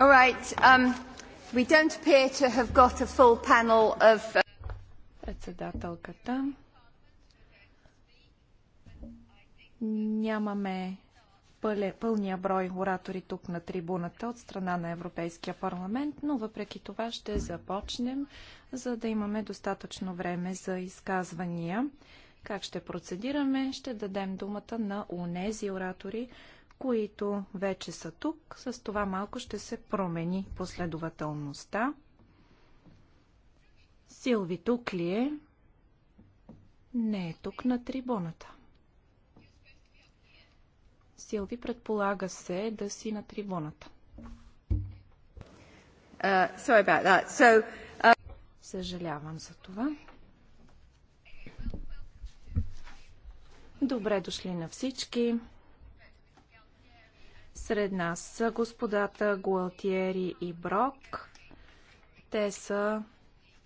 All right. Um, we don't appear to have got a full panel of... Uh, Председателката. Нямаме пълния брой оратори тук на трибуната от страна на Европейския парламент, но въпреки това ще започнем, за да имаме достатъчно време за изказвания. Как ще процедираме? Ще дадем думата на унези оратори, които вече са тук. С това малко ще се промени последователността. Силви тук ли е? Не е тук на трибуната. Силви предполага се да си на трибуната. Uh, sorry about that. So, uh... Съжалявам за това. Добре дошли на всички. Сред нас са господата Гуалтиери и Брок. Те са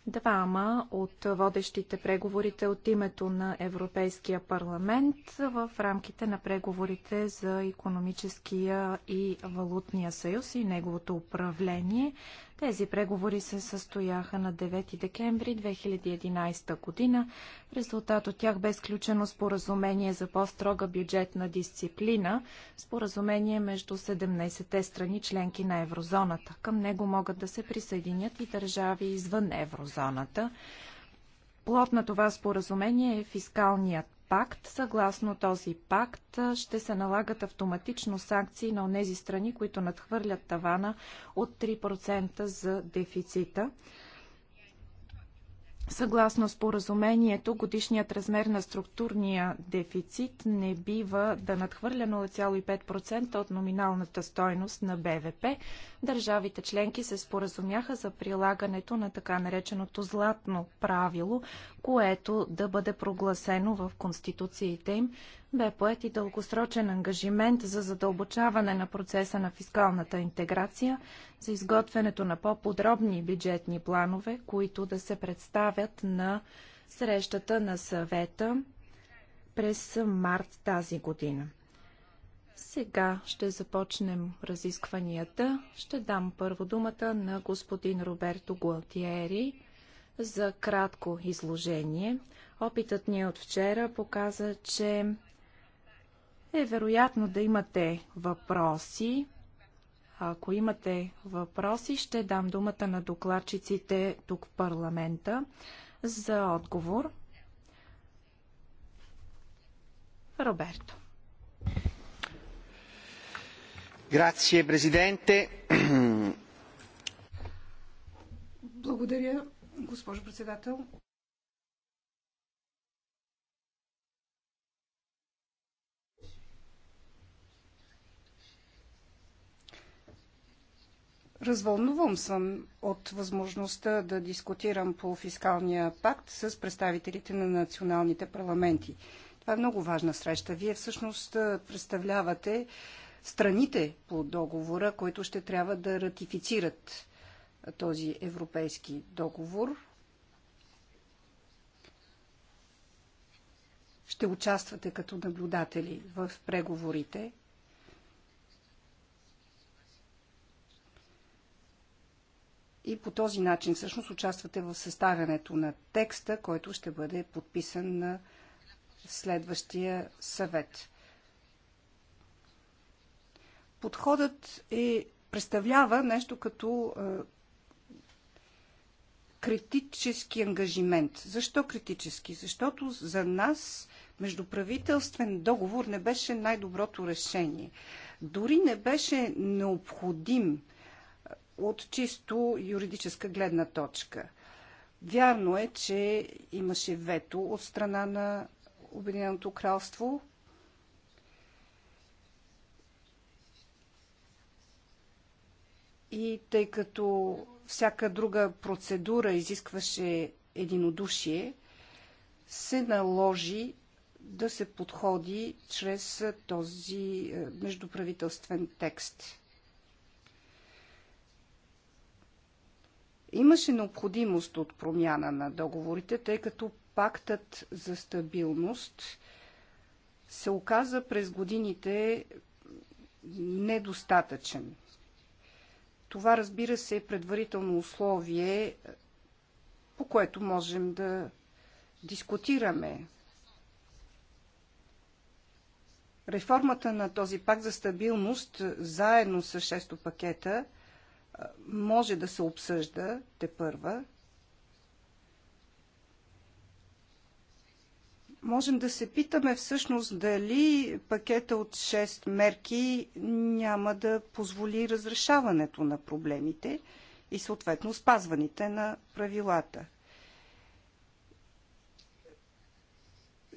двама от водещите преговорите от името на Европейския парламент в рамките на преговорите за економическия и валутния съюз и неговото управление. Тези преговори се състояха на 9 декември 2011 година. В резултат от тях бе сключено споразумение за по-строга бюджетна дисциплина, споразумение между 17-те страни членки на еврозоната. Към него могат да се присъединят и държави извън еврозоната. Плод на това споразумение е фискалният пакт. Съгласно този пакт ще се налагат автоматично санкции на тези страни, които надхвърлят тавана от 3% за дефицита. Съгласно споразумението, годишният размер на структурния дефицит не бива да надхвърля 0,5% от номиналната стойност на БВП. Държавите членки се споразумяха за прилагането на така нареченото златно правило, което да бъде прогласено в конституциите им бе поет и дългосрочен ангажимент за задълбочаване на процеса на фискалната интеграция, за изготвянето на по-подробни бюджетни планове, които да се представят на срещата на съвета през март тази година. Сега ще започнем разискванията. Ще дам първо думата на господин Роберто Гуалтиери за кратко изложение. Опитът ни от вчера показа, че е вероятно да имате въпроси. ако имате въпроси, ще дам думата на докладчиците тук в парламента за отговор. Роберто. Грация, президенте. Благодаря, госпожо председател. Развълнувам съм от възможността да дискутирам по фискалния пакт с представителите на националните парламенти. Това е много важна среща. Вие всъщност представлявате страните по договора, които ще трябва да ратифицират този европейски договор. Ще участвате като наблюдатели в преговорите – и по този начин всъщност участвате в съставянето на текста, който ще бъде подписан на следващия съвет. Подходът е, представлява нещо като е, критически ангажимент. Защо критически? Защото за нас междуправителствен договор не беше най-доброто решение. Дори не беше необходим от чисто юридическа гледна точка. Вярно е, че имаше вето от страна на Обединеното кралство. И тъй като всяка друга процедура изискваше единодушие, се наложи да се подходи чрез този е, междуправителствен текст. Имаше необходимост от промяна на договорите, тъй като пактът за стабилност се оказа през годините недостатъчен. Това, разбира се, е предварително условие, по което можем да дискутираме. Реформата на този пакт за стабилност, заедно с 6 пакета, може да се обсъжда те първа. Можем да се питаме всъщност дали пакета от 6 мерки няма да позволи разрешаването на проблемите и съответно спазваните на правилата.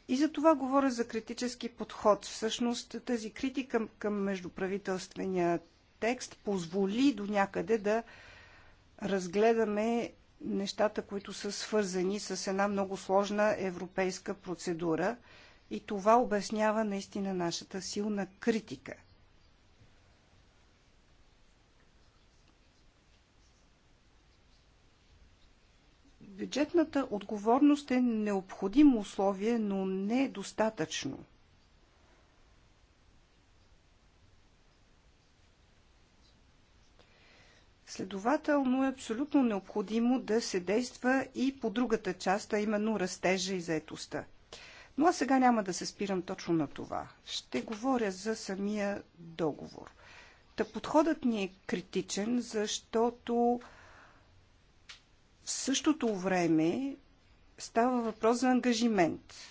И за това говоря за критически подход. Всъщност тази критика към междуправителствения текст позволи до някъде да разгледаме нещата, които са свързани с една много сложна европейска процедура. И това обяснява наистина нашата силна критика. Бюджетната отговорност е необходимо условие, но не е достатъчно – Следователно е абсолютно необходимо да се действа и по другата част, а именно растежа и заетостта. Но аз сега няма да се спирам точно на това. Ще говоря за самия договор. Та подходът ни е критичен, защото в същото време става въпрос за ангажимент –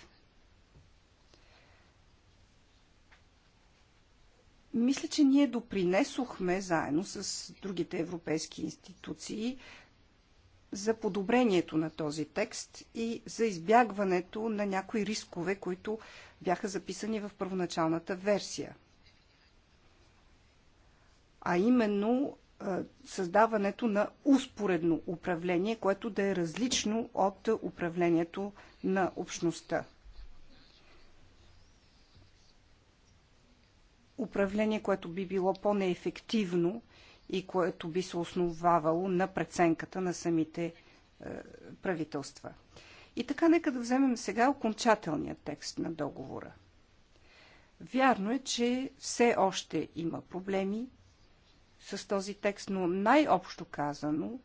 Мисля, че ние допринесохме заедно с другите европейски институции за подобрението на този текст и за избягването на някои рискове, които бяха записани в първоначалната версия. А именно създаването на успоредно управление, което да е различно от управлението на общността. управление, което би било по-неефективно и което би се основавало на преценката на самите е, правителства. И така, нека да вземем сега окончателния текст на договора. Вярно е, че все още има проблеми с този текст, но най-общо казано,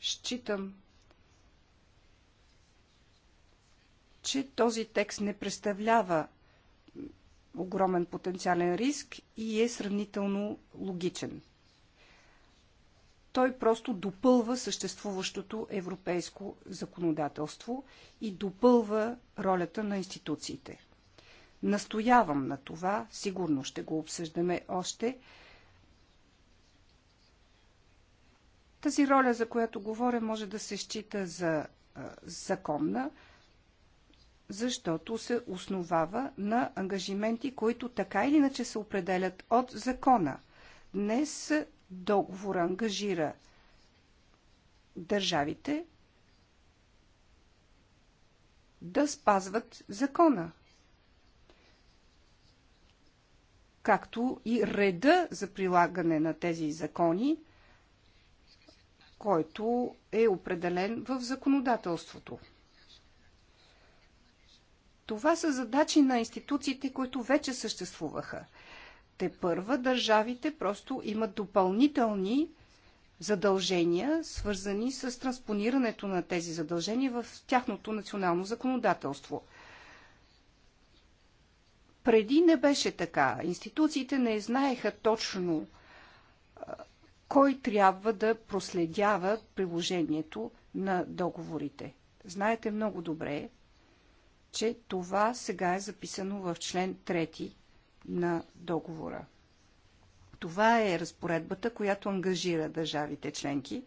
считам, че този текст не представлява огромен потенциален риск и е сравнително логичен. Той просто допълва съществуващото европейско законодателство и допълва ролята на институциите. Настоявам на това, сигурно ще го обсъждаме още. Тази роля, за която говоря, може да се счита за законна, защото се основава на ангажименти, които така или иначе се определят от закона. Днес договор ангажира държавите да спазват закона. Както и реда за прилагане на тези закони, който е определен в законодателството. Това са задачи на институциите, които вече съществуваха. Те първа държавите просто имат допълнителни задължения, свързани с транспонирането на тези задължения в тяхното национално законодателство. Преди не беше така. Институциите не знаеха точно кой трябва да проследява приложението на договорите. Знаете много добре, че това сега е записано в член 3 на договора. Това е разпоредбата, която ангажира държавите членки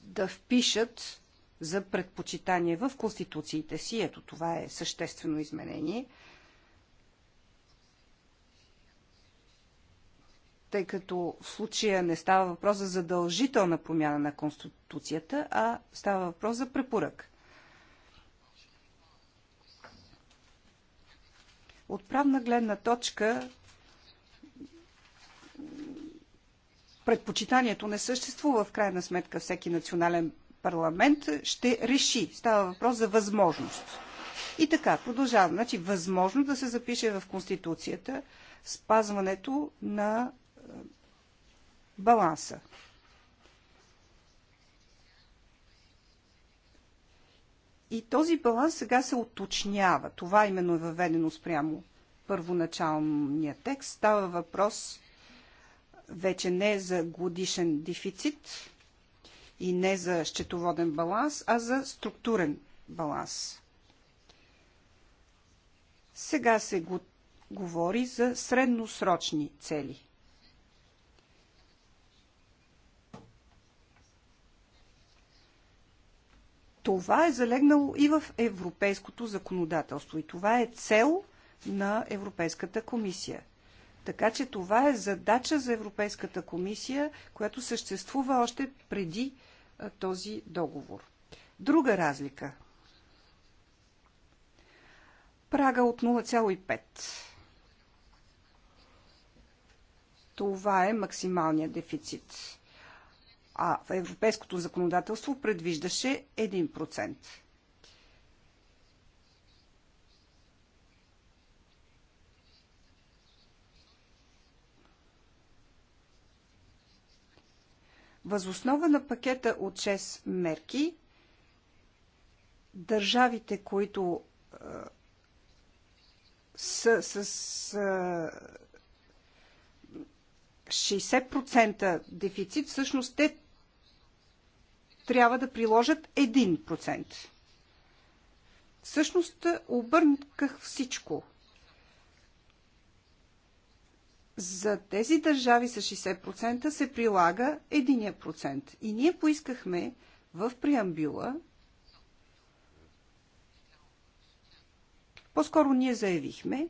да впишат за предпочитание в конституциите си, ето това е съществено изменение – тъй като в случая не става въпрос за задължителна промяна на Конституцията, а става въпрос за препорък. От правна гледна точка предпочитанието не съществува в крайна сметка всеки национален парламент ще реши. Става въпрос за възможност. И така, продължавам. Значи, възможно да се запише в Конституцията спазването на баланса. И този баланс сега се уточнява. Това именно е въведено спрямо първоначалния текст. Става въпрос вече не за годишен дефицит и не за счетоводен баланс, а за структурен баланс. Сега се го, говори за средносрочни цели. Това е залегнало и в европейското законодателство. И това е цел на Европейската комисия. Така че това е задача за Европейската комисия, която съществува още преди а, този договор. Друга разлика. Прага от 0,5. Това е максималният дефицит а в европейското законодателство предвиждаше 1%. Възоснова на пакета от 6 мерки, държавите, които е, с, с е, 60% дефицит, всъщност те трябва да приложат 1%. Всъщност обърнах всичко. За тези държави с 60% се прилага 1%. И ние поискахме в преамбюла, по-скоро ние заявихме,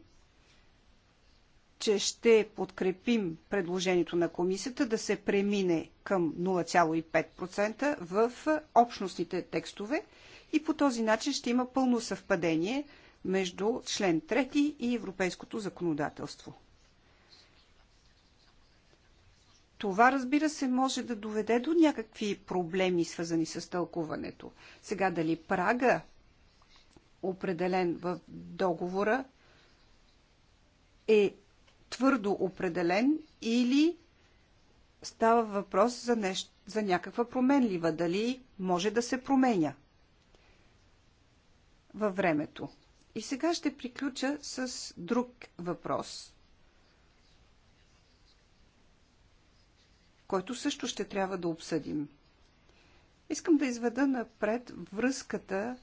че ще подкрепим предложението на комисията да се премине към 0,5% в общностните текстове и по този начин ще има пълно съвпадение между член 3 и европейското законодателство. Това, разбира се, може да доведе до някакви проблеми, свързани с тълкуването. Сега дали прага, определен в договора, е твърдо определен или става въпрос за, нещо, за някаква променлива, дали може да се променя във времето. И сега ще приключа с друг въпрос, който също ще трябва да обсъдим. Искам да изведа напред връзката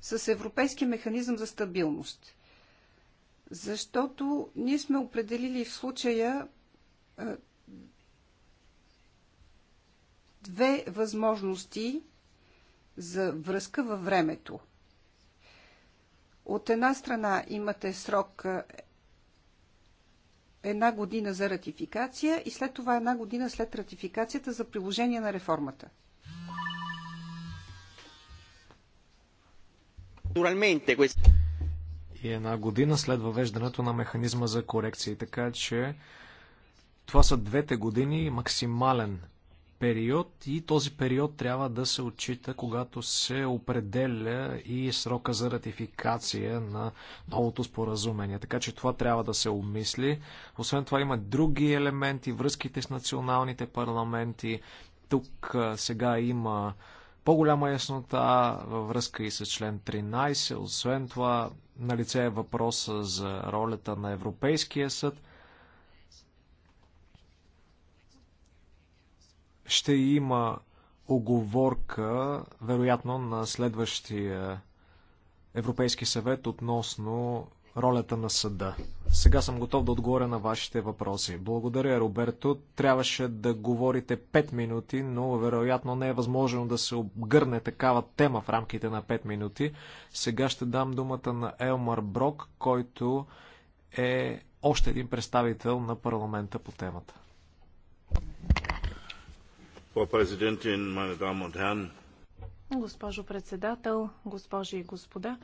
с Европейския механизъм за стабилност. Защото ние сме определили в случая е, две възможности за връзка във времето. От една страна имате срок е, една година за ратификация и след това една година след ратификацията за приложение на реформата – И една година след въвеждането на механизма за корекции. Така че това са двете години максимален период и този период трябва да се отчита, когато се определя и срока за ратификация на новото споразумение. Така че това трябва да се обмисли. Освен това има други елементи, връзките с националните парламенти. Тук сега има по-голяма яснота във връзка и с член 13. Освен това, лице е въпроса за ролята на Европейския съд. Ще има оговорка, вероятно, на следващия Европейски съвет относно ролята на съда. Сега съм готов да отговоря на вашите въпроси. Благодаря, Роберто. Трябваше да говорите 5 минути, но вероятно не е възможно да се обгърне такава тема в рамките на 5 минути. Сега ще дам думата на Елмар Брок, който е още един представител на парламента по темата. Госпожо председател, госпожи и господа,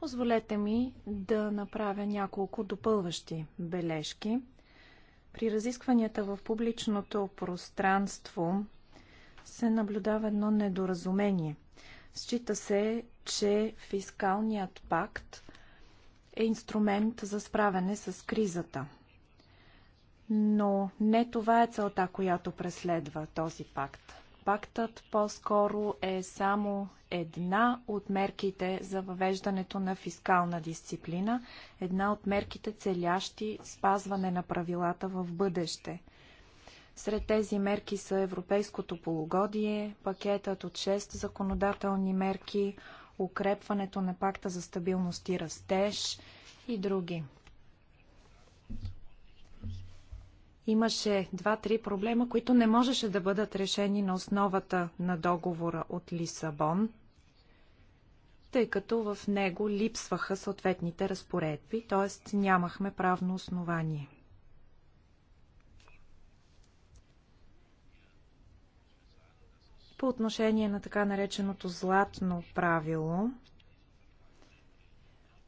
Позволете ми да направя няколко допълващи бележки. При разискванията в публичното пространство се наблюдава едно недоразумение. Счита се, че фискалният пакт е инструмент за справяне с кризата. Но не това е целта, която преследва този пакт. Пактът по-скоро е само една от мерките за въвеждането на фискална дисциплина, една от мерките целящи спазване на правилата в бъдеще. Сред тези мерки са Европейското полугодие, пакетът от 6 законодателни мерки, укрепването на пакта за стабилност и растеж и други. имаше два-три проблема, които не можеше да бъдат решени на основата на договора от Лисабон, тъй като в него липсваха съответните разпоредби, т.е. нямахме правно основание. По отношение на така нареченото златно правило –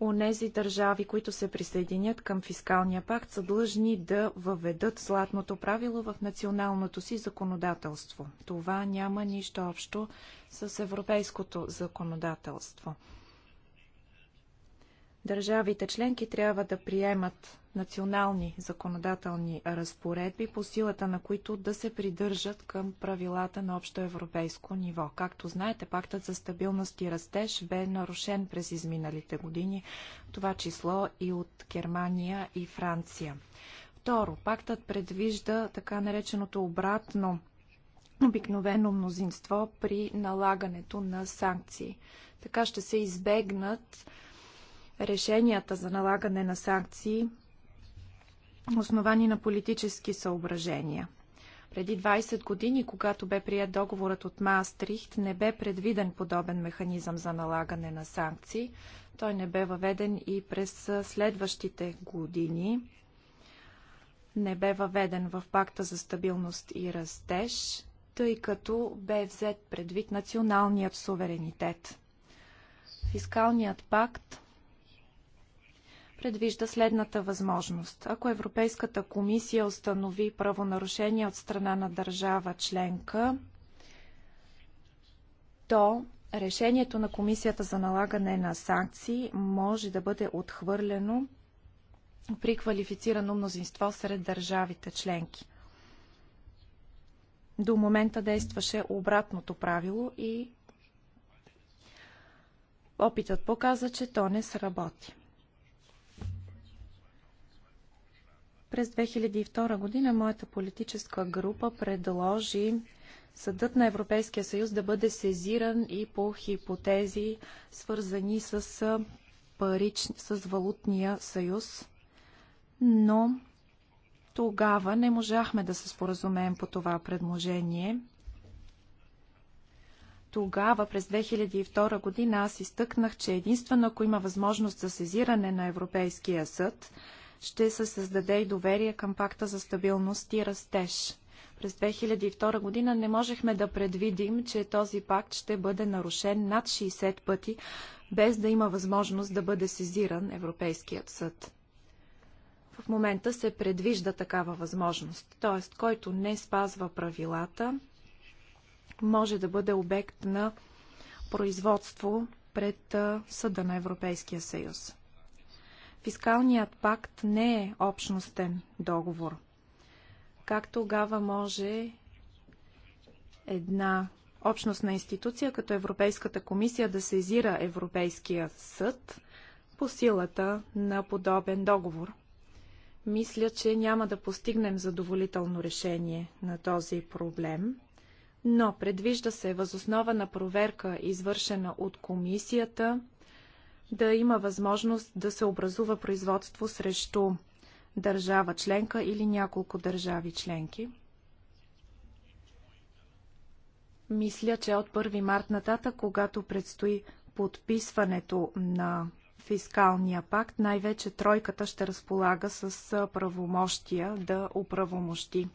онези държави, които се присъединят към фискалния пакт, са длъжни да въведат златното правило в националното си законодателство. Това няма нищо общо с европейското законодателство. Държавите членки трябва да приемат национални законодателни разпоредби, по силата на които да се придържат към правилата на общо европейско ниво. Както знаете, пактът за стабилност и растеж бе нарушен през изминалите години, това число и от Германия и Франция. Второ, пактът предвижда така нареченото обратно обикновено мнозинство при налагането на санкции. Така ще се избегнат решенията за налагане на санкции, основани на политически съображения. Преди 20 години, когато бе прият договорът от Маастрихт, не бе предвиден подобен механизъм за налагане на санкции. Той не бе въведен и през следващите години. Не бе въведен в пакта за стабилност и растеж, тъй като бе взет предвид националният суверенитет. Фискалният пакт предвижда следната възможност. Ако Европейската комисия установи правонарушение от страна на държава членка, то решението на комисията за налагане на санкции може да бъде отхвърлено при квалифицирано мнозинство сред държавите членки. До момента действаше обратното правило и опитът показа, че то не сработи. През 2002 година моята политическа група предложи Съдът на Европейския съюз да бъде сезиран и по хипотези, свързани с, парич, с валутния съюз, но тогава не можахме да се споразумеем по това предложение. Тогава, през 2002 година, аз изтъкнах, че единствено ако има възможност за сезиране на Европейския съд, ще се създаде и доверие към пакта за стабилност и растеж. През 2002 година не можехме да предвидим, че този пакт ще бъде нарушен над 60 пъти, без да има възможност да бъде сезиран Европейският съд. В момента се предвижда такава възможност, т.е. който не спазва правилата, може да бъде обект на производство пред Съда на Европейския съюз. Фискалният пакт не е общностен договор. Как тогава може една общностна институция като Европейската комисия да сезира Европейския съд по силата на подобен договор? Мисля, че няма да постигнем задоволително решение на този проблем но предвижда се възоснова на проверка, извършена от комисията, да има възможност да се образува производство срещу държава членка или няколко държави членки. Мисля, че от 1 март нататък, когато предстои подписването на фискалния пакт, най-вече тройката ще разполага с правомощия да оправомощи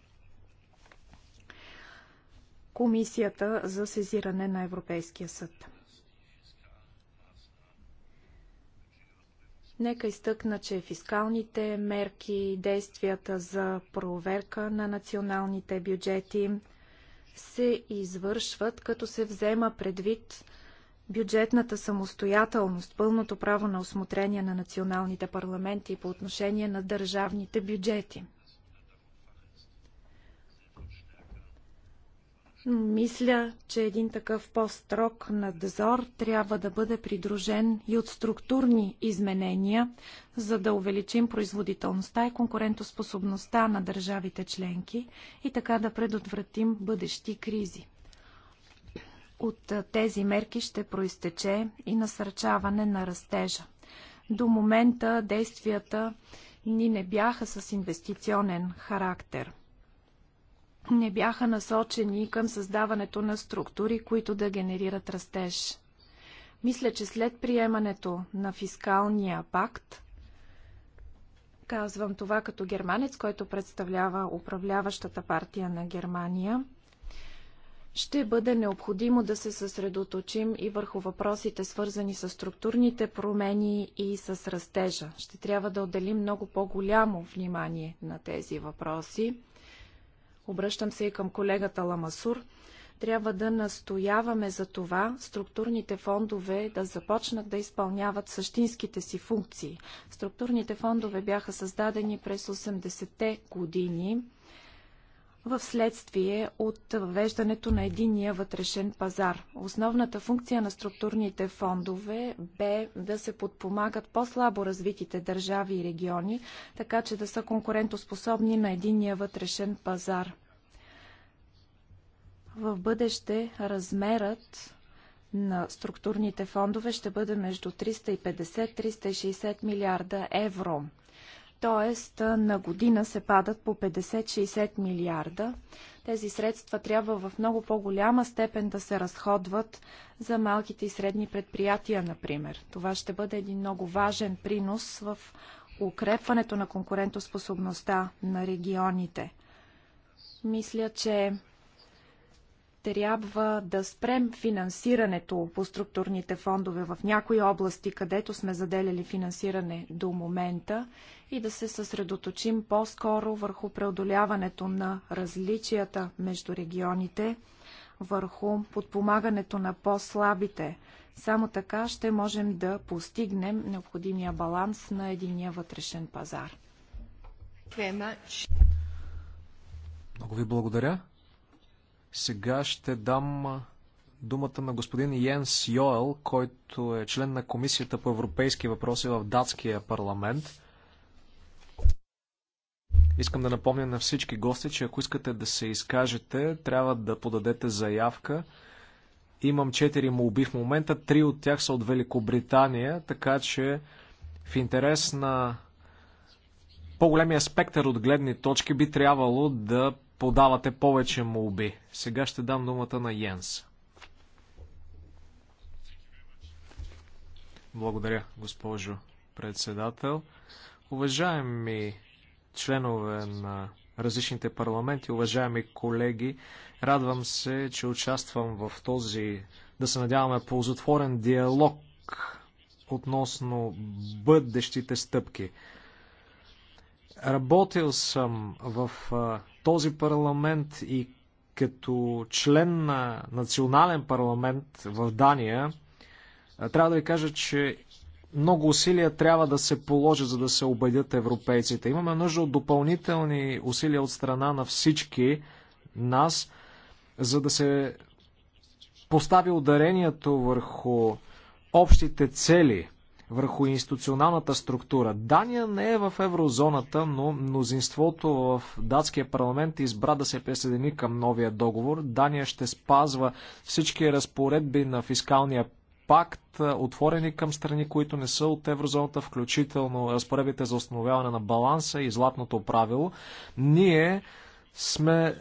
Комисията за сезиране на Европейския съд. Нека изтъкна, че фискалните мерки, действията за проверка на националните бюджети се извършват, като се взема предвид бюджетната самостоятелност, пълното право на осмотрение на националните парламенти по отношение на държавните бюджети. Мисля, че един такъв по-строг надзор трябва да бъде придружен и от структурни изменения, за да увеличим производителността и конкурентоспособността на държавите членки и така да предотвратим бъдещи кризи. От тези мерки ще проистече и насърчаване на растежа. До момента действията ни не бяха с инвестиционен характер – не бяха насочени към създаването на структури, които да генерират растеж. Мисля, че след приемането на фискалния пакт, казвам това като германец, който представлява управляващата партия на Германия, ще бъде необходимо да се съсредоточим и върху въпросите, свързани с структурните промени и с растежа. Ще трябва да отделим много по-голямо внимание на тези въпроси. Обръщам се и към колегата Ламасур. Трябва да настояваме за това структурните фондове да започнат да изпълняват същинските си функции. Структурните фондове бяха създадени през 80-те години в следствие от въвеждането на единния вътрешен пазар. Основната функция на структурните фондове бе да се подпомагат по-слабо развитите държави и региони, така че да са конкурентоспособни на единния вътрешен пазар. В бъдеще размерът на структурните фондове ще бъде между 350-360 милиарда евро. Тоест на година се падат по 50-60 милиарда. Тези средства трябва в много по-голяма степен да се разходват за малките и средни предприятия, например. Това ще бъде един много важен принос в укрепването на конкурентоспособността на регионите. Мисля, че трябва да спрем финансирането по структурните фондове в някои области, където сме заделяли финансиране до момента и да се съсредоточим по-скоро върху преодоляването на различията между регионите, върху подпомагането на по-слабите. Само така ще можем да постигнем необходимия баланс на единия вътрешен пазар. Много ви благодаря. Сега ще дам думата на господин Йенс Йоел, който е член на Комисията по европейски въпроси в датския парламент. Искам да напомня на всички гости, че ако искате да се изкажете, трябва да подадете заявка. Имам четири молби в момента, три от тях са от Великобритания, така че в интерес на по-големия спектър от гледни точки би трябвало да подавате повече молби. Сега ще дам думата на Йенс. Благодаря, госпожо председател. Уважаеми членове на различните парламенти, уважаеми колеги, радвам се, че участвам в този, да се надяваме, ползотворен диалог относно бъдещите стъпки. Работил съм в този парламент и като член на национален парламент в Дания, трябва да ви кажа, че много усилия трябва да се положат, за да се убедят европейците. Имаме нужда от допълнителни усилия от страна на всички нас, за да се постави ударението върху общите цели – върху институционалната структура. Дания не е в еврозоната, но мнозинството в датския парламент избра да се присъедини към новия договор. Дания ще спазва всички разпоредби на фискалния пакт, отворени към страни, които не са от еврозоната, включително разпоредбите за установяване на баланса и златното правило. Ние сме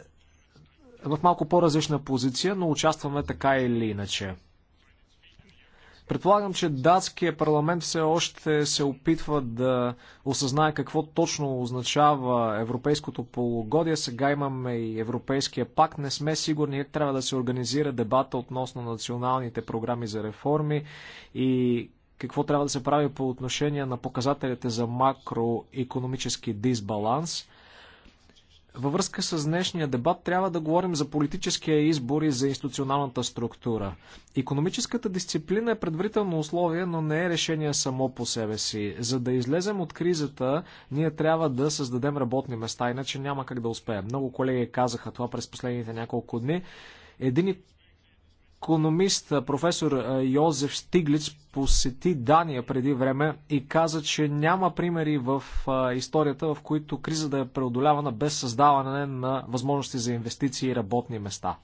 в малко по-различна позиция, но участваме така или иначе. Предполагам, че датския парламент все още се опитва да осъзнае какво точно означава европейското полугодие. Сега имаме и европейския пакт. Не сме сигурни, е, трябва да се организира дебата относно националните програми за реформи и какво трябва да се прави по отношение на показателите за макроекономически дисбаланс. Във връзка с днешния дебат трябва да говорим за политическия избор и за институционалната структура. Економическата дисциплина е предварително условие, но не е решение само по себе си. За да излезем от кризата, ние трябва да създадем работни места, иначе няма как да успеем. Много колеги казаха това през последните няколко дни. Един Економист професор Йозеф Стиглиц посети Дания преди време и каза, че няма примери в историята, в които криза да е преодолявана без създаване на възможности за инвестиции и работни места.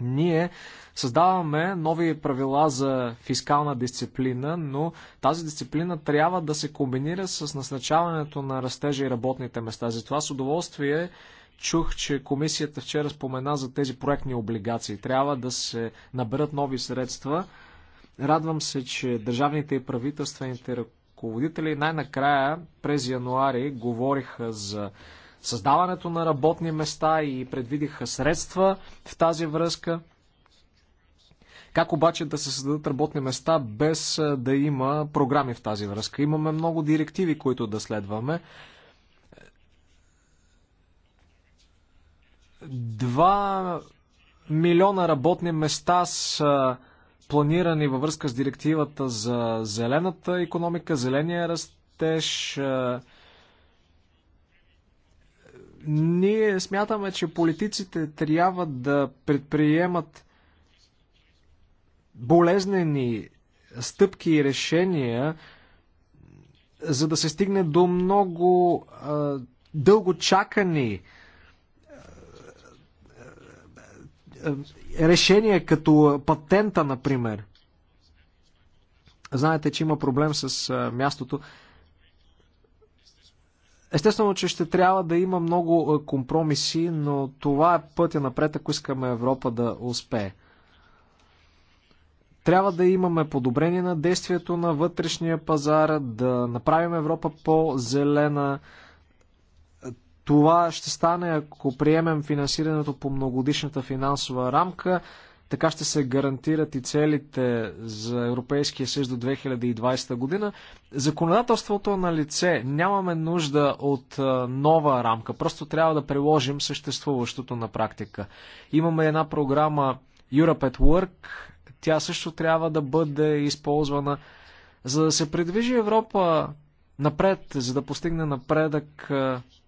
Ние създаваме нови правила за фискална дисциплина, но тази дисциплина трябва да се комбинира с насначаването на растежа и работните места. Затова с удоволствие чух, че комисията вчера спомена за тези проектни облигации. Трябва да се наберат нови средства. Радвам се, че държавните и правителствените ръководители най-накрая през януари говориха за създаването на работни места и предвидиха средства в тази връзка. Как обаче да се създадат работни места без да има програми в тази връзка? Имаме много директиви, които да следваме. Два милиона работни места са планирани във връзка с директивата за зелената економика, зеления растеж. Е, ние смятаме, че политиците трябва да предприемат болезнени стъпки и решения, за да се стигне до много а, е, дълго чакани Е, решения като патента, например. Знаете, че има проблем с мястото. Естествено, че ще трябва да има много компромиси, но това е пътя напред, ако искаме Европа да успее. Трябва да имаме подобрение на действието на вътрешния пазар, да направим Европа по-зелена, това ще стане, ако приемем финансирането по многодишната финансова рамка. Така ще се гарантират и целите за Европейския съюз до 2020 година. Законодателството на лице. Нямаме нужда от нова рамка. Просто трябва да приложим съществуващото на практика. Имаме една програма Europe at Work. Тя също трябва да бъде използвана. За да се придвижи Европа напред, за да постигне напредък,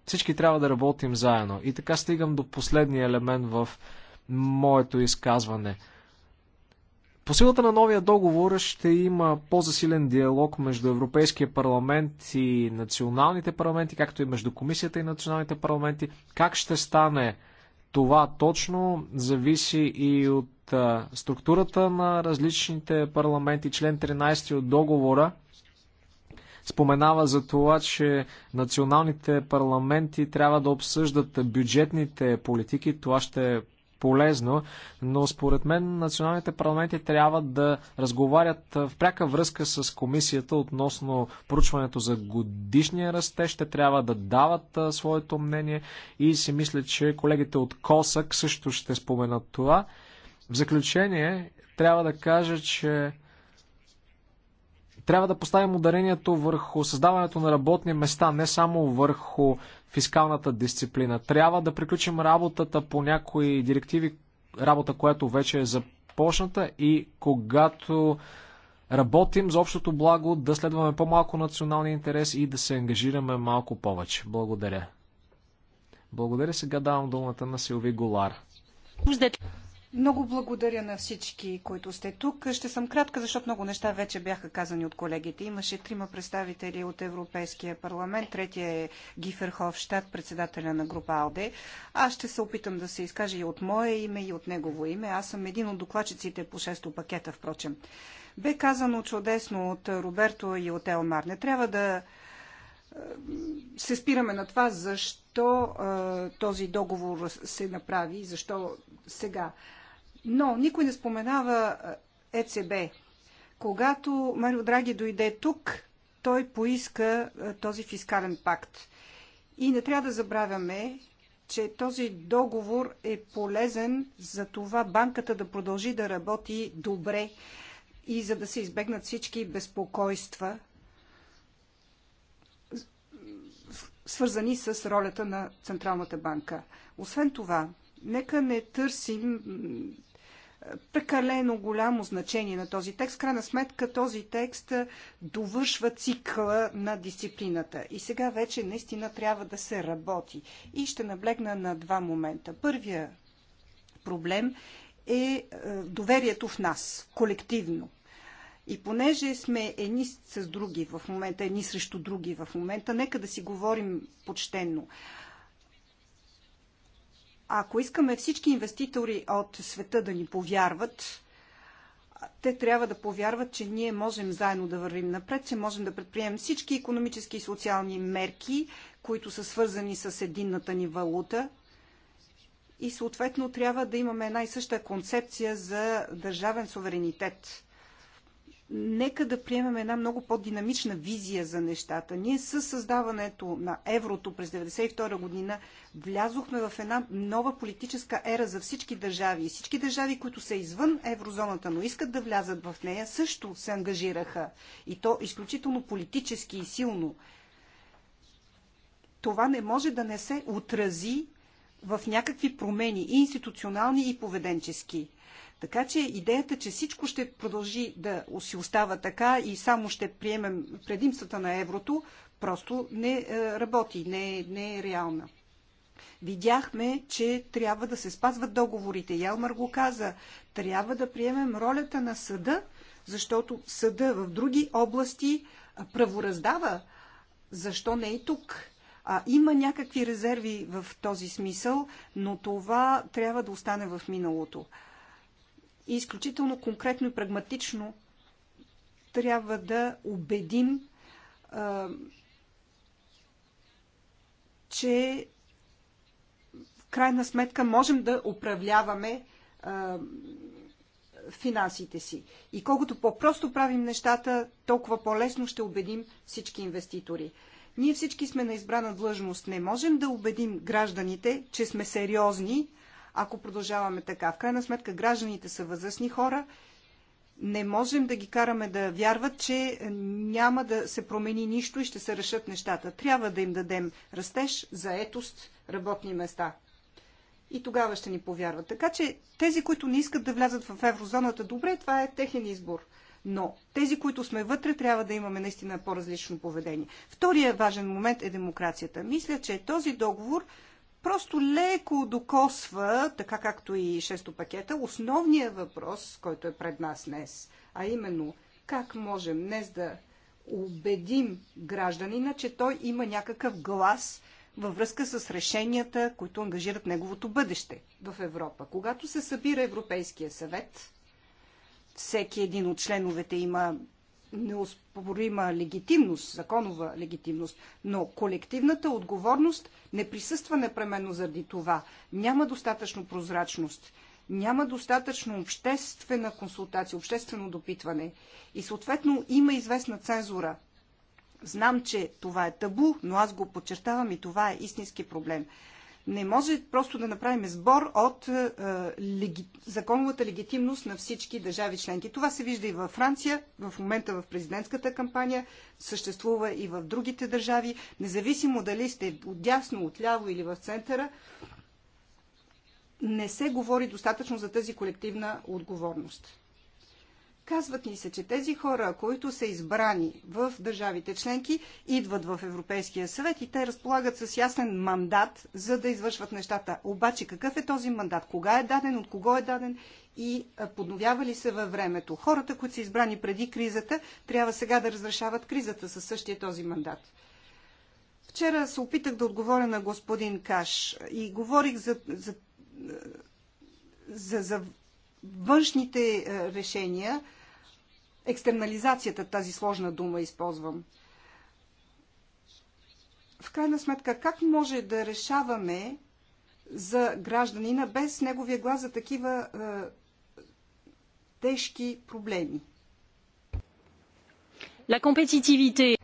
всички трябва да работим заедно. И така стигам до последния елемент в моето изказване. По силата на новия договор ще има по-засилен диалог между Европейския парламент и националните парламенти, както и между комисията и националните парламенти. Как ще стане това точно зависи и от структурата на различните парламенти. Член 13 от договора споменава за това, че националните парламенти трябва да обсъждат бюджетните политики. Това ще е полезно, но според мен националните парламенти трябва да разговарят в пряка връзка с комисията относно проучването за годишния расте ще трябва да дават своето мнение и си мисля, че колегите от КОСАК също ще споменат това. В заключение трябва да кажа, че трябва да поставим ударението върху създаването на работни места, не само върху фискалната дисциплина. Трябва да приключим работата по някои директиви, работа, която вече е започната и когато работим за общото благо, да следваме по-малко национални интерес и да се ангажираме малко повече. Благодаря. Благодаря. Сега давам думата на Силви Голар. Много благодаря на всички, които сте тук. Ще съм кратка, защото много неща вече бяха казани от колегите. Имаше трима представители от Европейския парламент. Третия е Гифер Хофштад, председателя на група АЛДЕ. Аз ще се опитам да се изкажа и от мое име, и от негово име. Аз съм един от докладчиците по шесто пакета, впрочем. Бе казано чудесно от Роберто и от Елмар. Не трябва да е, се спираме на това, защо е, този договор се направи, защо сега. Но никой не споменава ЕЦБ. Когато Марио Драги дойде тук, той поиска е, този фискален пакт. И не трябва да забравяме, че този договор е полезен за това банката да продължи да работи добре и за да се избегнат всички безпокойства, свързани с ролята на Централната банка. Освен това, нека не търсим прекалено голямо значение на този текст. Крайна сметка този текст довършва цикъла на дисциплината. И сега вече наистина трябва да се работи. И ще наблегна на два момента. Първия проблем е, е доверието в нас, колективно. И понеже сме едни с други в момента, едни срещу други в момента, нека да си говорим почтенно. Ако искаме всички инвеститори от света да ни повярват, те трябва да повярват, че ние можем заедно да вървим напред, че можем да предприемем всички економически и социални мерки, които са свързани с единната ни валута. И съответно трябва да имаме една и съща концепция за държавен суверенитет нека да приемем една много по-динамична визия за нещата. Ние с създаването на еврото през 1992 година влязохме в една нова политическа ера за всички държави. И всички държави, които са извън еврозоната, но искат да влязат в нея, също се ангажираха. И то изключително политически и силно. Това не може да не се отрази в някакви промени и институционални, и поведенчески. Така че идеята, че всичко ще продължи да си остава така и само ще приемем предимствата на еврото, просто не е, работи, не, не е реална. Видяхме, че трябва да се спазват договорите. Ялмар го каза. Трябва да приемем ролята на съда, защото съда в други области правораздава. Защо не и тук? А, има някакви резерви в този смисъл, но това трябва да остане в миналото и изключително конкретно и прагматично трябва да убедим, а, че в крайна сметка можем да управляваме а, финансите си. И колкото по-просто правим нещата, толкова по-лесно ще убедим всички инвеститори. Ние всички сме на избрана длъжност. Не можем да убедим гражданите, че сме сериозни, ако продължаваме така. В крайна сметка гражданите са възрастни хора. Не можем да ги караме да вярват, че няма да се промени нищо и ще се решат нещата. Трябва да им дадем растеж, заетост, работни места. И тогава ще ни повярват. Така че тези, които не искат да влязат в еврозоната, добре, това е техен избор. Но тези, които сме вътре, трябва да имаме наистина по-различно поведение. Втория важен момент е демокрацията. Мисля, че този договор просто леко докосва, така както и шесто пакета, основния въпрос, който е пред нас днес, а именно как можем днес да убедим гражданина, че той има някакъв глас във връзка с решенията, които ангажират неговото бъдеще в Европа. Когато се събира Европейския съвет, всеки един от членовете има неоспорима легитимност, законова легитимност, но колективната отговорност не присъства непременно заради това. Няма достатъчно прозрачност, няма достатъчно обществена консултация, обществено допитване и съответно има известна цензура. Знам, че това е табу, но аз го подчертавам и това е истински проблем. Не може просто да направим сбор от е, е, леги... законовата легитимност на всички държави членки. Това се вижда и във Франция, в момента в президентската кампания, съществува и в другите държави. Независимо дали сте отдясно, отляво или в центъра, не се говори достатъчно за тази колективна отговорност. Казват ни се, че тези хора, които са избрани в държавите членки, идват в Европейския съвет и те разполагат с ясен мандат, за да извършват нещата. Обаче какъв е този мандат? Кога е даден? От кого е даден? И подновява ли се във времето? Хората, които са избрани преди кризата, трябва сега да разрешават кризата със същия този мандат. Вчера се опитах да отговоря на господин Каш и говорих за, за, за, за външните е, решения, екстернализацията, тази сложна дума използвам. В крайна сметка, как може да решаваме за гражданина без неговия глас за такива е, тежки проблеми. La competitivité.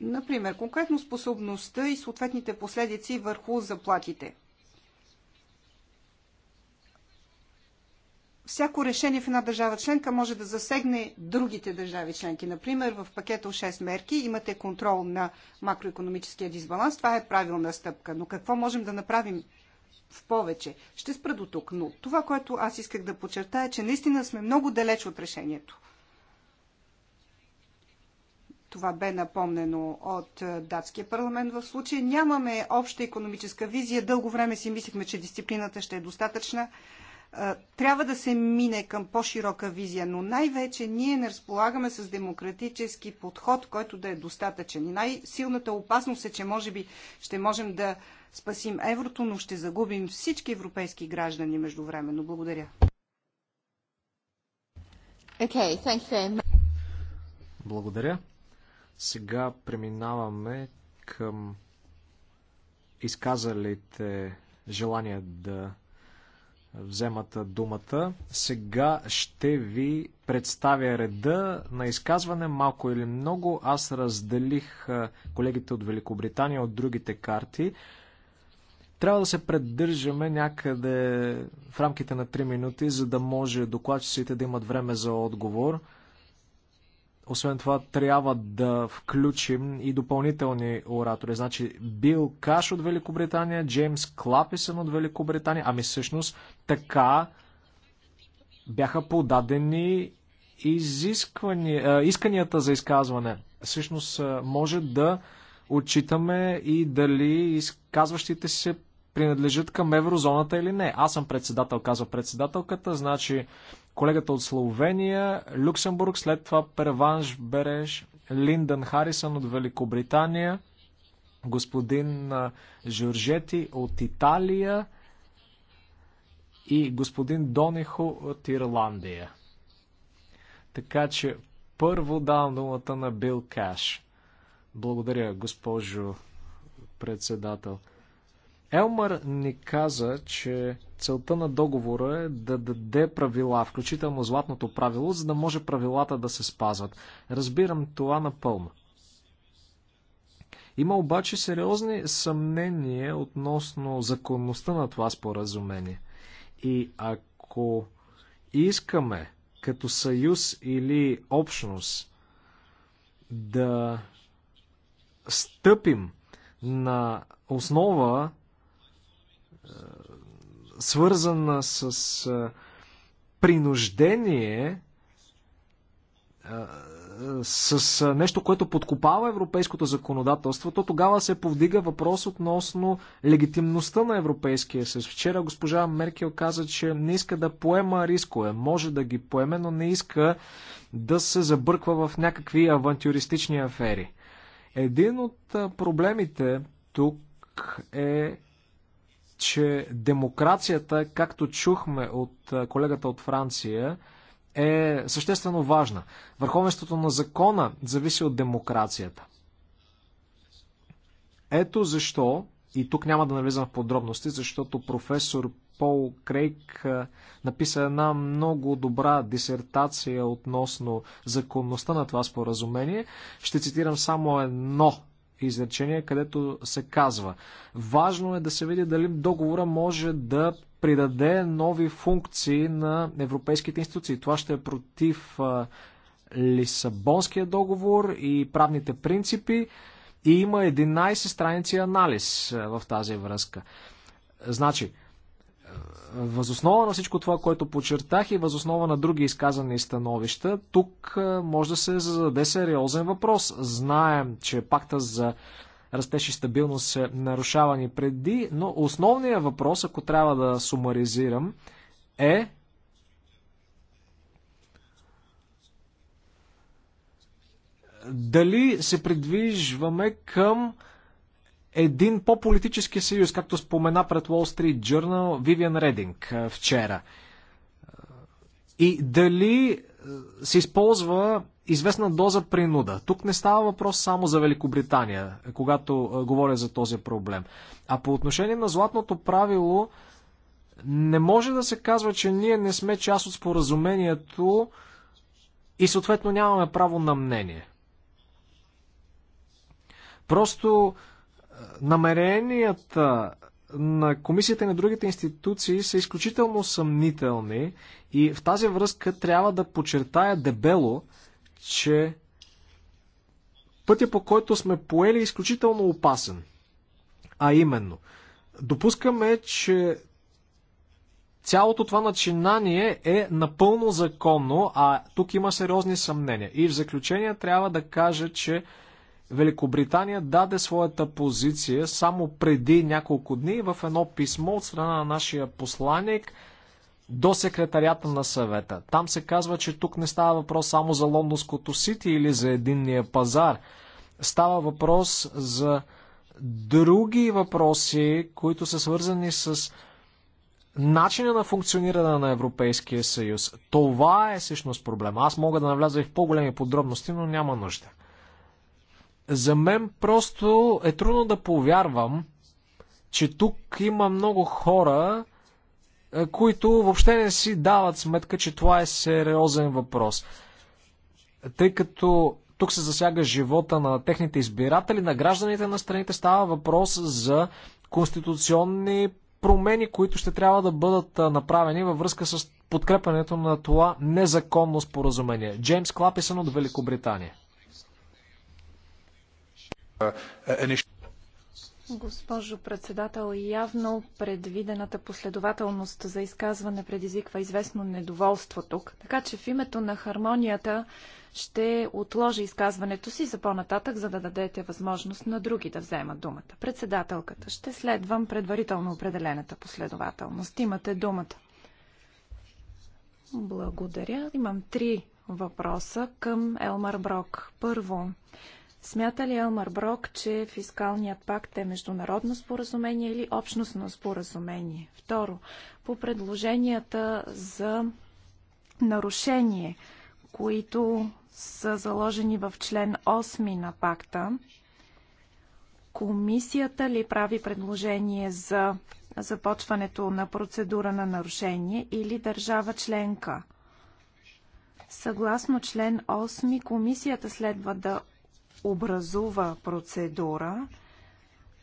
Например, конкретно способността и съответните последици върху заплатите. всяко решение в една държава членка може да засегне другите държави членки. Например, в пакета 6 мерки имате контрол на макроекономическия дисбаланс. Това е правилна стъпка. Но какво можем да направим в повече? Ще спра до тук. Но това, което аз исках да подчертая, е, че наистина сме много далеч от решението. Това бе напомнено от е, датския парламент в случая. Нямаме обща економическа визия. Дълго време си мислихме, че дисциплината ще е достатъчна. Трябва да се мине към по-широка визия, но най-вече ние не разполагаме с демократически подход, който да е достатъчен. И най-силната опасност е, че може би ще можем да спасим еврото, но ще загубим всички европейски граждани междувременно. Благодаря. Okay, thank you Благодаря. Сега преминаваме към изказалите желание да вземат думата. Сега ще ви представя реда на изказване малко или много. Аз разделих колегите от Великобритания от другите карти. Трябва да се придържаме някъде в рамките на 3 минути, за да може докладчиците да имат време за отговор. Освен това, трябва да включим и допълнителни оратори. Значи, Бил Каш от Великобритания, Джеймс Клаписън от Великобритания. Ами всъщност така бяха подадени изисквания, исканията за изказване. Всъщност може да отчитаме и дали изказващите се принадлежат към еврозоната или не. Аз съм председател, казва председателката, значи колегата от Словения, Люксембург, след това Перванш Береш, Линдън Харисън от Великобритания, господин Жоржети от Италия и господин Донихо от Ирландия. Така че първо давам думата на Бил Каш. Благодаря, госпожо председател. Елмър ни каза, че целта на договора е да даде правила, включително златното правило, за да може правилата да се спазват. Разбирам това напълно. Има обаче сериозни съмнения относно законността на това споразумение. И ако искаме като съюз или общност да стъпим на основа е, свързана с е, принуждение, е, с нещо, което подкопава европейското законодателство, то тогава се повдига въпрос относно легитимността на Европейския съюз. Вчера госпожа Меркел каза, че не иска да поема рискове. Може да ги поеме, но не иска да се забърква в някакви авантюристични афери. Един от проблемите тук е че демокрацията, както чухме от колегата от Франция, е съществено важна. Върховенството на закона зависи от демокрацията. Ето защо, и тук няма да навлизам в подробности, защото професор Пол Крейг написа една много добра дисертация относно законността на това споразумение. Ще цитирам само едно изречение, където се казва Важно е да се види дали договора може да придаде нови функции на европейските институции. Това ще е против Лисабонския договор и правните принципи. И има 11 страници анализ в тази връзка. Значи, Възоснова на всичко това, което подчертах и възоснова на други изказани становища, тук може да се зададе сериозен въпрос. Знаем, че пакта за растеж и стабилност е ни преди, но основният въпрос, ако трябва да сумаризирам, е дали се придвижваме към един по-политически съюз, както спомена пред Wall Street Journal Вивиан Рединг вчера. И дали се използва известна доза принуда. Тук не става въпрос само за Великобритания, когато говоря за този проблем. А по отношение на златното правило, не може да се казва, че ние не сме част от споразумението и съответно нямаме право на мнение. Просто намеренията на комисията и на другите институции са изключително съмнителни и в тази връзка трябва да подчертая дебело, че пътя по който сме поели е изключително опасен. А именно, допускаме, че цялото това начинание е напълно законно, а тук има сериозни съмнения. И в заключение трябва да кажа, че Великобритания даде своята позиция само преди няколко дни в едно писмо от страна на нашия посланник до секретарята на съвета. Там се казва, че тук не става въпрос само за лондонското сити или за единния пазар. Става въпрос за други въпроси, които са свързани с начина на функциониране на Европейския съюз. Това е всъщност проблема. Аз мога да навляза и в по-големи подробности, но няма нужда. За мен просто е трудно да повярвам, че тук има много хора, е, които въобще не си дават сметка, че това е сериозен въпрос. Тъй като тук се засяга живота на техните избиратели, на гражданите на страните става въпрос за конституционни промени, които ще трябва да бъдат направени във връзка с подкрепането на това незаконно споразумение. Джеймс Клаписън е от Великобритания. Е, е, Госпожо председател, явно предвидената последователност за изказване предизвиква известно недоволство тук. Така че в името на хармонията ще отложи изказването си за по-нататък, за да дадете възможност на други да вземат думата. Председателката, ще следвам предварително определената последователност. Имате думата. Благодаря. Имам три въпроса към Елмар Брок. Първо, Смята ли Елмар Брок, че фискалният пакт е международно споразумение или общностно споразумение? Второ, по предложенията за нарушение, които са заложени в член 8 на пакта, комисията ли прави предложение за започването на процедура на нарушение или държава членка? Съгласно член 8, комисията следва да образува процедура,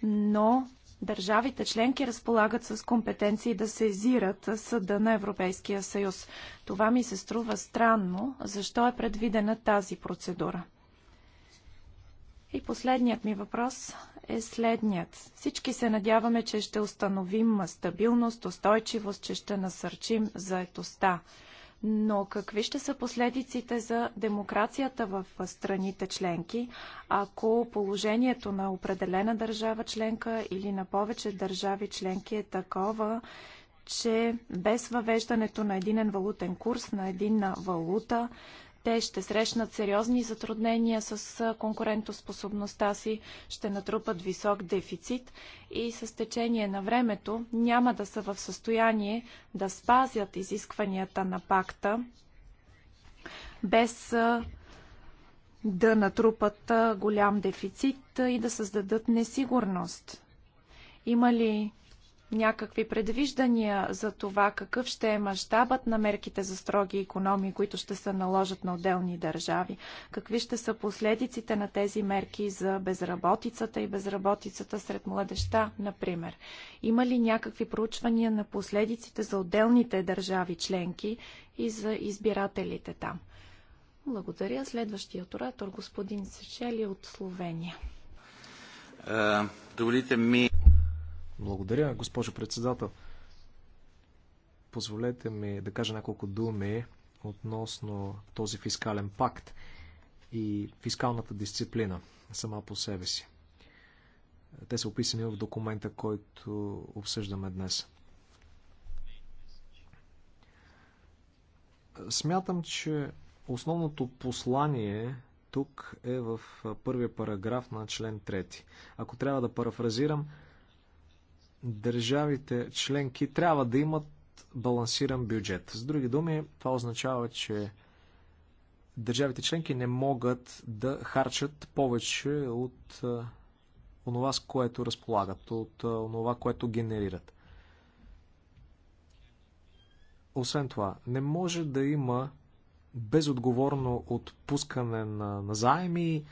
но държавите членки разполагат с компетенции да сезират съда на Европейския съюз. Това ми се струва странно, защо е предвидена тази процедура. И последният ми въпрос е следният. Всички се надяваме, че ще установим стабилност, устойчивост, че ще насърчим заетостта. Но какви ще са последиците за демокрацията в страните членки, ако положението на определена държава членка или на повече държави членки е такова, че без въвеждането на единен валутен курс, на единна валута, те ще срещнат сериозни затруднения с конкурентоспособността си, ще натрупат висок дефицит и с течение на времето няма да са в състояние да спазят изискванията на пакта без да натрупат голям дефицит и да създадат несигурност. Има ли някакви предвиждания за това какъв ще е мащабът на мерките за строги економии, които ще се наложат на отделни държави? Какви ще са последиците на тези мерки за безработицата и безработицата сред младеща, например? Има ли някакви проучвания на последиците за отделните държави членки и за избирателите там? Благодаря. Следващият оратор господин Сечели от Словения. Е, доволите ми благодаря, госпожо председател. Позволете ми да кажа няколко думи относно този фискален пакт и фискалната дисциплина сама по себе си. Те са описани в документа, който обсъждаме днес. Смятам, че основното послание тук е в първия параграф на член 3. Ако трябва да парафразирам, държавите членки трябва да имат балансиран бюджет. С други думи, това означава, че държавите членки не могат да харчат повече от онова, с което разполагат, от онова, което генерират. Освен това, не може да има безотговорно отпускане на, на заеми,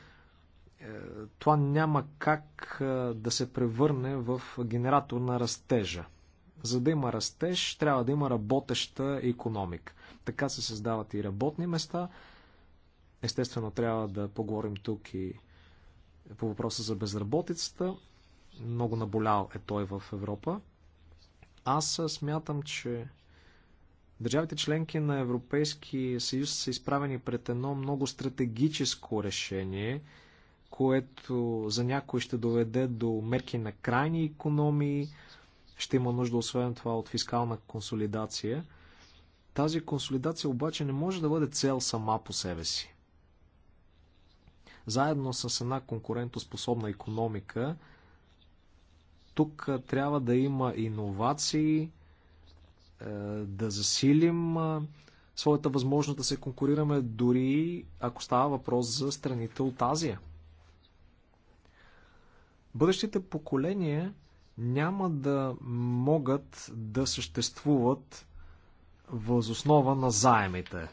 е, това няма как е, да се превърне в генератор на растежа. За да има растеж, трябва да има работеща економика. Така се създават и работни места. Естествено, трябва да поговорим тук и по въпроса за безработицата. Много наболял е той в Европа. Аз смятам, че Държавите членки на Европейски съюз са изправени пред едно много стратегическо решение – което за някой ще доведе до мерки на крайни економии, ще има нужда освен това от фискална консолидация. Тази консолидация обаче не може да бъде цел сама по себе си. Заедно с една конкурентоспособна економика, тук трябва да има иновации, е, да засилим своята възможност да се конкурираме, дори ако става въпрос за страните от Азия бъдещите поколения няма да могат да съществуват възоснова на заемите.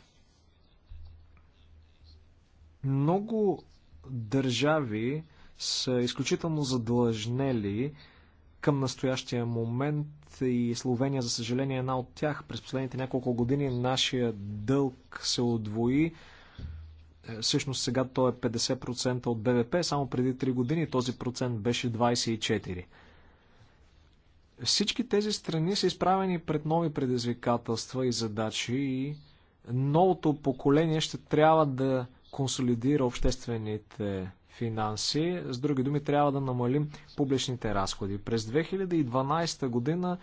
Много държави са изключително задлъжнели към настоящия момент и Словения, за съжаление, е една от тях. През последните няколко години нашия дълг се отвои е, всъщност сега то е 50% от БВП, само преди 3 години този процент беше 24. Всички тези страни са изправени пред нови предизвикателства и задачи и новото поколение ще трябва да консолидира обществените финанси. С други думи, трябва да намалим публичните разходи. През 2012 година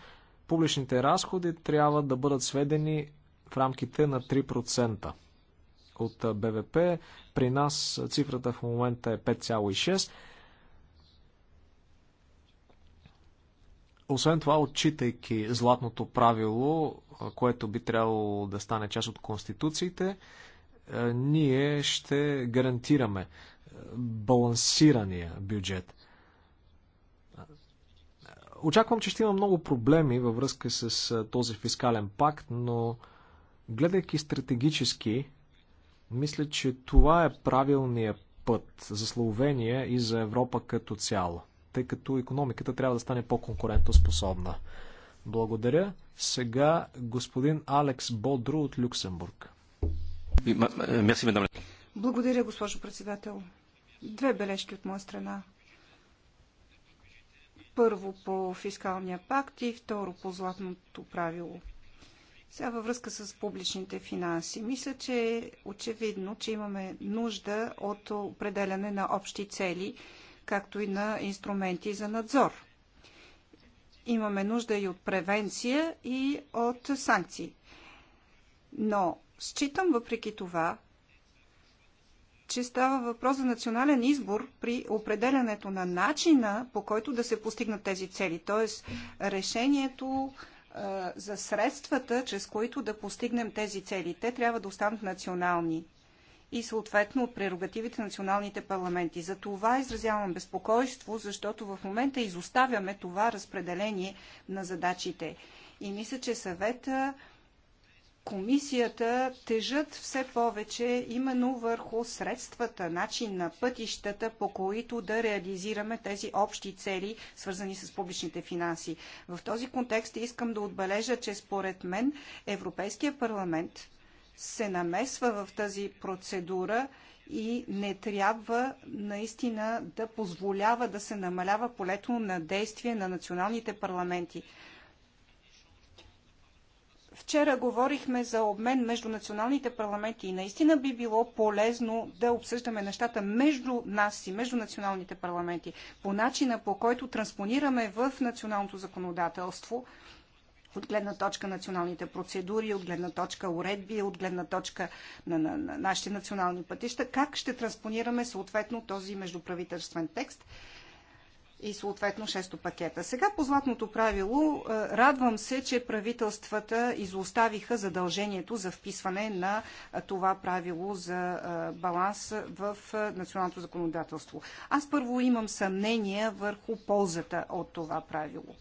публичните разходи трябва да бъдат сведени в рамките на 3% от БВП. При нас цифрата в момента е 5,6. Освен това, отчитайки златното правило, което би трябвало да стане част от конституциите, ние ще гарантираме балансирания бюджет. Очаквам, че ще има много проблеми във връзка с този фискален пакт, но гледайки стратегически, мисля, че това е правилният път за Словения и за Европа като цяло, тъй като економиката трябва да стане по-конкурентоспособна. Благодаря. Сега господин Алекс Бодро от Люксембург. Благодаря, госпожо председател. Две бележки от моя страна. Първо по фискалния пакт и второ по златното правило. Сега във връзка с публичните финанси. Мисля, че е очевидно, че имаме нужда от определяне на общи цели, както и на инструменти за надзор. Имаме нужда и от превенция, и от санкции. Но считам въпреки това, че става въпрос за национален избор при определянето на начина, по който да се постигнат тези цели. Тоест, решението за средствата, чрез които да постигнем тези цели. Те трябва да останат национални и съответно от прерогативите на националните парламенти. За това изразявам безпокойство, защото в момента изоставяме това разпределение на задачите. И мисля, че съвета комисията тежат все повече именно върху средствата, начин на пътищата, по които да реализираме тези общи цели, свързани с публичните финанси. В този контекст искам да отбележа, че според мен Европейския парламент се намесва в тази процедура и не трябва наистина да позволява да се намалява полето на действие на националните парламенти. Вчера говорихме за обмен между националните парламенти и наистина би било полезно да обсъждаме нещата между нас и между националните парламенти по начина по който транспонираме в националното законодателство от гледна точка националните процедури, от гледна точка уредби, от гледна точка на, на, на нашите национални пътища, как ще транспонираме съответно този междуправителствен текст и съответно 6 пакета. Сега по златното правило е, радвам се, че правителствата изоставиха задължението за вписване на е, това правило за е, баланс в националното законодателство. Аз първо имам съмнение върху ползата от това правило.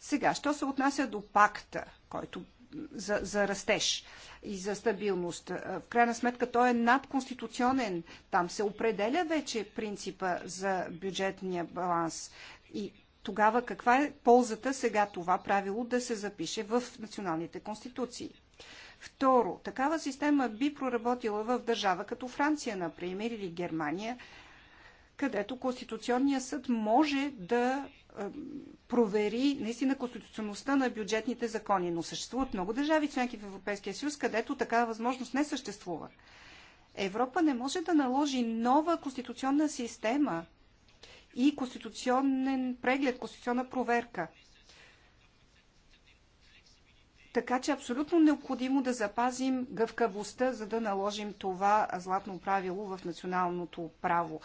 Сега, що се отнася до пакта, който за, за растеж и за стабилност. В крайна сметка той е надконституционен. Там се определя вече принципа за бюджетния баланс. И тогава каква е ползата сега това правило да се запише в националните конституции? Второ, такава система би проработила в държава като Франция, например, или Германия, където Конституционният съд може да провери наистина конституционността на бюджетните закони. Но съществуват много държави членки в Европейския съюз, където такава възможност не съществува. Европа не може да наложи нова конституционна система и конституционен преглед, конституционна проверка. Така че е абсолютно необходимо да запазим гъвкавостта, за да наложим това златно правило в националното право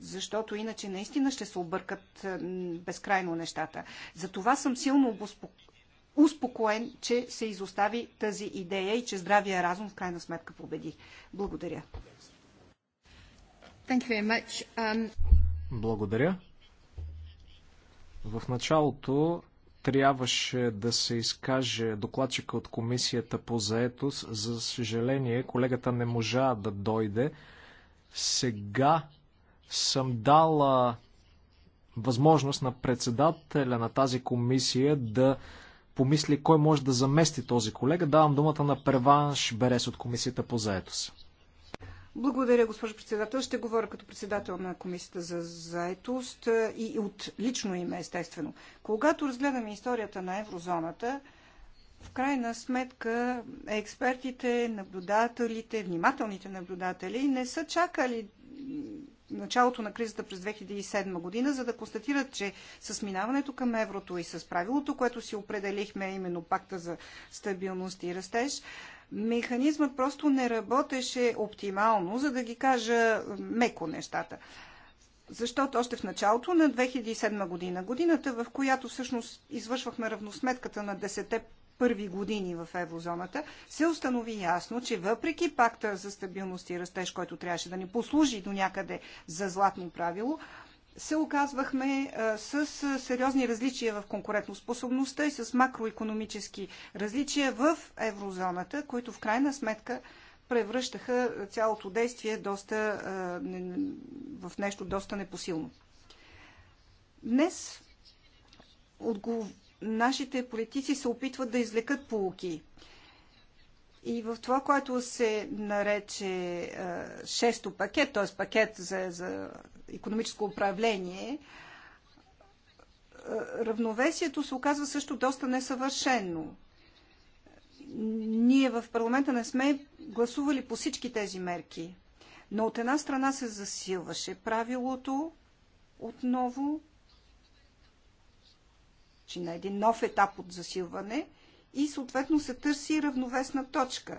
защото иначе наистина ще се объркат безкрайно нещата. Затова съм силно успокоен, че се изостави тази идея и че здравия разум в крайна сметка победи. Благодаря. Um... Благодаря. В началото трябваше да се изкаже докладчика от комисията по заетост. За съжаление, колегата не можа да дойде. Сега съм дала възможност на председателя на тази комисия да помисли кой може да замести този колега. Давам думата на Преванш Берес от Комисията по заетост. Благодаря, госпожо председател. Ще говоря като председател на Комисията за заетост и от лично име, естествено. Когато разгледаме историята на еврозоната, в крайна сметка експертите, наблюдателите, внимателните наблюдатели не са чакали началото на кризата през 2007 година, за да констатират, че с минаването към еврото и с правилото, което си определихме, именно пакта за стабилност и растеж, механизмът просто не работеше оптимално, за да ги кажа меко нещата. Защото още в началото на 2007 година, годината в която всъщност извършвахме равносметката на 10 първи години в еврозоната, се установи ясно, че въпреки пакта за стабилност и растеж, който трябваше да ни послужи до някъде за златно правило, се оказвахме с сериозни различия в конкурентоспособността и с макроекономически различия в еврозоната, които в крайна сметка превръщаха цялото действие доста, в нещо доста непосилно. Днес отговор нашите политици се опитват да извлекат полуки. И в това, което се нарече шесто пакет, т.е. пакет за, за економическо управление, равновесието се оказва също доста несъвършено. Ние в парламента не сме гласували по всички тези мерки. Но от една страна се засилваше правилото отново че на един нов етап от засилване и съответно се търси равновесна точка.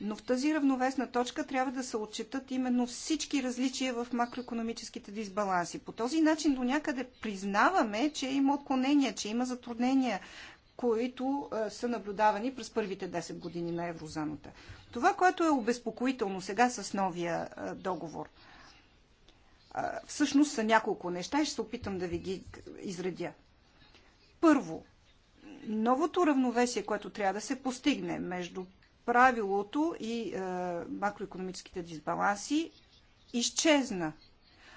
Но в тази равновесна точка трябва да се отчитат именно всички различия в макроекономическите дисбаланси. По този начин до някъде признаваме, че има отклонения, че има затруднения, които е, са наблюдавани през първите 10 години на еврозоната. Това, което е обезпокоително сега с новия е, договор, е, всъщност са няколко неща и ще се опитам да ви ги изредя. Първо, новото равновесие, което трябва да се постигне между правилото и е, макроекономическите дисбаланси, изчезна.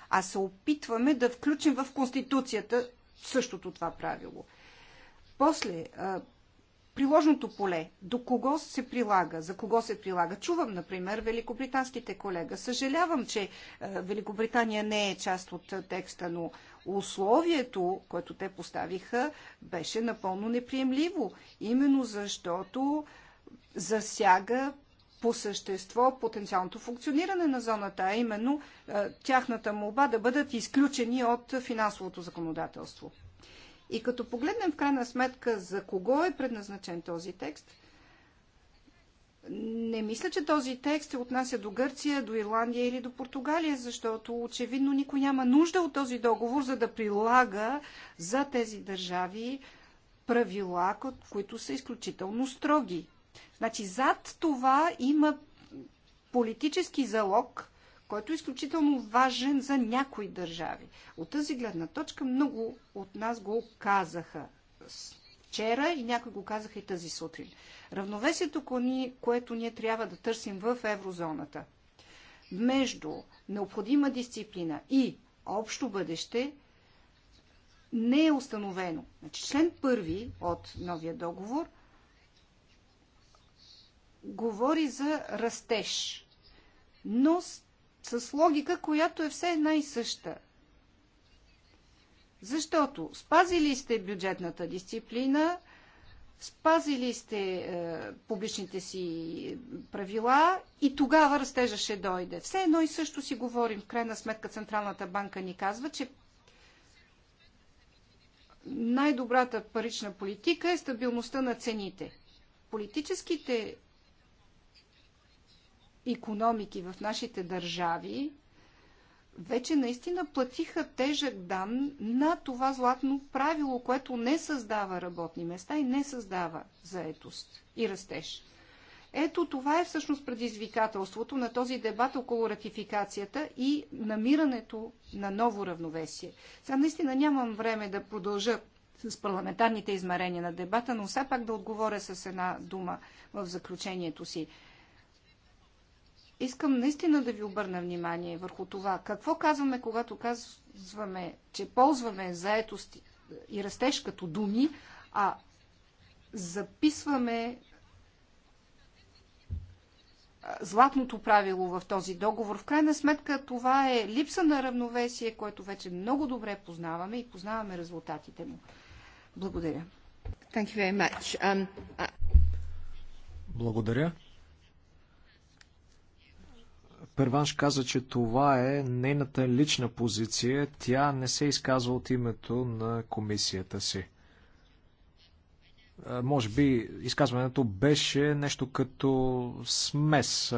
А се опитваме да включим в Конституцията същото това правило. После, е, приложното поле, до кого се прилага, за кого се прилага. Чувам, например, великобританските колега. Съжалявам, че е, Великобритания не е част от е, текста, но условието, което те поставиха, беше напълно неприемливо. Именно защото засяга по същество потенциалното функциониране на зоната, а именно е, тяхната молба да бъдат изключени от финансовото законодателство. И като погледнем в крайна сметка за кого е предназначен този текст – не мисля, че този текст се отнася до Гърция, до Ирландия или до Португалия, защото очевидно никой няма нужда от този договор, за да прилага за тези държави правила, които са изключително строги. Значи зад това има политически залог, който е изключително важен за някои държави. От тази гледна точка много от нас го казаха вчера и някои го казаха и тази сутрин. Равновесието, което ние трябва да търсим в еврозоната между необходима дисциплина и общо бъдеще не е установено. Значи, член първи от новия договор говори за растеж, но с, с логика, която е все една и съща. Защото спазили сте бюджетната дисциплина, Спазили сте е, публичните си правила и тогава растежа ще дойде. Все едно и също си говорим. В крайна сметка Централната банка ни казва, че най-добрата парична политика е стабилността на цените. Политическите економики в нашите държави вече наистина платиха тежък дан на това златно правило, което не създава работни места и не създава заетост и растеж. Ето това е всъщност предизвикателството на този дебат около ратификацията и намирането на ново равновесие. Сега наистина нямам време да продължа с парламентарните измерения на дебата, но все пак да отговоря с една дума в заключението си. Искам наистина да ви обърна внимание върху това. Какво казваме, когато казваме, че ползваме заетост и растеж като думи, а записваме златното правило в този договор. В крайна сметка това е липса на равновесие, което вече много добре познаваме и познаваме резултатите му. Благодаря. Thank you very much. Um, I... Благодаря. Първанш каза, че това е нейната лична позиция. Тя не се изказва от името на комисията си. Може би изказването беше нещо като смес.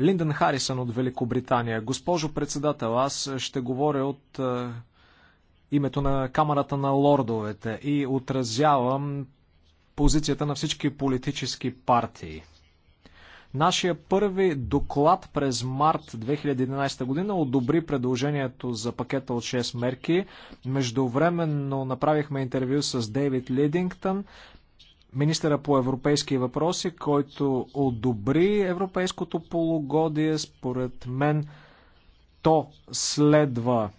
Линдън Харисън от Великобритания. Госпожо председател, аз ще говоря от името на Камерата на лордовете и отразявам позицията на всички политически партии Нашия първи доклад през март 2011 година одобри предложението за пакета от 6 мерки. Междувременно направихме интервю с Дейвид Лидингтън, министъра по европейски въпроси, който одобри европейското полугодие. Според мен то следва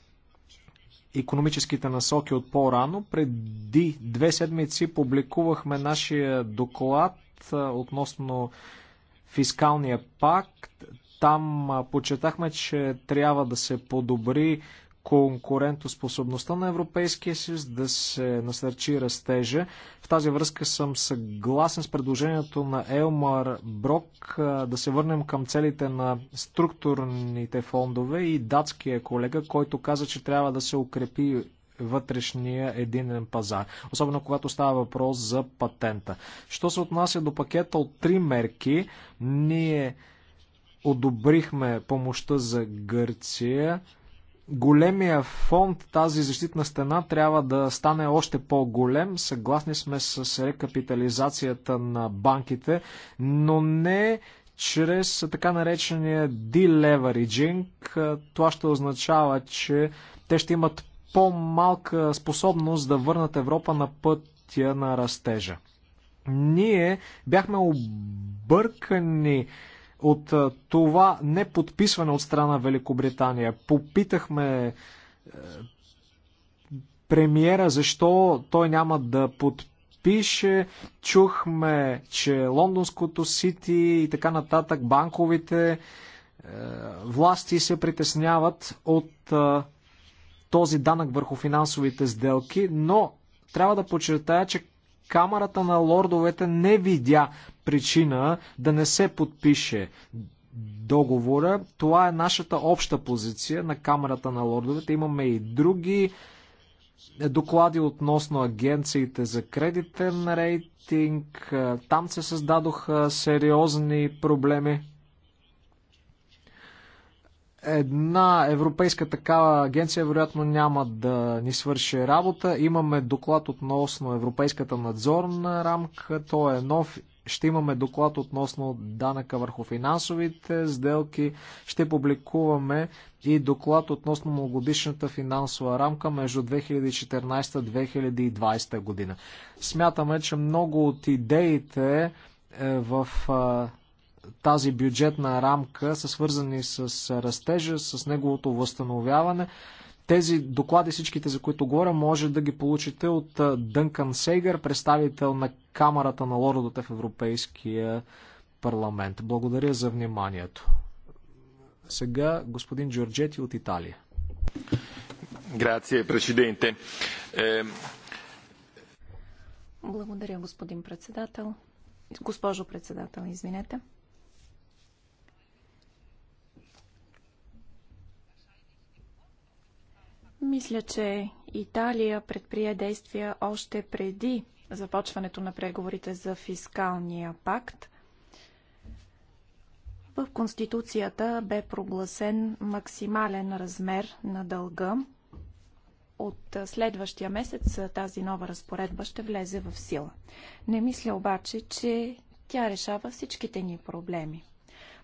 економическите насоки от по-рано. Преди две седмици публикувахме нашия доклад относно фискалния пакт. Там почетахме, че трябва да се подобри конкурентоспособността на Европейския съюз, да се насърчи растежа. В тази връзка съм съгласен с предложението на Елмар Брок да се върнем към целите на структурните фондове и датския колега, който каза, че трябва да се укрепи вътрешния единен пазар, особено когато става въпрос за патента. Що се отнася до пакета от три мерки, ние одобрихме помощта за Гърция. Големия фонд, тази защитна стена, трябва да стане още по-голем. Съгласни сме с рекапитализацията на банките, но не чрез така наречения deleveraging. Е, това ще означава, че те ще имат по-малка способност да върнат Европа на пътя на растежа. Ние бяхме объркани от това неподписване от страна Великобритания. Попитахме премиера защо той няма да подпише. Чухме, че Лондонското Сити и така нататък банковите власти се притесняват от този данък върху финансовите сделки, но трябва да подчертая, че Камерата на лордовете не видя причина да не се подпише договора. Това е нашата обща позиция на Камерата на лордовете. Имаме и други доклади относно агенциите за кредитен рейтинг. Там се създадоха сериозни проблеми. Една европейска такава агенция вероятно няма да ни свърши работа. Имаме доклад относно Европейската надзорна рамка. Той е нов. Ще имаме доклад относно данъка върху финансовите сделки. Ще публикуваме и доклад относно многогодишната финансова рамка между 2014-2020 година. Смятаме, че много от идеите е, в тази бюджетна рамка са свързани с растежа, с неговото възстановяване. Тези доклади, всичките за които говоря, може да ги получите от Дънкан Сейгър, представител на Камерата на лордовете в Европейския парламент. Благодаря за вниманието. Сега господин Джорджети от Италия. Грация, президенте. Е, Благодаря, господин председател. Госпожо председател, извинете. Мисля, че Италия предприе действия още преди започването на преговорите за фискалния пакт. В Конституцията бе прогласен максимален размер на дълга. От следващия месец тази нова разпоредба ще влезе в сила. Не мисля обаче, че тя решава всичките ни проблеми.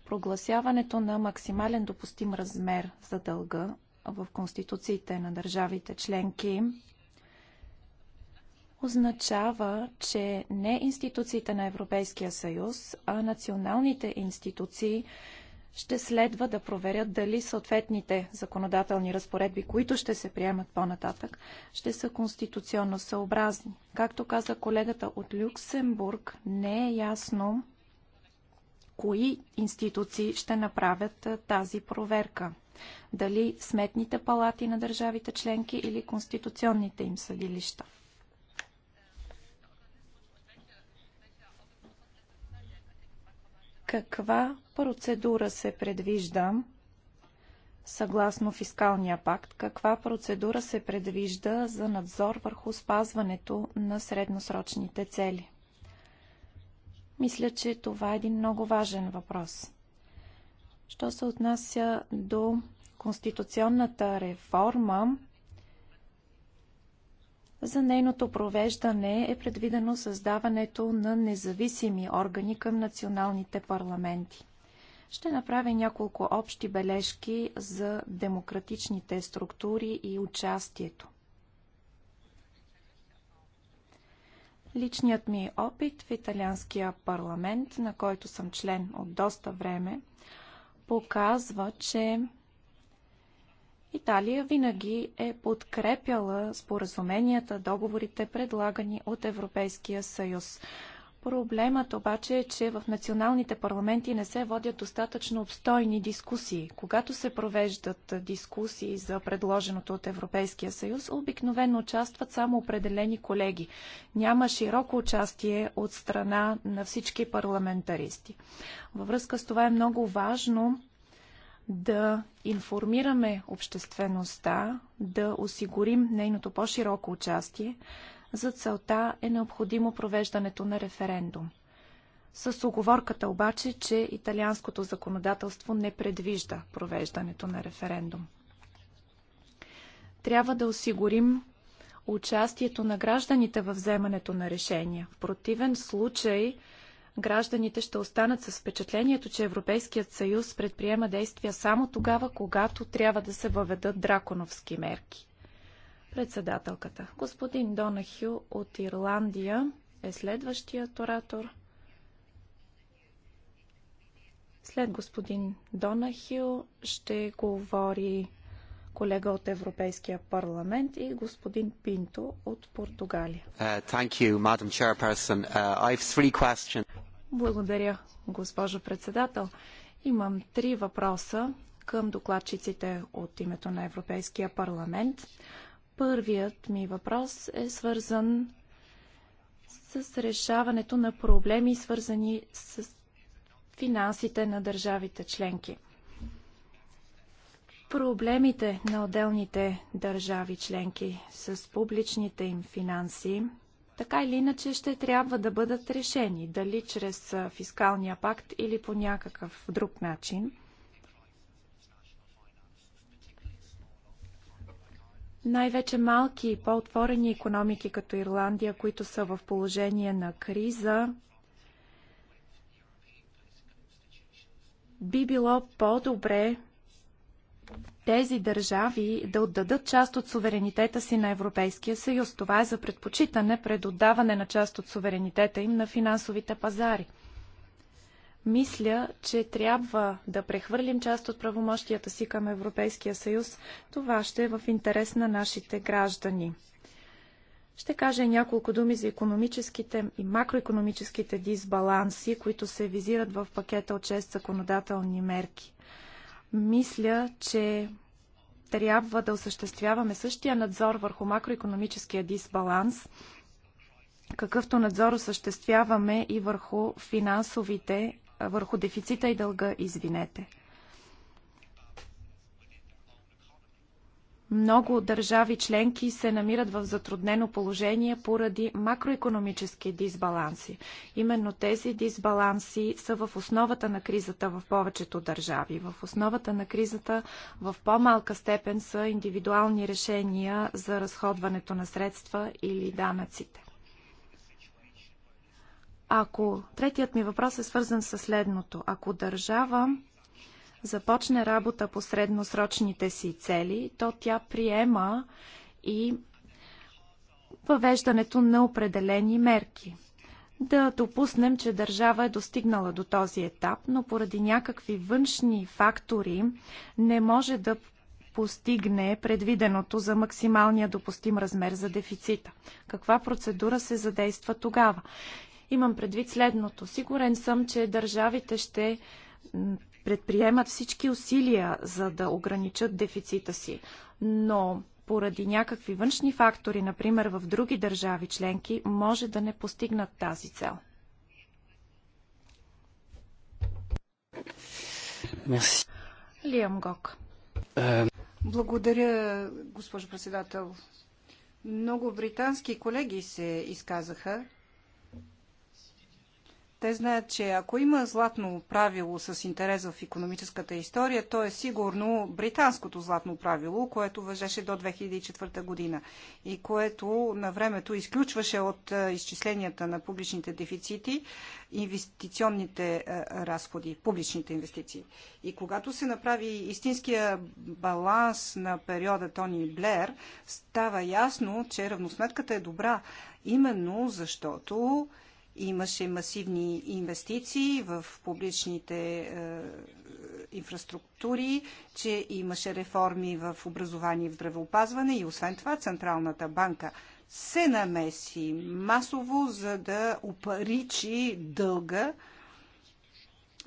Прогласяването на максимален допустим размер за дълга в конституциите на държавите членки означава, че не институциите на Европейския съюз, а националните институции ще следва да проверят дали съответните законодателни разпоредби, които ще се приемат по-нататък, ще са конституционно съобразни. Както каза колегата от Люксембург, не е ясно кои институции ще направят тази проверка дали сметните палати на държавите членки или конституционните им съдилища. Каква процедура се предвижда съгласно фискалния пакт? Каква процедура се предвижда за надзор върху спазването на средносрочните цели? Мисля, че това е един много важен въпрос. Що се отнася до конституционната реформа, за нейното провеждане е предвидено създаването на независими органи към националните парламенти. Ще направя няколко общи бележки за демократичните структури и участието. Личният ми опит в италианския парламент, на който съм член от доста време, показва, че Италия винаги е подкрепяла споразуменията, договорите, предлагани от Европейския съюз. Проблемът обаче е, че в националните парламенти не се водят достатъчно обстойни дискусии. Когато се провеждат дискусии за предложеното от Европейския съюз, обикновено участват само определени колеги. Няма широко участие от страна на всички парламентаристи. Във връзка с това е много важно да информираме обществеността, да осигурим нейното по-широко участие, за целта е необходимо провеждането на референдум. С оговорката обаче, че италианското законодателство не предвижда провеждането на референдум. Трябва да осигурим участието на гражданите във вземането на решения. В противен случай гражданите ще останат с впечатлението, че Европейският съюз предприема действия само тогава, когато трябва да се въведат драконовски мерки. Председателката. Господин Донахю от Ирландия е следващият оратор. След господин Донахил ще говори колега от Европейския парламент и господин Пинто от Португалия. Uh, you, uh, Благодаря, госпожо председател. Имам три въпроса към докладчиците от името на Европейския парламент. Първият ми въпрос е свързан с решаването на проблеми, свързани с финансите на държавите членки. Проблемите на отделните държави членки с публичните им финанси така или иначе ще трябва да бъдат решени, дали чрез фискалния пакт или по някакъв друг начин – Най-вече малки и по-отворени економики като Ирландия, които са в положение на криза, би било по-добре тези държави да отдадат част от суверенитета си на Европейския съюз. Това е за предпочитане пред отдаване на част от суверенитета им на финансовите пазари. Мисля, че трябва да прехвърлим част от правомощията си към Европейския съюз. Това ще е в интерес на нашите граждани. Ще кажа няколко думи за економическите и макроекономическите дисбаланси, които се визират в пакета от 6 законодателни мерки. Мисля, че трябва да осъществяваме същия надзор върху макроекономическия дисбаланс, какъвто надзор осъществяваме и върху финансовите върху дефицита и дълга, извинете. Много държави членки се намират в затруднено положение поради макроекономически дисбаланси. Именно тези дисбаланси са в основата на кризата в повечето държави. В основата на кризата в по-малка степен са индивидуални решения за разходването на средства или данъците. Ако третият ми въпрос е свързан с следното. Ако държава започне работа по средносрочните си цели, то тя приема и въвеждането на определени мерки. Да допуснем, че държава е достигнала до този етап, но поради някакви външни фактори не може да постигне предвиденото за максималния допустим размер за дефицита. Каква процедура се задейства тогава? Имам предвид следното. Сигурен съм, че държавите ще предприемат всички усилия, за да ограничат дефицита си. Но поради някакви външни фактори, например в други държави членки, може да не постигнат тази цел. Мерси. Лиам Гок. Благодаря, госпожо председател. Много британски колеги се изказаха те знаят, че ако има златно правило с интерес в економическата история, то е сигурно британското златно правило, което въжеше до 2004 година и което на времето изключваше от е, изчисленията на публичните дефицити инвестиционните е, разходи, публичните инвестиции. И когато се направи истинския баланс на периода Тони Блер, става ясно, че равносметката е добра, именно защото Имаше масивни инвестиции в публичните е, инфраструктури, че имаше реформи в образование и в здравеопазване и освен това Централната банка се намеси масово, за да опаричи дълга,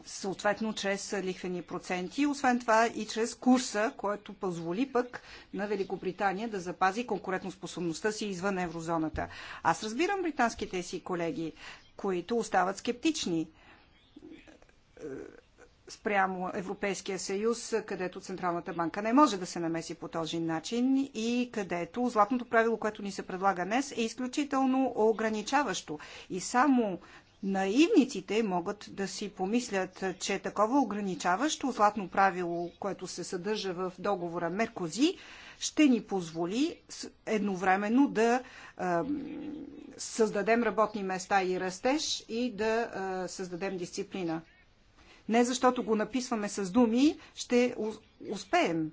съответно чрез лихвени проценти, освен това и чрез курса, който позволи пък на Великобритания да запази конкурентоспособността си извън еврозоната. Аз разбирам британските си колеги които остават скептични е, спрямо Европейския съюз, където Централната банка не може да се намеси по този начин и където златното правило, което ни се предлага днес, е изключително ограничаващо. И само Наивниците могат да си помислят, че такова ограничаващо златно правило, което се съдържа в договора Меркози, ще ни позволи едновременно да а, създадем работни места и растеж и да а, създадем дисциплина. Не защото го написваме с думи, ще успеем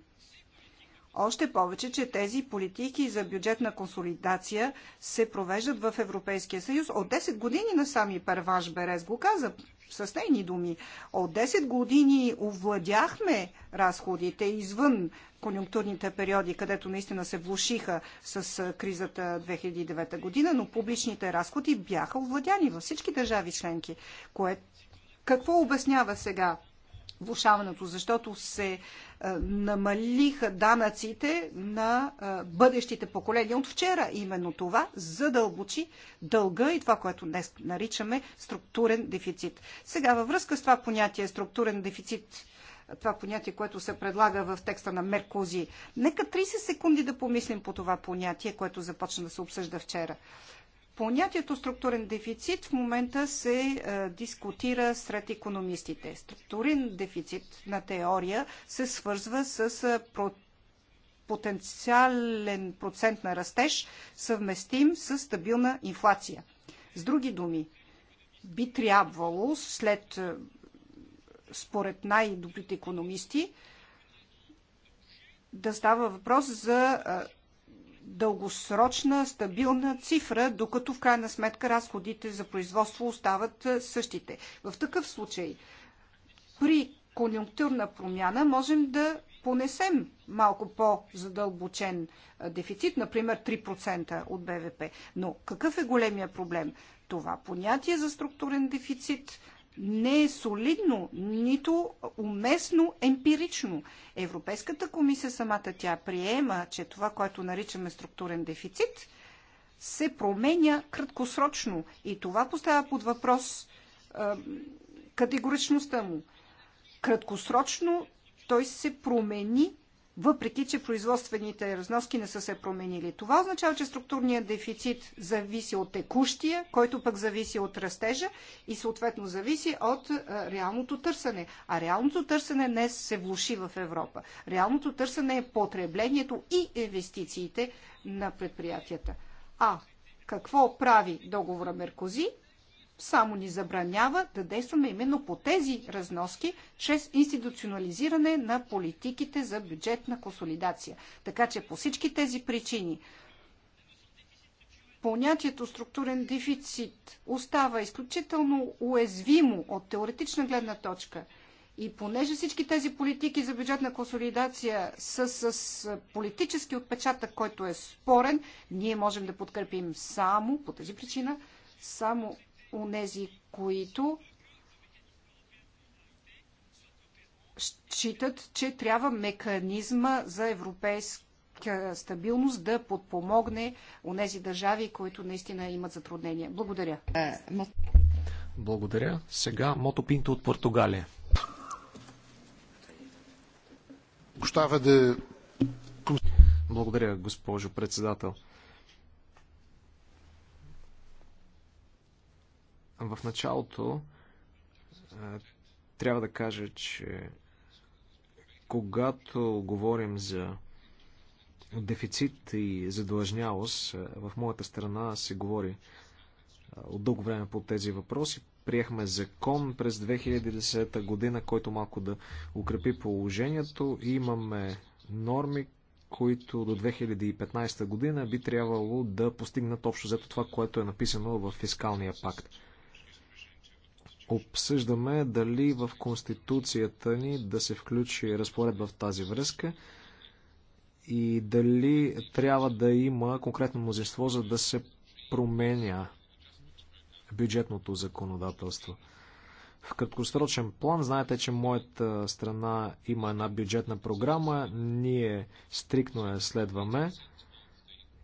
още повече, че тези политики за бюджетна консолидация се провеждат в Европейския съюз от 10 години на сами Перваш Берез го каза с нейни думи. От 10 години овладяхме разходите извън конюнктурните периоди, където наистина се влушиха с кризата 2009 година, но публичните разходи бяха овладяни във всички държави членки. Кое... Какво обяснява сега влушаването? Защото се намалиха данъците на бъдещите поколения от вчера. Именно това задълбочи дълга и това, което днес наричаме структурен дефицит. Сега във връзка с това понятие структурен дефицит, това понятие, което се предлага в текста на Меркузи. Нека 30 секунди да помислим по това понятие, което започна да се обсъжда вчера. Понятието структурен дефицит в момента се а, е, дискутира сред економистите. Структурен дефицит на теория се свързва с е, про... потенциален процент на растеж, съвместим с стабилна инфлация. С други думи, би трябвало след, е, според най-добрите економисти, да става въпрос за дългосрочна, стабилна цифра, докато в крайна сметка разходите за производство остават същите. В такъв случай, при конъюнктурна промяна можем да понесем малко по-задълбочен дефицит, например 3% от БВП. Но какъв е големия проблем? Това понятие за структурен дефицит – не е солидно, нито уместно емпирично. Европейската комисия самата тя приема, че това, което наричаме структурен дефицит, се променя краткосрочно и това поставя под въпрос е, категоричността му. Краткосрочно той се промени въпреки че производствените разноски не са се променили. Това означава, че структурният дефицит зависи от текущия, който пък зависи от растежа и съответно зависи от реалното търсене. А реалното търсене не се влуши в Европа. Реалното търсене е потреблението и инвестициите на предприятията. А какво прави договора Меркози? само ни забранява да действаме именно по тези разноски, чрез институционализиране на политиките за бюджетна консолидация. Така че по всички тези причини понятието структурен дефицит остава изключително уязвимо от теоретична гледна точка. И понеже всички тези политики за бюджетна консолидация са с политически отпечатък, който е спорен, ние можем да подкрепим само по тази причина, само онези, които считат, че трябва механизма за европейска стабилност да подпомогне онези държави, които наистина имат затруднения. Благодаря. Благодаря. Сега Мотопинто от Португалия. Благодаря, госпожо председател. В началото трябва да кажа, че когато говорим за дефицит и задлъжнялост, в моята страна се говори от дълго време по тези въпроси. Приехме закон през 2010 година, който малко да укрепи положението. И имаме норми, които до 2015 година би трябвало да постигнат общо взето това, което е написано в фискалния пакт обсъждаме дали в Конституцията ни да се включи разпоредба в тази връзка и дали трябва да има конкретно мнозинство, за да се променя бюджетното законодателство. В краткосрочен план, знаете, че моята страна има една бюджетна програма, ние стрикно я следваме.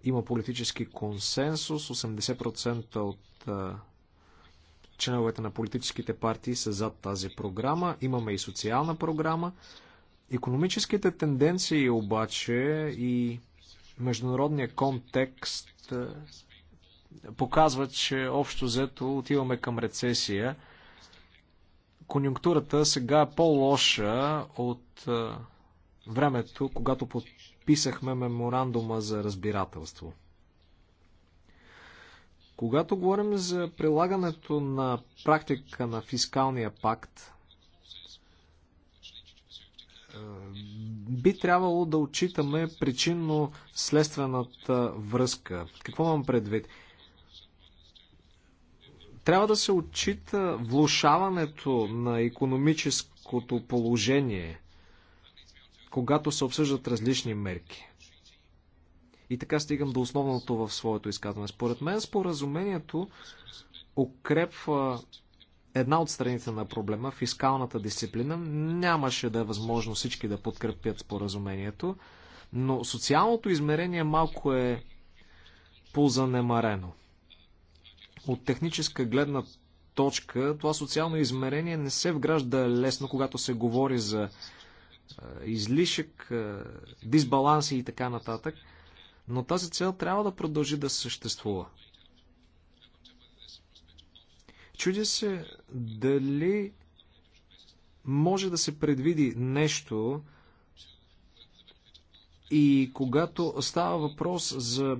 Има политически консенсус, 80% от членовете на политическите партии са зад тази програма. Имаме и социална програма. Економическите тенденции обаче и международния контекст е, показват, че общо взето отиваме към рецесия. Конюнктурата сега е по-лоша от е, времето, когато подписахме меморандума за разбирателство. Когато говорим за прилагането на практика на фискалния пакт, би трябвало да отчитаме причинно-следствената връзка. Какво имам предвид? Трябва да се отчита влушаването на економическото положение, когато се обсъждат различни мерки. И така стигам до основното в своето изказване. Според мен споразумението укрепва една от страните на проблема, фискалната дисциплина. Нямаше да е възможно всички да подкрепят споразумението, но социалното измерение малко е позанемарено. От техническа гледна точка, това социално измерение не се вгражда лесно, когато се говори за излишък, дисбаланси и така нататък – но тази цел трябва да продължи да съществува. Чудя се дали може да се предвиди нещо и когато става въпрос за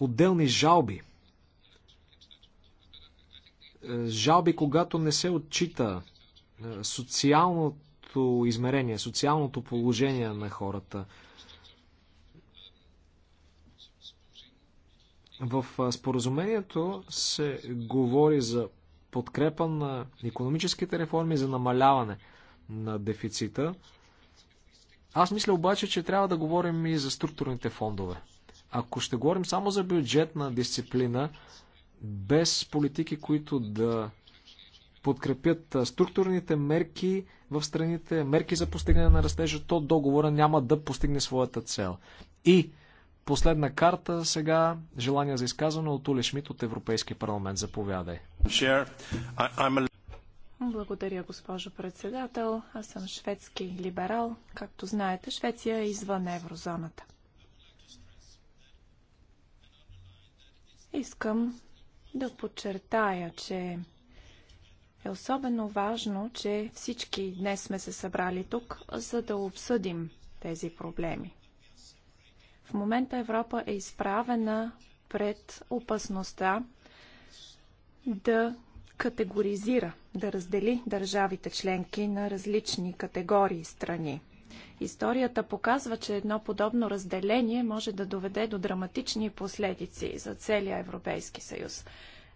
отделни жалби, жалби, когато не се отчита е, социалното измерение, социалното положение на хората – В споразумението се говори за подкрепа на економическите реформи за намаляване на дефицита. Аз мисля обаче, че трябва да говорим и за структурните фондове. Ако ще говорим само за бюджетна дисциплина, без политики, които да подкрепят структурните мерки в страните, мерки за постигане на растежа, то договора няма да постигне своята цел. И Последна карта сега. Желание за изказване от Уле Шмидт от Европейския парламент. Заповядай. Благодаря, госпожо председател. Аз съм шведски либерал. Както знаете, Швеция е извън еврозоната. Искам да подчертая, че е особено важно, че всички днес сме се събрали тук, за да обсъдим тези проблеми. В момента Европа е изправена пред опасността да категоризира, да раздели държавите членки на различни категории страни. Историята показва, че едно подобно разделение може да доведе до драматични последици за целия Европейски съюз.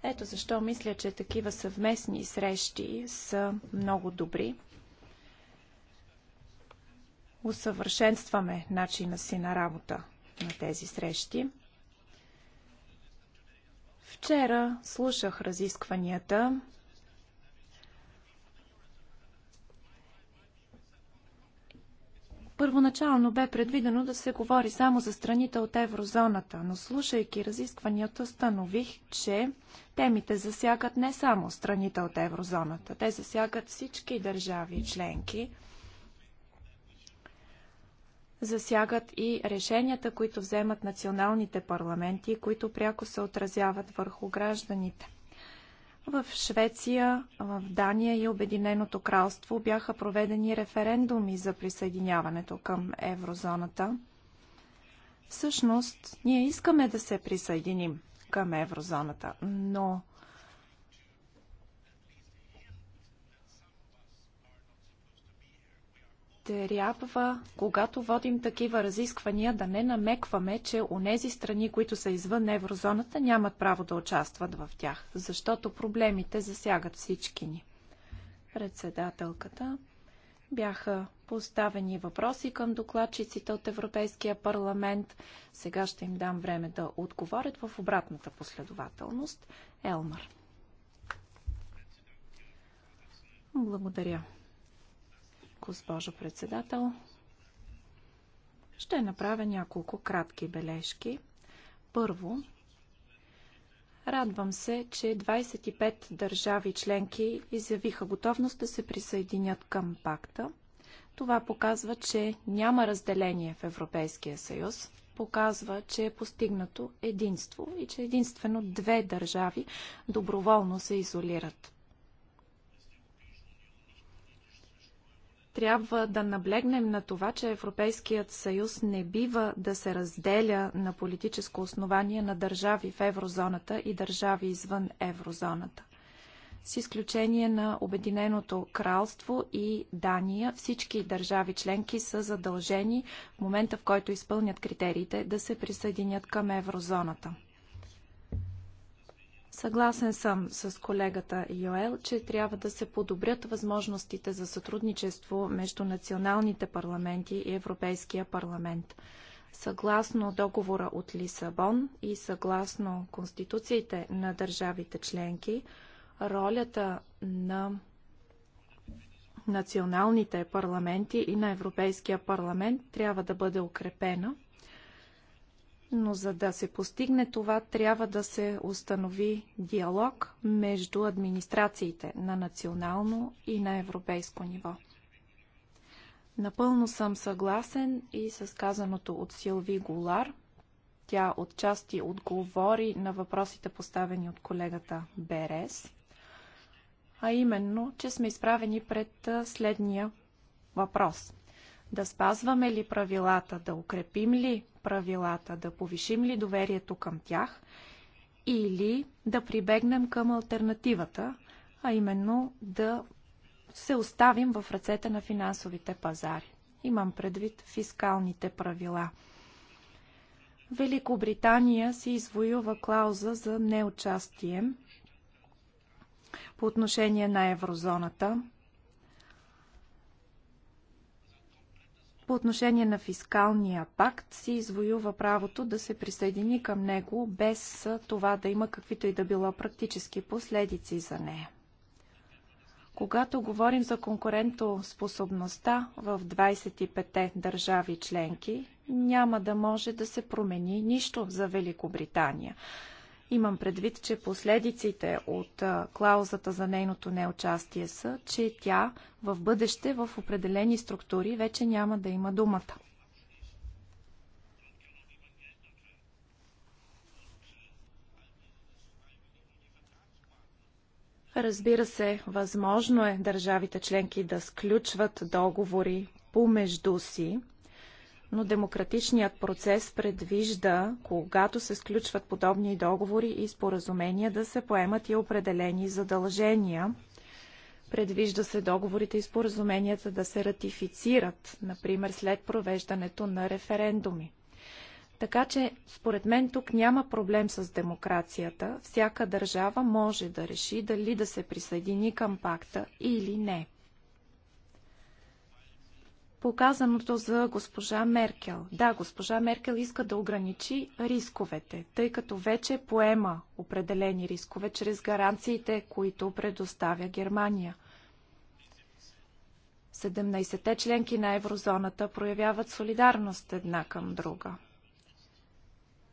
Ето защо мисля, че такива съвместни срещи са много добри. Усъвършенстваме начина си на работа на тези срещи. Вчера слушах разискванията. Първоначално бе предвидено да се говори само за страните от еврозоната, но слушайки разискванията, станових, че темите засягат не само страните от еврозоната, те засягат всички държави членки – засягат и решенията, които вземат националните парламенти които пряко се отразяват върху гражданите. В Швеция, в Дания и Обединеното кралство бяха проведени референдуми за присъединяването към еврозоната. Всъщност, ние искаме да се присъединим към еврозоната, но трябва, когато водим такива разисквания, да не намекваме, че онези страни, които са извън еврозоната, нямат право да участват в тях, защото проблемите засягат всички ни. Председателката бяха поставени въпроси към докладчиците от Европейския парламент. Сега ще им дам време да отговорят в обратната последователност. Елмар. Благодаря госпожо председател. Ще направя няколко кратки бележки. Първо, радвам се, че 25 държави членки изявиха готовност да се присъединят към пакта. Това показва, че няма разделение в Европейския съюз. Показва, че е постигнато единство и че единствено две държави доброволно се изолират. трябва да наблегнем на това, че Европейският съюз не бива да се разделя на политическо основание на държави в еврозоната и държави извън еврозоната. С изключение на Обединеното кралство и Дания, всички държави членки са задължени в момента, в който изпълнят критериите, да се присъединят към еврозоната. Съгласен съм с колегата Йоел, че трябва да се подобрят възможностите за сътрудничество между националните парламенти и Европейския парламент. Съгласно договора от Лисабон и съгласно конституциите на държавите членки, ролята на националните парламенти и на Европейския парламент трябва да бъде укрепена но за да се постигне това, трябва да се установи диалог между администрациите на национално и на европейско ниво. Напълно съм съгласен и с казаното от Силви Голар. Тя отчасти отговори на въпросите поставени от колегата Берес, а именно, че сме изправени пред следния въпрос. Да спазваме ли правилата, да укрепим ли правилата, да повишим ли доверието към тях или да прибегнем към альтернативата, а именно да се оставим в ръцете на финансовите пазари. Имам предвид фискалните правила. Великобритания си извоюва клауза за неучастие по отношение на еврозоната. По отношение на фискалния пакт си извоюва правото да се присъедини към него без това да има каквито и да било практически последици за нея. Когато говорим за конкурентоспособността в 25-те държави членки, няма да може да се промени нищо за Великобритания. Имам предвид, че последиците от клаузата за нейното неучастие са, че тя в бъдеще в определени структури вече няма да има думата. Разбира се, възможно е държавите членки да сключват договори помежду си, но демократичният процес предвижда, когато се сключват подобни договори и споразумения, да се поемат и определени задължения. Предвижда се договорите и споразуменията да се ратифицират, например след провеждането на референдуми. Така че, според мен, тук няма проблем с демокрацията. Всяка държава може да реши дали да се присъедини към пакта или не показаното за госпожа Меркел. Да, госпожа Меркел иска да ограничи рисковете, тъй като вече поема определени рискове чрез гаранциите, които предоставя Германия. 17-те членки на еврозоната проявяват солидарност една към друга.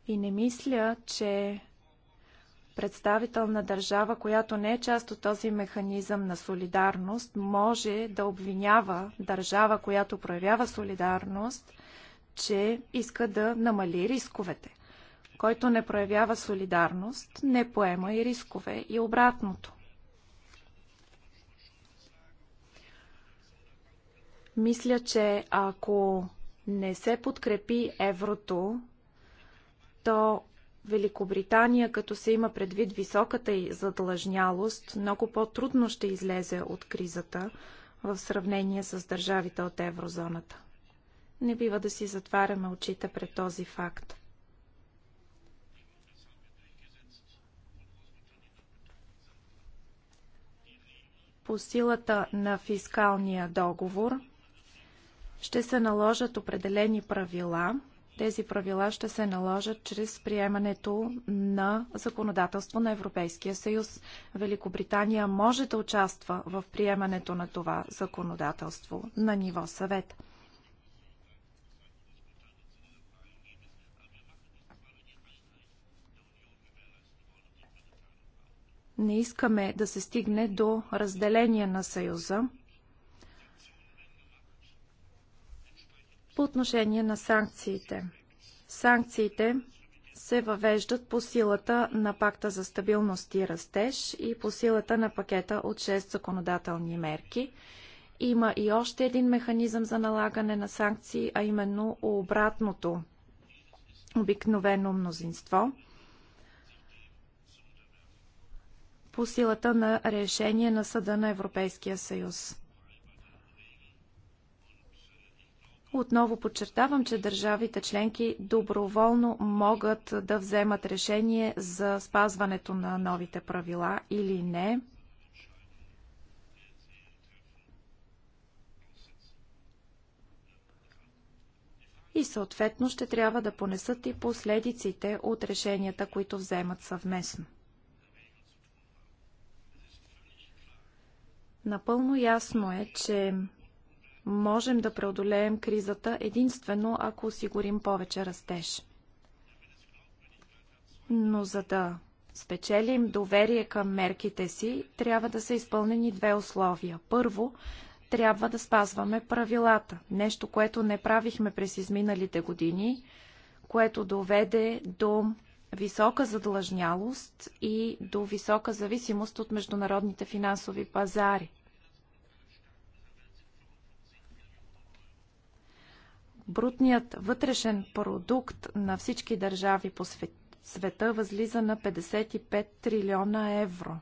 И не мисля, че представител на държава, която не е част от този механизъм на солидарност, може да обвинява държава, която проявява солидарност, че иска да намали рисковете. Който не проявява солидарност, не поема и рискове и обратното. Мисля, че ако не се подкрепи еврото, то Великобритания, като се има предвид високата й задлъжнялост, много по-трудно ще излезе от кризата в сравнение с държавите от еврозоната. Не бива да си затваряме очите пред този факт. По силата на фискалния договор ще се наложат определени правила – тези правила ще се наложат чрез приемането на законодателство на Европейския съюз. Великобритания може да участва в приемането на това законодателство на ниво съвет. не искаме да се стигне до разделение на Съюза. По отношение на санкциите. Санкциите се въвеждат по силата на пакта за стабилност и растеж и по силата на пакета от 6 законодателни мерки. Има и още един механизъм за налагане на санкции, а именно обратното обикновено мнозинство по силата на решение на Съда на Европейския съюз. Отново подчертавам, че държавите членки доброволно могат да вземат решение за спазването на новите правила или не. И съответно ще трябва да понесат и последиците от решенията, които вземат съвместно. Напълно ясно е, че Можем да преодолеем кризата единствено ако осигурим повече растеж. Но за да спечелим доверие към мерките си, трябва да са изпълнени две условия. Първо, трябва да спазваме правилата. Нещо, което не правихме през изминалите години, което доведе до висока задлъжнялост и до висока зависимост от международните финансови пазари. брутният вътрешен продукт на всички държави по света възлиза на 55 трилиона евро.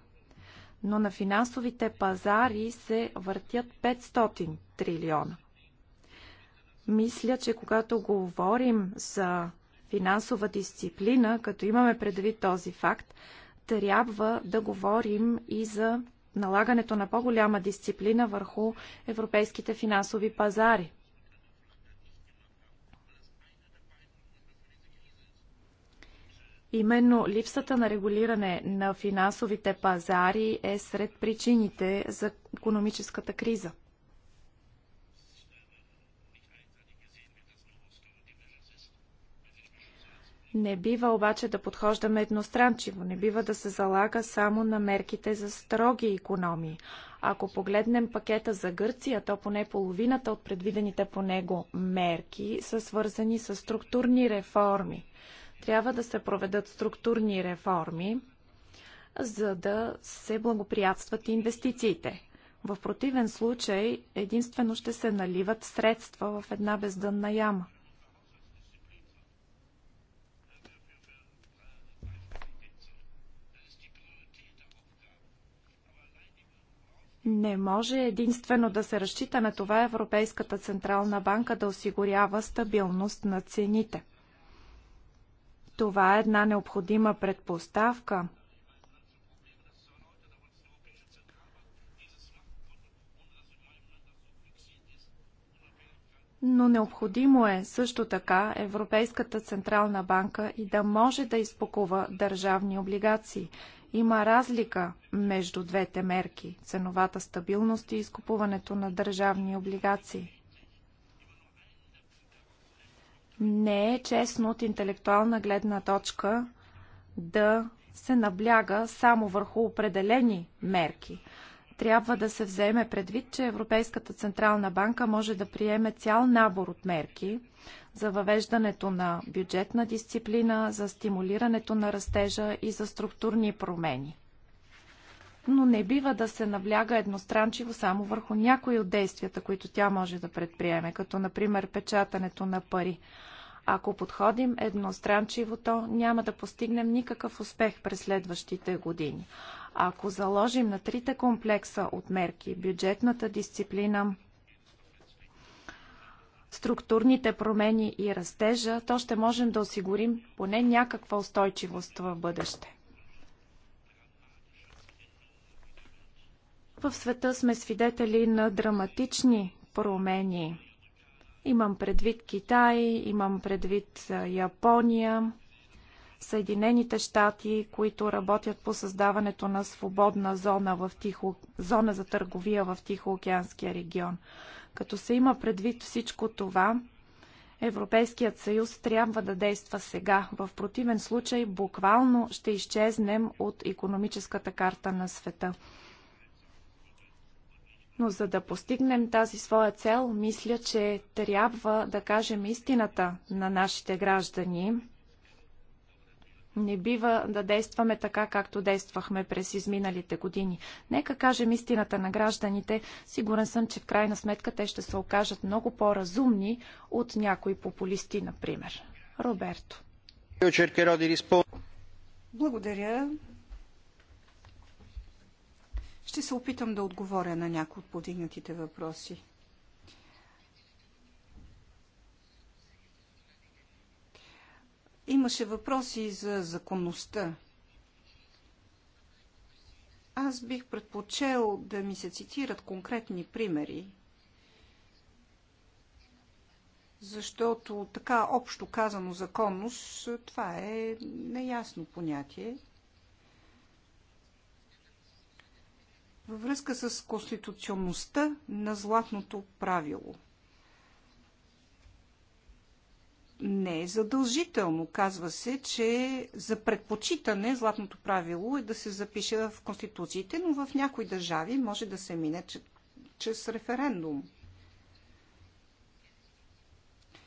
Но на финансовите пазари се въртят 500 трилиона. Мисля, че когато говорим за финансова дисциплина, като имаме предвид този факт, трябва да говорим и за налагането на по-голяма дисциплина върху европейските финансови пазари. Именно липсата на регулиране на финансовите пазари е сред причините за економическата криза. Не бива обаче да подхождаме едностранчиво, не бива да се залага само на мерките за строги економии. Ако погледнем пакета за Гърция, то поне половината от предвидените по него мерки са свързани с структурни реформи. Трябва да се проведат структурни реформи, за да се благоприятстват инвестициите. В противен случай единствено ще се наливат средства в една бездънна яма. Не може единствено да се разчита на това Европейската Централна банка да осигурява стабилност на цените. Това е една необходима предпоставка. Но необходимо е също така Европейската Централна банка и да може да изпокува държавни облигации. Има разлика между двете мерки – ценовата стабилност и изкупуването на държавни облигации. Не е честно от интелектуална гледна точка да се набляга само върху определени мерки. Трябва да се вземе предвид, че Европейската Централна банка може да приеме цял набор от мерки за въвеждането на бюджетна дисциплина, за стимулирането на растежа и за структурни промени. Но не бива да се набляга едностранчиво само върху някои от действията, които тя може да предприеме, като например печатането на пари. Ако подходим едностранчиво, то няма да постигнем никакъв успех през следващите години. Ако заложим на трите комплекса от мерки бюджетната дисциплина, структурните промени и растежа, то ще можем да осигурим поне някаква устойчивост в бъдеще. В света сме свидетели на драматични промени Имам предвид Китай, имам предвид Япония, Съединените щати, които работят по създаването на свободна зона, в тихо, зона за търговия в Тихоокеанския регион. Като се има предвид всичко това, Европейският съюз трябва да действа сега. В противен случай буквално ще изчезнем от економическата карта на света. Но за да постигнем тази своя цел, мисля, че трябва да кажем истината на нашите граждани. Не бива да действаме така, както действахме през изминалите години. Нека кажем истината на гражданите. Сигурен съм, че в крайна сметка те ще се окажат много по-разумни от някои популисти, например. Роберто. Благодаря. Ще се опитам да отговоря на някои от подигнатите въпроси. Имаше въпроси за законността. Аз бих предпочел да ми се цитират конкретни примери, защото така общо казано законност, това е неясно понятие – във връзка с конституционността на златното правило. Не е задължително. Казва се, че за предпочитане златното правило е да се запише в конституциите, но в някои държави може да се мине чрез референдум.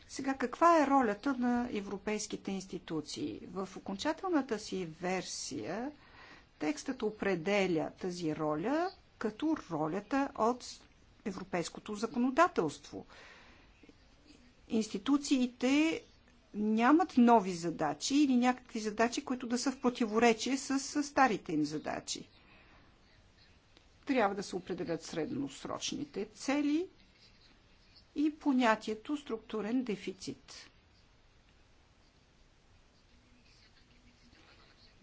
Сега, каква е ролята на европейските институции? В окончателната си версия Текстът определя тази роля като ролята от европейското законодателство. Институциите нямат нови задачи или някакви задачи, които да са в противоречие с старите им задачи. Трябва да се определят средносрочните цели и понятието структурен дефицит.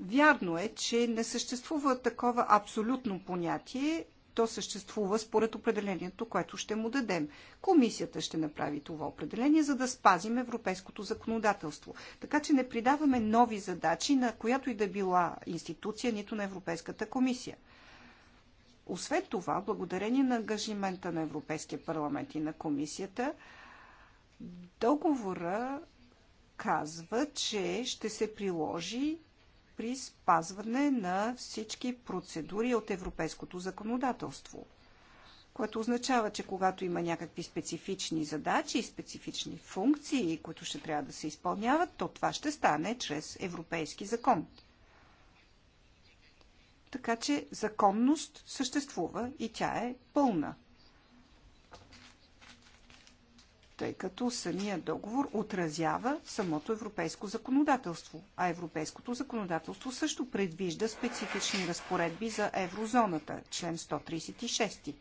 Вярно е, че не съществува такова абсолютно понятие. То съществува според определението, което ще му дадем. Комисията ще направи това определение, за да спазим европейското законодателство. Така че не придаваме нови задачи на която и да била институция, нито на Европейската комисия. Освен това, благодарение на ангажимента на Европейския парламент и на комисията, договора казва, че ще се приложи при спазване на всички процедури от европейското законодателство. Което означава, че когато има някакви специфични задачи, и специфични функции, които ще трябва да се изпълняват, то това ще стане чрез европейски закон. Така че законност съществува и тя е пълна. тъй като самия договор отразява самото европейско законодателство, а европейското законодателство също предвижда специфични разпоредби за еврозоната, член 136.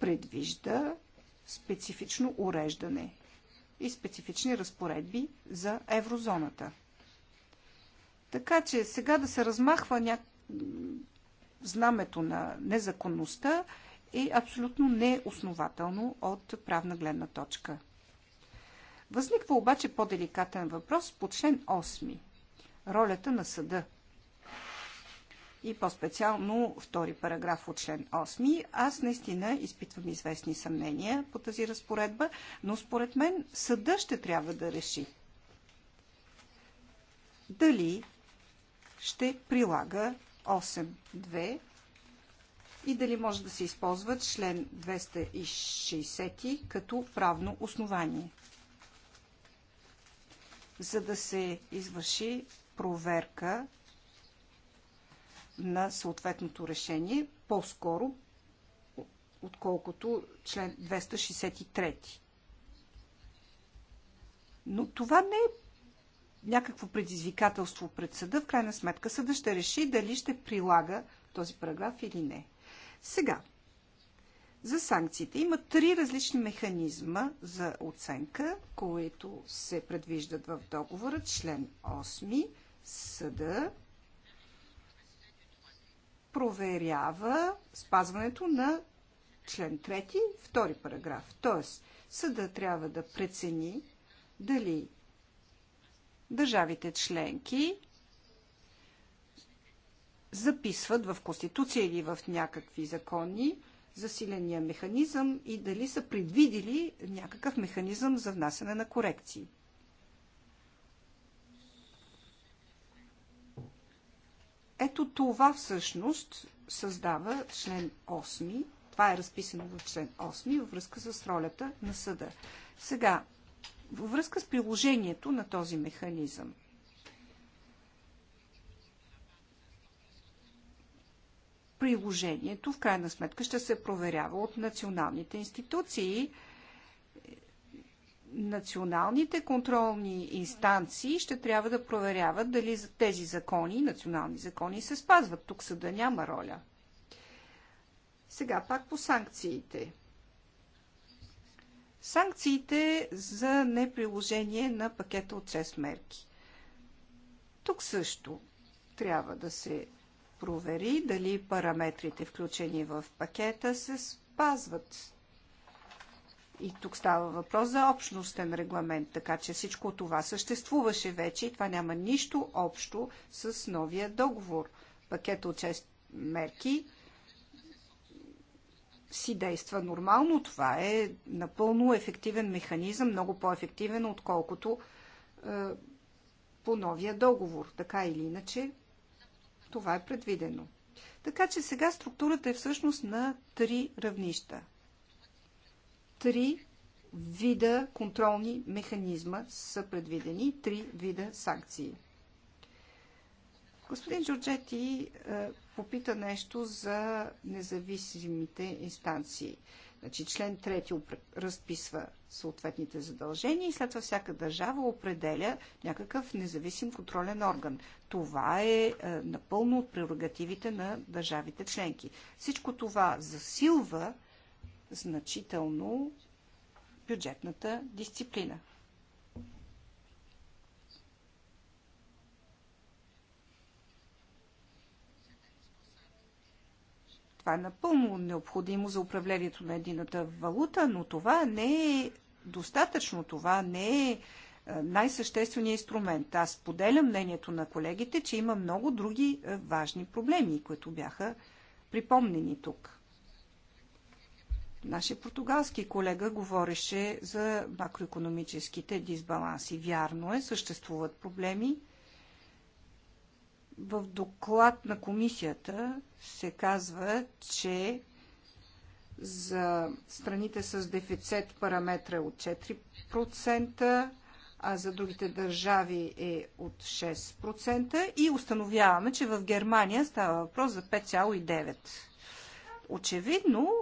Предвижда специфично уреждане и специфични разпоредби за еврозоната. Така че сега да се размахва ня... знамето на незаконността, е абсолютно неоснователно от правна гледна точка. Възниква обаче по-деликатен въпрос по член 8. Ролята на съда. И по-специално втори параграф от член 8. Аз наистина изпитвам известни съмнения по тази разпоредба, но според мен съда ще трябва да реши дали ще прилага 8.2 и дали може да се използва член 260 като правно основание, за да се извърши проверка на съответното решение по-скоро, отколкото член 263. Но това не е някакво предизвикателство пред съда. В крайна сметка съда ще реши дали ще прилага този параграф или не. Сега, за санкциите има три различни механизма за оценка, които се предвиждат в договора. Член 8 съда проверява спазването на член 3, втори параграф. Тоест, съда трябва да прецени дали държавите членки записват в Конституция или в някакви закони засиления механизъм и дали са предвидили някакъв механизъм за внасяне на корекции. Ето това всъщност създава член 8. Това е разписано в член 8 във връзка с ролята на съда. Сега, във връзка с приложението на този механизъм – приложението в крайна сметка ще се проверява от националните институции. Националните контролни инстанции ще трябва да проверяват дали тези закони, национални закони, се спазват. Тук съда няма роля. Сега пак по санкциите. Санкциите за неприложение на пакета от 6 мерки. Тук също трябва да се провери дали параметрите, включени в пакета, се спазват. И тук става въпрос за общностен регламент, така че всичко това съществуваше вече и това няма нищо общо с новия договор. Пакет от 6 мерки си действа нормално. Това е напълно ефективен механизъм, много по-ефективен, отколкото е, по новия договор. Така или иначе, това е предвидено. Така че сега структурата е всъщност на три равнища. Три вида контролни механизма са предвидени, три вида санкции. Господин Джорджети е, попита нещо за независимите инстанции. Значи член 3 разписва съответните задължения и след това всяка държава определя някакъв независим контролен орган. Това е, е напълно от прерогативите на държавите членки. Всичко това засилва значително бюджетната дисциплина. Това е напълно необходимо за управлението на едината валута, но това не е достатъчно. Това не е, е най-същественият инструмент. Аз поделям мнението на колегите, че има много други е, важни проблеми, които бяха припомнени тук. Нашия португалски колега говореше за макроекономическите дисбаланси. Вярно е, съществуват проблеми. В доклад на комисията се казва, че за страните с дефицит параметра е от 4%, а за другите държави е от 6% и установяваме, че в Германия става въпрос за 5,9%. Очевидно,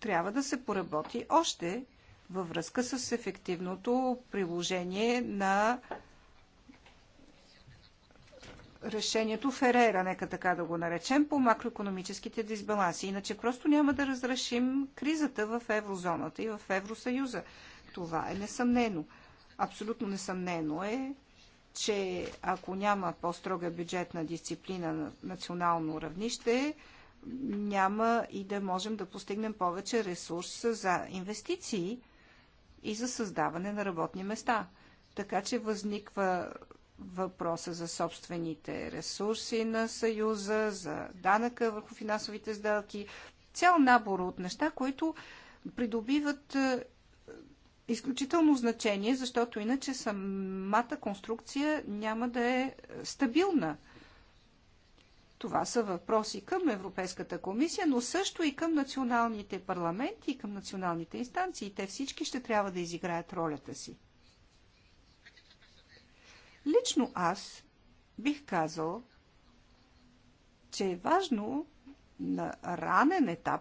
трябва да се поработи още във връзка с ефективното приложение на решението Ферера, нека така да го наречем, по макроекономическите дисбаланси. Иначе просто няма да разрешим кризата в еврозоната и в Евросъюза. Това е несъмнено. Абсолютно несъмнено е, че ако няма по-строга бюджетна дисциплина на национално равнище, няма и да можем да постигнем повече ресурс за инвестиции и за създаване на работни места. Така че възниква въпроса за собствените ресурси на Съюза, за данъка върху финансовите сделки, цял набор от неща, които придобиват е, изключително значение, защото иначе самата конструкция няма да е стабилна. Това са въпроси към Европейската комисия, но също и към националните парламенти, и към националните инстанции. Те всички ще трябва да изиграят ролята си. Лично аз бих казал, че е важно на ранен етап,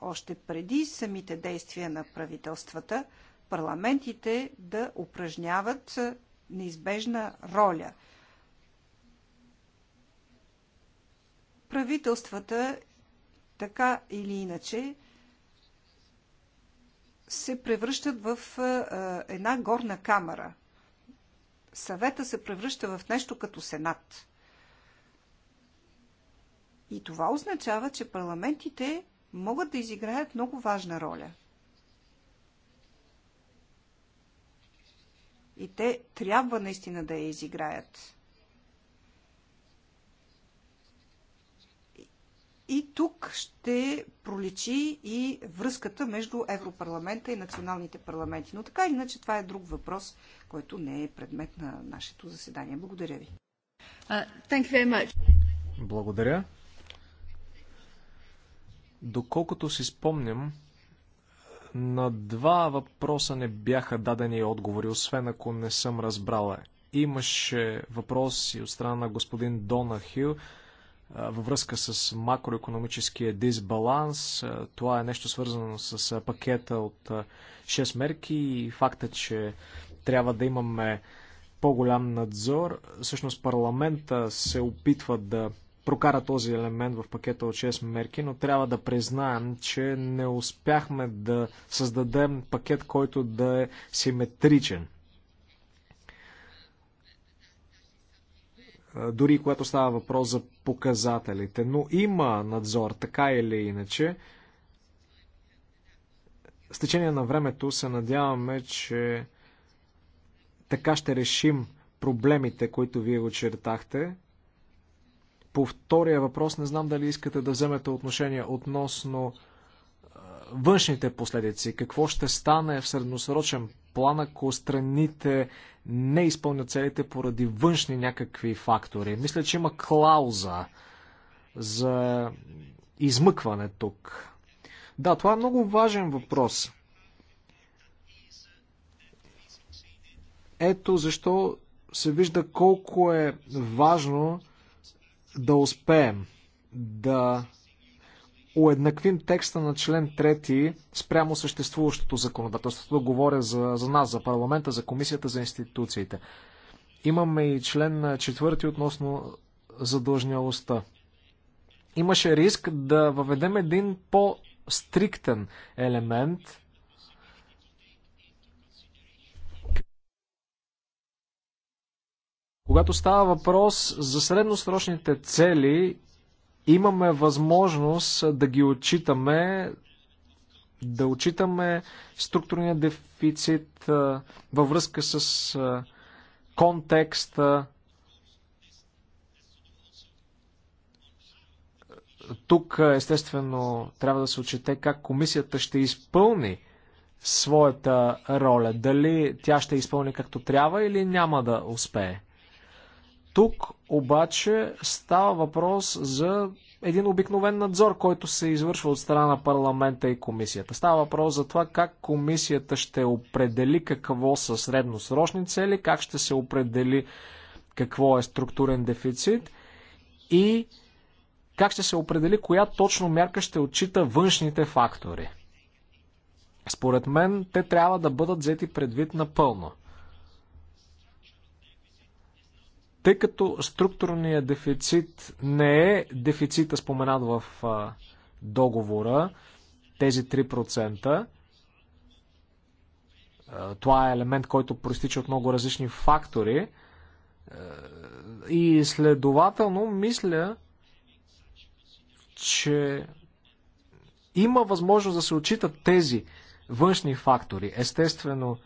още преди самите действия на правителствата, парламентите да упражняват неизбежна роля. Правителствата, така или иначе, се превръщат в една горна камера – съвета се превръща в нещо като сенат. И това означава, че парламентите могат да изиграят много важна роля. И те трябва наистина да я изиграят. И тук ще проличи и връзката между Европарламента и националните парламенти. Но така или иначе това е друг въпрос, който не е предмет на нашето заседание. Благодаря ви. Uh, Благодаря. Доколкото си спомням, на два въпроса не бяха дадени отговори, освен ако не съм разбрала. Имаше въпроси от страна на господин Дона Хил във връзка с макроекономическия дисбаланс. Това е нещо свързано с пакета от 6 мерки и факта, че трябва да имаме по-голям надзор. Всъщност парламента се опитва да прокара този елемент в пакета от 6 мерки, но трябва да признаем, че не успяхме да създадем пакет, който да е симетричен – дори когато става въпрос за показателите. Но има надзор, така или иначе. С течение на времето се надяваме, че така ще решим проблемите, които вие чертахте. По втория въпрос не знам дали искате да вземете отношение относно външните последици. Какво ще стане в средносрочен план, ако страните не изпълнят целите поради външни някакви фактори. Мисля, че има клауза за измъкване тук. Да, това е много важен въпрос. Ето защо се вижда колко е важно да успеем да уеднаквим текста на член 3 спрямо съществуващото законодателство. Говоря за, за нас, за парламента, за комисията, за институциите. Имаме и член 4 относно задължнялостта. Имаше риск да въведем един по-стриктен елемент, Когато става въпрос за средносрочните цели имаме възможност да ги отчитаме, да отчитаме структурния дефицит във връзка с контекста. Тук, естествено, трябва да се отчете как комисията ще изпълни своята роля. Дали тя ще изпълни както трябва или няма да успее. Тук обаче става въпрос за един обикновен надзор, който се извършва от страна на парламента и комисията. Става въпрос за това как комисията ще определи какво са средносрочни цели, как ще се определи какво е структурен дефицит и как ще се определи коя точно мярка ще отчита външните фактори. Според мен те трябва да бъдат взети предвид напълно. Тъй като структурният дефицит не е дефицита споменат в договора, тези 3%, това е елемент, който проистича от много различни фактори. И следователно, мисля, че има възможност да се отчитат тези външни фактори. Естествено,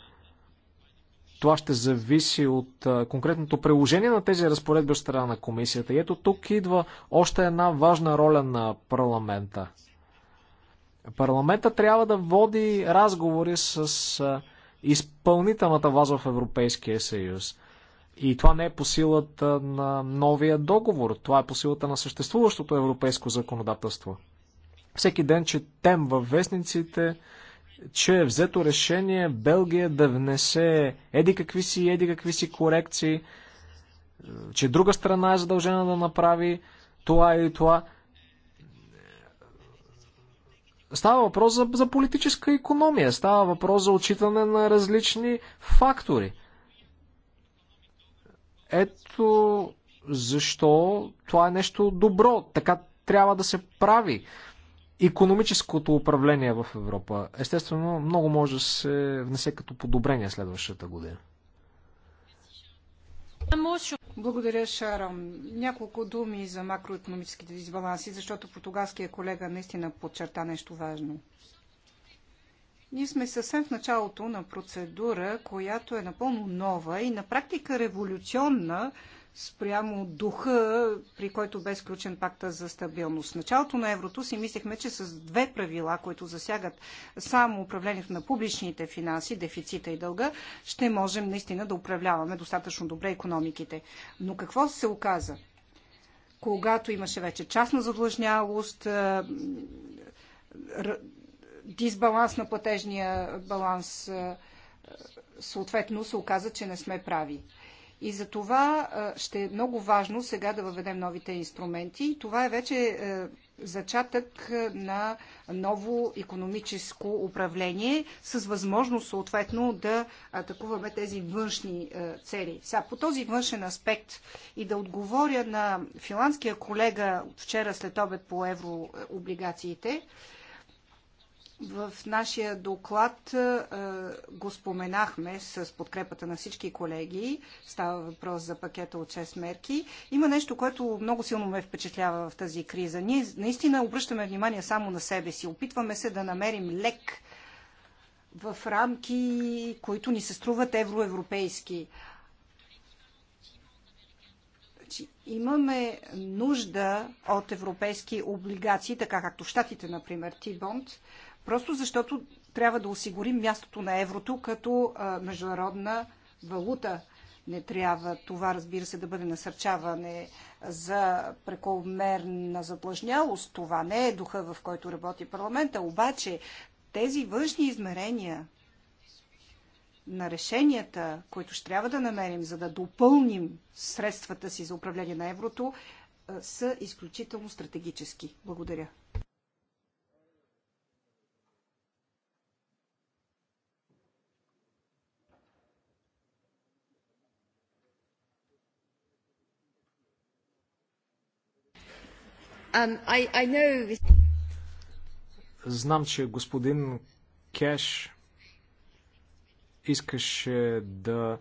това ще зависи от конкретното приложение на тези разпоредби от страна на комисията. И ето тук идва още една важна роля на парламента. Парламента трябва да води разговори с изпълнителната ваза в Европейския съюз. И това не е по силата на новия договор, това е по силата на съществуващото европейско законодателство. Всеки ден четем във вестниците, че е взето решение Белгия да внесе еди какви си, еди какви си корекции, че друга страна е задължена да направи това или това. Става въпрос за, за политическа економия, става въпрос за отчитане на различни фактори. Ето защо това е нещо добро. Така трябва да се прави економическото управление в Европа. Естествено, много може да се внесе като подобрение следващата година. Благодаря, Шарам. Няколко думи за макроекономическите дисбаланси, защото португалския колега наистина подчерта нещо важно. Ние сме съвсем в началото на процедура, която е напълно нова и на практика революционна спрямо духа, при който бе сключен пакта за стабилност. В началото на еврото си мислехме, че с две правила, които засягат само управлението на публичните финанси, дефицита и дълга, ще можем наистина да управляваме достатъчно добре економиките. Но какво се оказа? Когато имаше вече частна задлъжнялост, дисбаланс на платежния баланс, съответно се оказа, че не сме прави. И за това ще е много важно сега да въведем новите инструменти. Това е вече е, зачатък е, на ново економическо управление с възможност съответно да атакуваме тези външни е, цели. Сега, по този външен аспект и да отговоря на финландския колега вчера след обед по еврооблигациите, в нашия доклад е, го споменахме с подкрепата на всички колеги. Става въпрос за пакета от 6 мерки. Има нещо, което много силно ме впечатлява в тази криза. Ние наистина обръщаме внимание само на себе си. Опитваме се да намерим лек в рамки, които ни се струват евроевропейски. Значи, имаме нужда от европейски облигации, така както щатите, например, Тибонд. Просто защото трябва да осигурим мястото на еврото като а, международна валута. Не трябва това, разбира се, да бъде насърчаване за прекомерна задлъжнялост. Това не е духа, в който работи парламента. Обаче тези външни измерения на решенията, които ще трябва да намерим, за да допълним средствата си за управление на еврото, са изключително стратегически. Благодаря. Um, Знам, че господин Кеш искаше да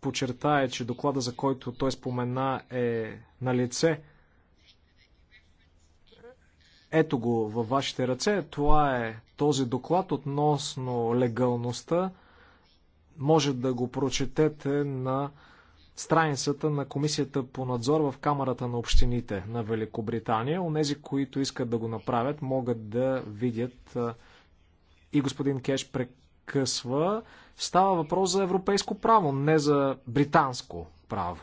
подчертая, че доклада, за който той спомена, е на лице. Ето го във вашите ръце. Това е този доклад относно легалността. Може да го прочетете на страницата на Комисията по надзор в Камерата на общините на Великобритания. Онези, които искат да го направят, могат да видят и господин Кеш прекъсва. Става въпрос за европейско право, не за британско право.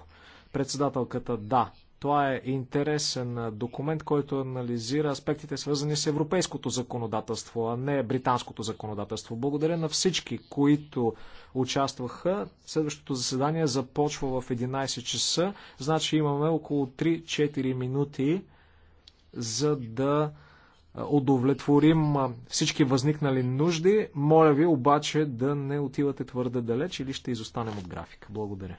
Председателката, да, това е интересен документ, който анализира аспектите свързани с европейското законодателство, а не британското законодателство. Благодаря на всички, които участваха. Следващото заседание започва в 11 часа, значи имаме около 3-4 минути, за да удовлетворим всички възникнали нужди. Моля ви обаче да не отивате твърде далеч или ще изостанем от графика. Благодаря.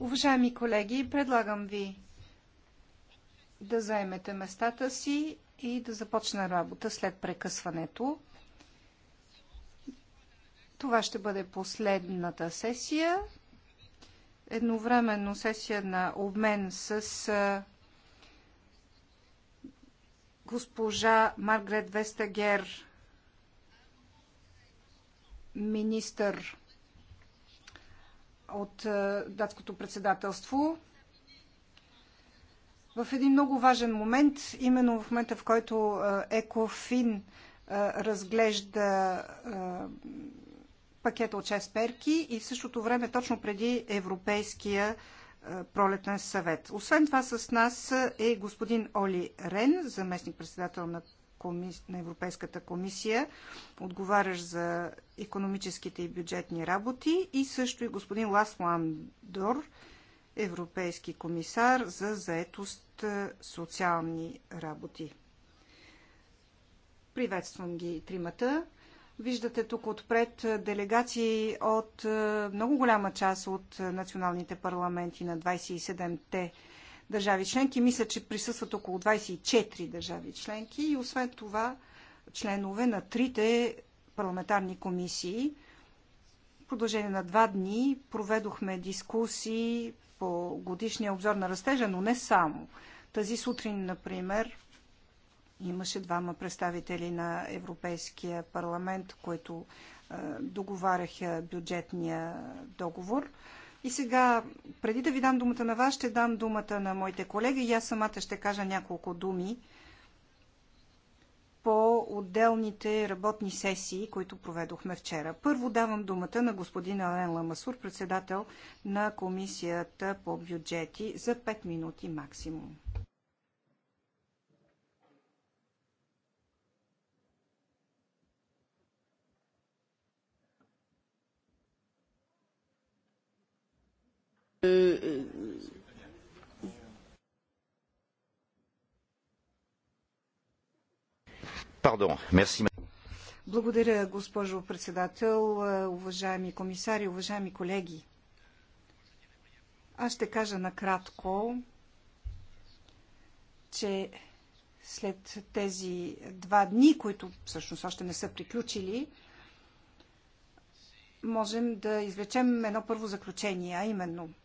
Уважаеми колеги, предлагам ви да заемете местата си и да започне работа след прекъсването. Това ще бъде последната сесия. Едновременно сесия на обмен с госпожа Маргрет Вестагер, министър от е, датското председателство в един много важен момент, именно в момента в който е, ЕКОФИН е, разглежда пакета от 6 перки и в същото време точно преди Европейския пролетен съвет. Освен това с нас е господин Оли Рен, заместник председател на на Европейската комисия, отговаряш за економическите и бюджетни работи, и също и господин Ласло Андор, европейски комисар за заетост е, социални работи. Приветствам ги тримата. Виждате тук отпред е, делегации от е, много голяма част от националните парламенти на 27-те държави членки. Мисля, че присъстват около 24 държави членки и освен това членове на трите парламентарни комисии. В продължение на два дни проведохме дискусии по годишния обзор на растежа, но не само. Тази сутрин, например, имаше двама представители на Европейския парламент, които договаряха бюджетния договор. И сега, преди да ви дам думата на вас, ще дам думата на моите колеги и аз самата ще кажа няколко думи по отделните работни сесии, които проведохме вчера. Първо давам думата на господин Ален Ламасур, председател на Комисията по бюджети, за 5 минути максимум. Благодаря, госпожо председател, е, уважаеми комисари, уважаеми колеги. Аз ще кажа накратко, че след тези два дни, които всъщност още не са приключили, можем да извлечем едно първо заключение, а именно –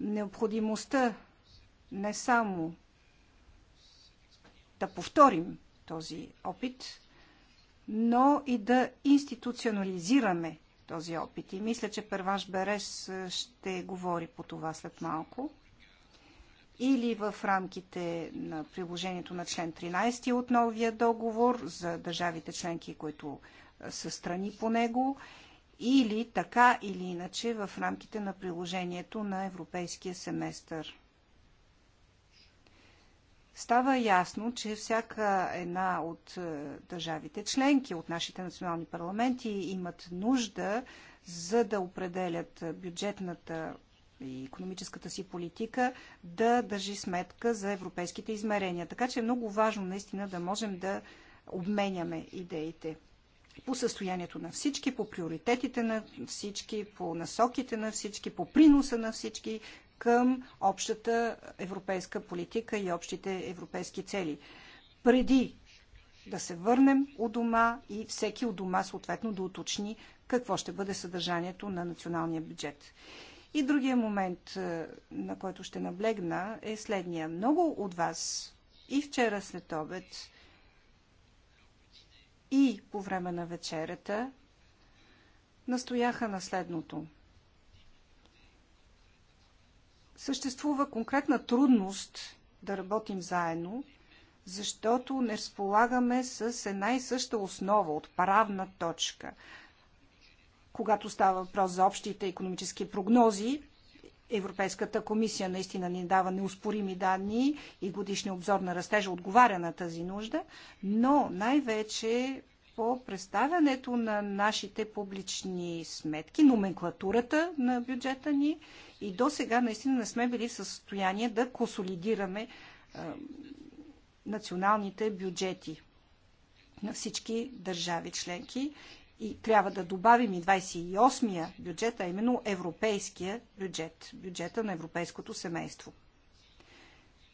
необходимостта не само да повторим този опит, но и да институционализираме този опит. И мисля, че Перваш Берес ще говори по това след малко. Или в рамките на приложението на член 13 от новия договор за държавите членки, които са страни по него, или така или иначе в рамките на приложението на европейския семестър. Става ясно, че всяка една от е, държавите членки, от нашите национални парламенти имат нужда за да определят бюджетната и економическата си политика да държи сметка за европейските измерения. Така че е много важно наистина да можем да обменяме идеите по състоянието на всички, по приоритетите на всички, по насоките на всички, по приноса на всички към общата европейска политика и общите европейски цели. Преди да се върнем у дома и всеки у дома съответно да уточни какво ще бъде съдържанието на националния бюджет. И другия момент, е, на който ще наблегна, е следния. Много от вас и вчера след обед и по време на вечерята настояха на следното. Съществува конкретна трудност да работим заедно, защото не разполагаме с една и съща основа от правна точка. Когато става въпрос за общите економически прогнози, Европейската комисия наистина ни дава неуспорими данни и годишния обзор на растежа отговаря на тази нужда, но най-вече по представянето на нашите публични сметки, номенклатурата на бюджета ни и до сега наистина не сме били в състояние да консолидираме е, националните бюджети на всички държави членки и трябва да добавим и 28-я бюджет, а именно европейския бюджет, бюджета на европейското семейство.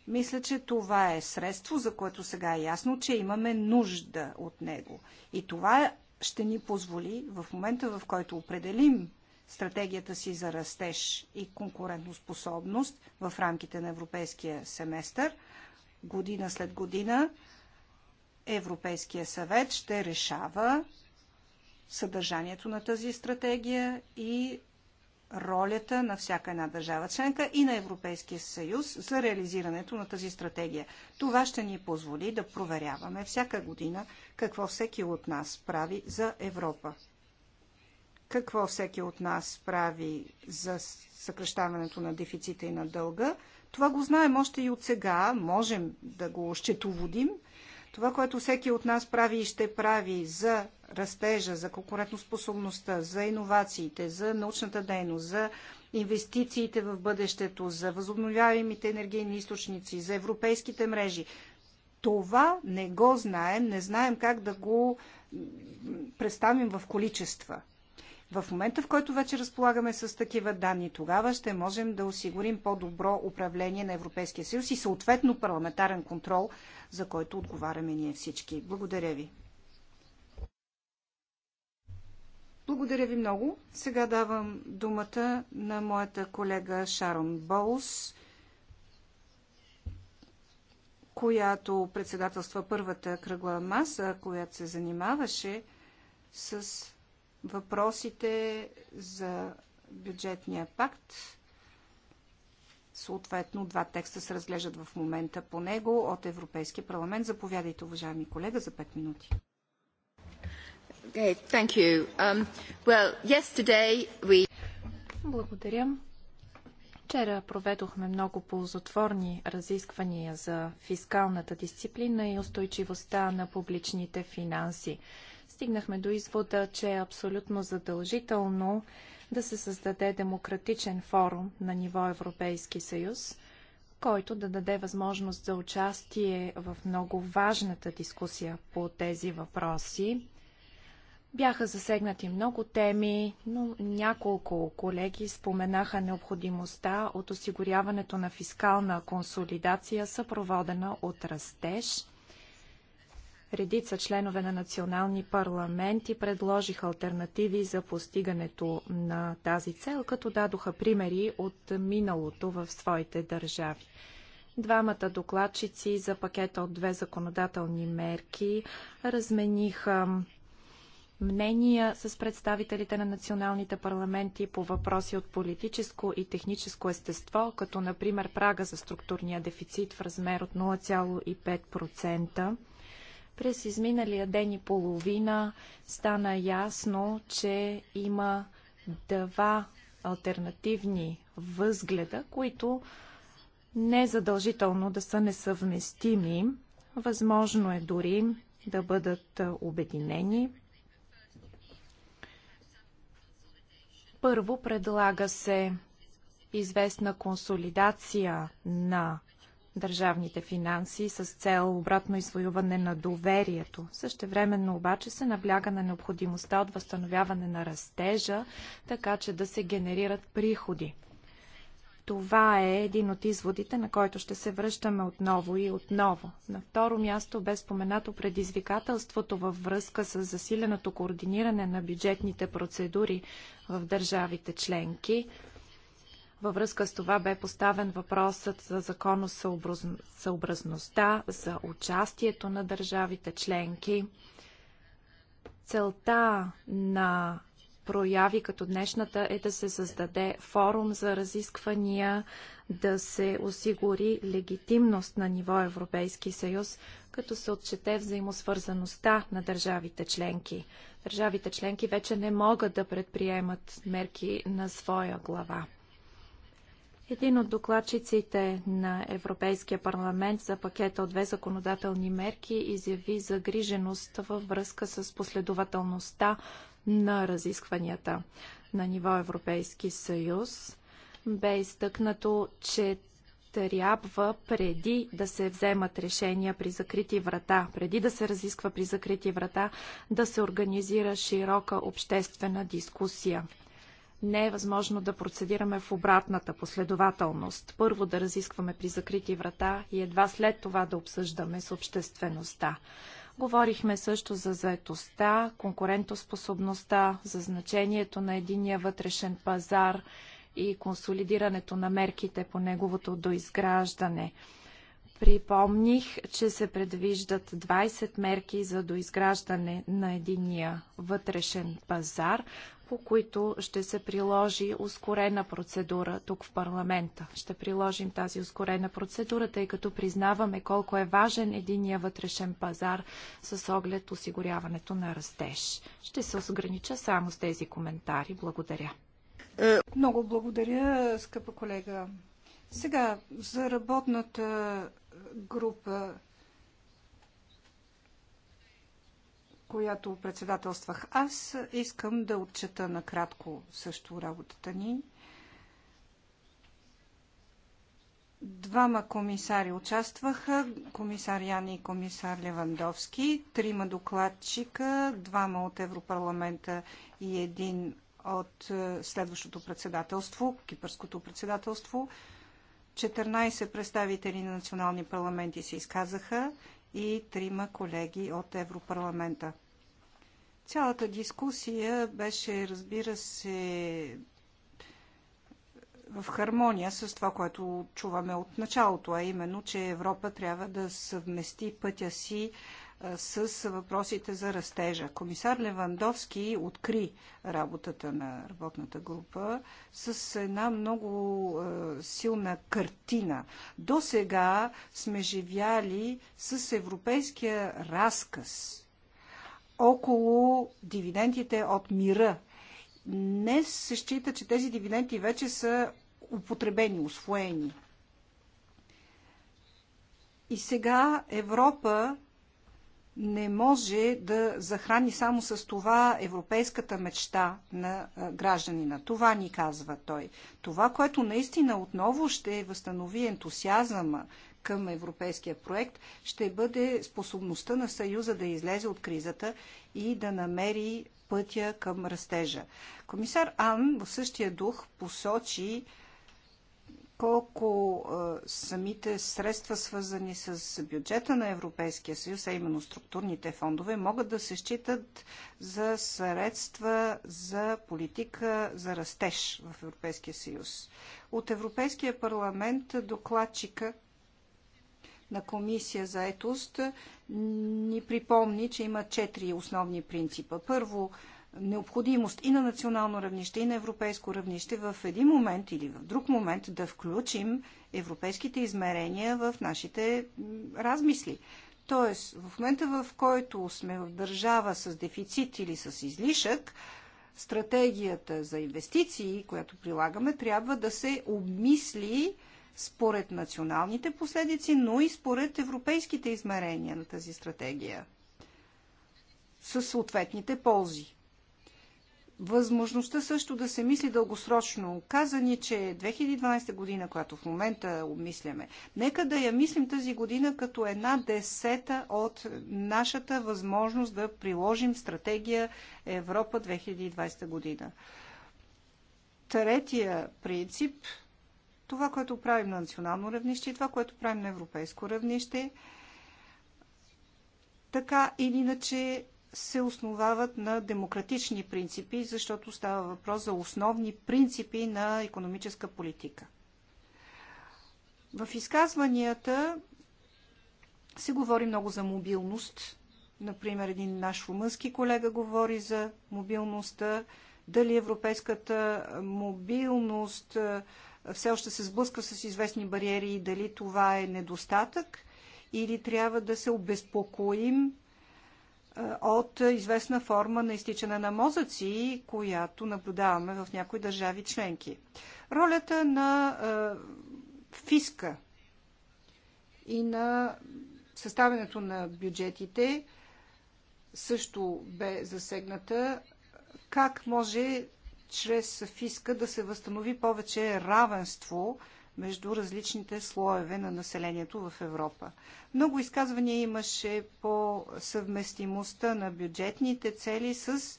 Мисля, че това е средство, за което сега е ясно, че имаме нужда от него. И това ще ни позволи в момента, в който определим стратегията си за растеж и конкурентоспособност в рамките на европейския семестър, година след година Европейския съвет ще решава съдържанието на тази стратегия и ролята на всяка една държава членка и на Европейския съюз за реализирането на тази стратегия. Това ще ни позволи да проверяваме всяка година какво всеки от нас прави за Европа. Какво всеки от нас прави за съкръщаването на дефицита и на дълга. Това го знаем още и от сега. Можем да го счетоводим – това, което всеки от нас прави и ще прави за растежа, за конкурентоспособността, за иновациите, за научната дейност, за инвестициите в бъдещето, за възобновяемите енергийни източници, за европейските мрежи. Това не го знаем, не знаем как да го представим в количества. В момента, в който вече разполагаме с такива данни, тогава ще можем да осигурим по-добро управление на Европейския съюз и съответно парламентарен контрол, за който отговаряме ние всички. Благодаря ви. Благодаря ви много. Сега давам думата на моята колега Шарон Боус. която председателства първата кръгла маса, която се занимаваше с въпросите за бюджетния пакт. Съответно, два текста се разглеждат в момента по него от Европейския парламент. Заповядайте, уважаеми колега, за 5 минути. Okay, thank you. Um, well, yesterday we... Благодаря. Вчера проведохме много ползотворни разисквания за фискалната дисциплина и устойчивостта на публичните финанси стигнахме до извода, че е абсолютно задължително да се създаде демократичен форум на ниво Европейски съюз, който да даде възможност за участие в много важната дискусия по тези въпроси. Бяха засегнати много теми, но няколко колеги споменаха необходимостта от осигуряването на фискална консолидация, съпроводена от растеж. Редица членове на национални парламенти предложиха альтернативи за постигането на тази цел, като дадоха примери от миналото в своите държави. Двамата докладчици за пакета от две законодателни мерки размениха мнения с представителите на националните парламенти по въпроси от политическо и техническо естество, като например прага за структурния дефицит в размер от 0,5%, през изминалия ден и половина стана ясно, че има два альтернативни възгледа, които не е задължително да са несъвместими. Възможно е дори да бъдат обединени. Първо предлага се известна консолидация на държавните финанси с цел обратно извоюване на доверието. Същевременно обаче се набляга на необходимостта от възстановяване на растежа, така че да се генерират приходи. Това е един от изводите, на който ще се връщаме отново и отново. На второ място бе споменато предизвикателството във връзка с засиленото координиране на бюджетните процедури в държавите членки – във връзка с това бе поставен въпросът за законосъобразността, за участието на държавите членки. Целта на прояви като днешната е да се създаде форум за разисквания, да се осигури легитимност на ниво Европейски съюз, като се отчете взаимосвързаността на държавите членки. Държавите членки вече не могат да предприемат мерки на своя глава. Един от докладчиците на Европейския парламент за пакета от две законодателни мерки изяви загриженост във връзка с последователността на разискванията на ниво Европейски съюз. Бе изтъкнато, че трябва преди да се вземат решения при закрити врата, преди да се разисква при закрити врата, да се организира широка обществена дискусия не е възможно да процедираме в обратната последователност. Първо да разискваме при закрити врата и едва след това да обсъждаме с обществеността. Говорихме също за заетостта, конкурентоспособността, за значението на единия вътрешен пазар и консолидирането на мерките по неговото доизграждане. Припомних, че се предвиждат 20 мерки за доизграждане на единия вътрешен пазар по които ще се приложи ускорена процедура тук в парламента. Ще приложим тази ускорена процедура, тъй като признаваме колко е важен единия вътрешен пазар с оглед осигуряването на растеж. Ще се огранича само с тези коментари. Благодаря. Е, Много благодаря, скъпа колега. Сега за работната група която председателствах аз, искам да отчета накратко също работата ни. Двама комисари участваха, комисар Яни и комисар Левандовски, трима докладчика, двама от Европарламента и един от е, следващото председателство, кипърското председателство. 14 представители на национални парламенти се изказаха и трима колеги от Европарламента. Цялата дискусия беше, разбира се, в хармония с това, което чуваме от началото, а именно, че Европа трябва да съвмести пътя си с въпросите за растежа. Комисар Левандовски откри работата на работната група с една много силна картина. До сега сме живяли с европейския разказ около дивидендите от мира. Днес се счита, че тези дивиденти вече са употребени, освоени. И сега Европа не може да захрани само с това европейската мечта на гражданина. Това ни казва той. Това, което наистина отново ще възстанови ентусиазъма към европейския проект, ще бъде способността на Съюза да излезе от кризата и да намери пътя към растежа. Комисар Ан в същия дух посочи колко а, самите средства, свързани с бюджета на Европейския съюз, а именно структурните фондове, могат да се считат за средства за политика за растеж в Европейския съюз. От Европейския парламент докладчика на комисия за етост ни припомни, че има четири основни принципа. Първо, необходимост и на национално равнище, и на европейско равнище в един момент или в друг момент да включим европейските измерения в нашите размисли. Тоест, в момента в който сме в държава с дефицит или с излишък, стратегията за инвестиции, която прилагаме, трябва да се обмисли според националните последици, но и според европейските измерения на тази стратегия с съответните ползи възможността също да се мисли дългосрочно. Каза ни, че 2012 е година, която в момента обмисляме, нека да я мислим тази година като една десета от нашата възможност да приложим стратегия Европа 2020 година. Третия принцип, това, което правим на национално равнище и това, което правим на европейско равнище, така или иначе се основават на демократични принципи, защото става въпрос за основни принципи на економическа политика. В изказванията се говори много за мобилност. Например, един наш румънски колега говори за мобилността, дали европейската мобилност все още се сблъска с известни бариери и дали това е недостатък или трябва да се обезпокоим от известна форма на изтичане на мозъци, която наблюдаваме в някои държави членки. Ролята на фиска и на съставянето на бюджетите също бе засегната. Как може чрез фиска да се възстанови повече равенство между различните слоеве на населението в Европа. Много изказвания имаше по съвместимостта на бюджетните цели с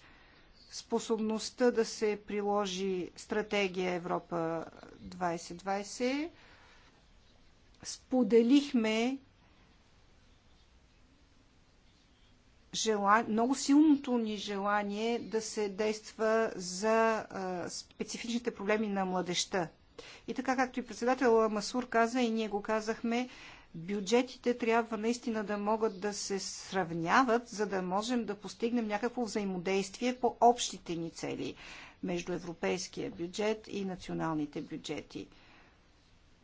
способността да се приложи стратегия Европа 2020. Споделихме желание, много силното ни желание да се действа за а, специфичните проблеми на младеща. И така, както и председател Масур каза, и ние го казахме, бюджетите трябва наистина да могат да се сравняват, за да можем да постигнем някакво взаимодействие по общите ни цели между европейския бюджет и националните бюджети.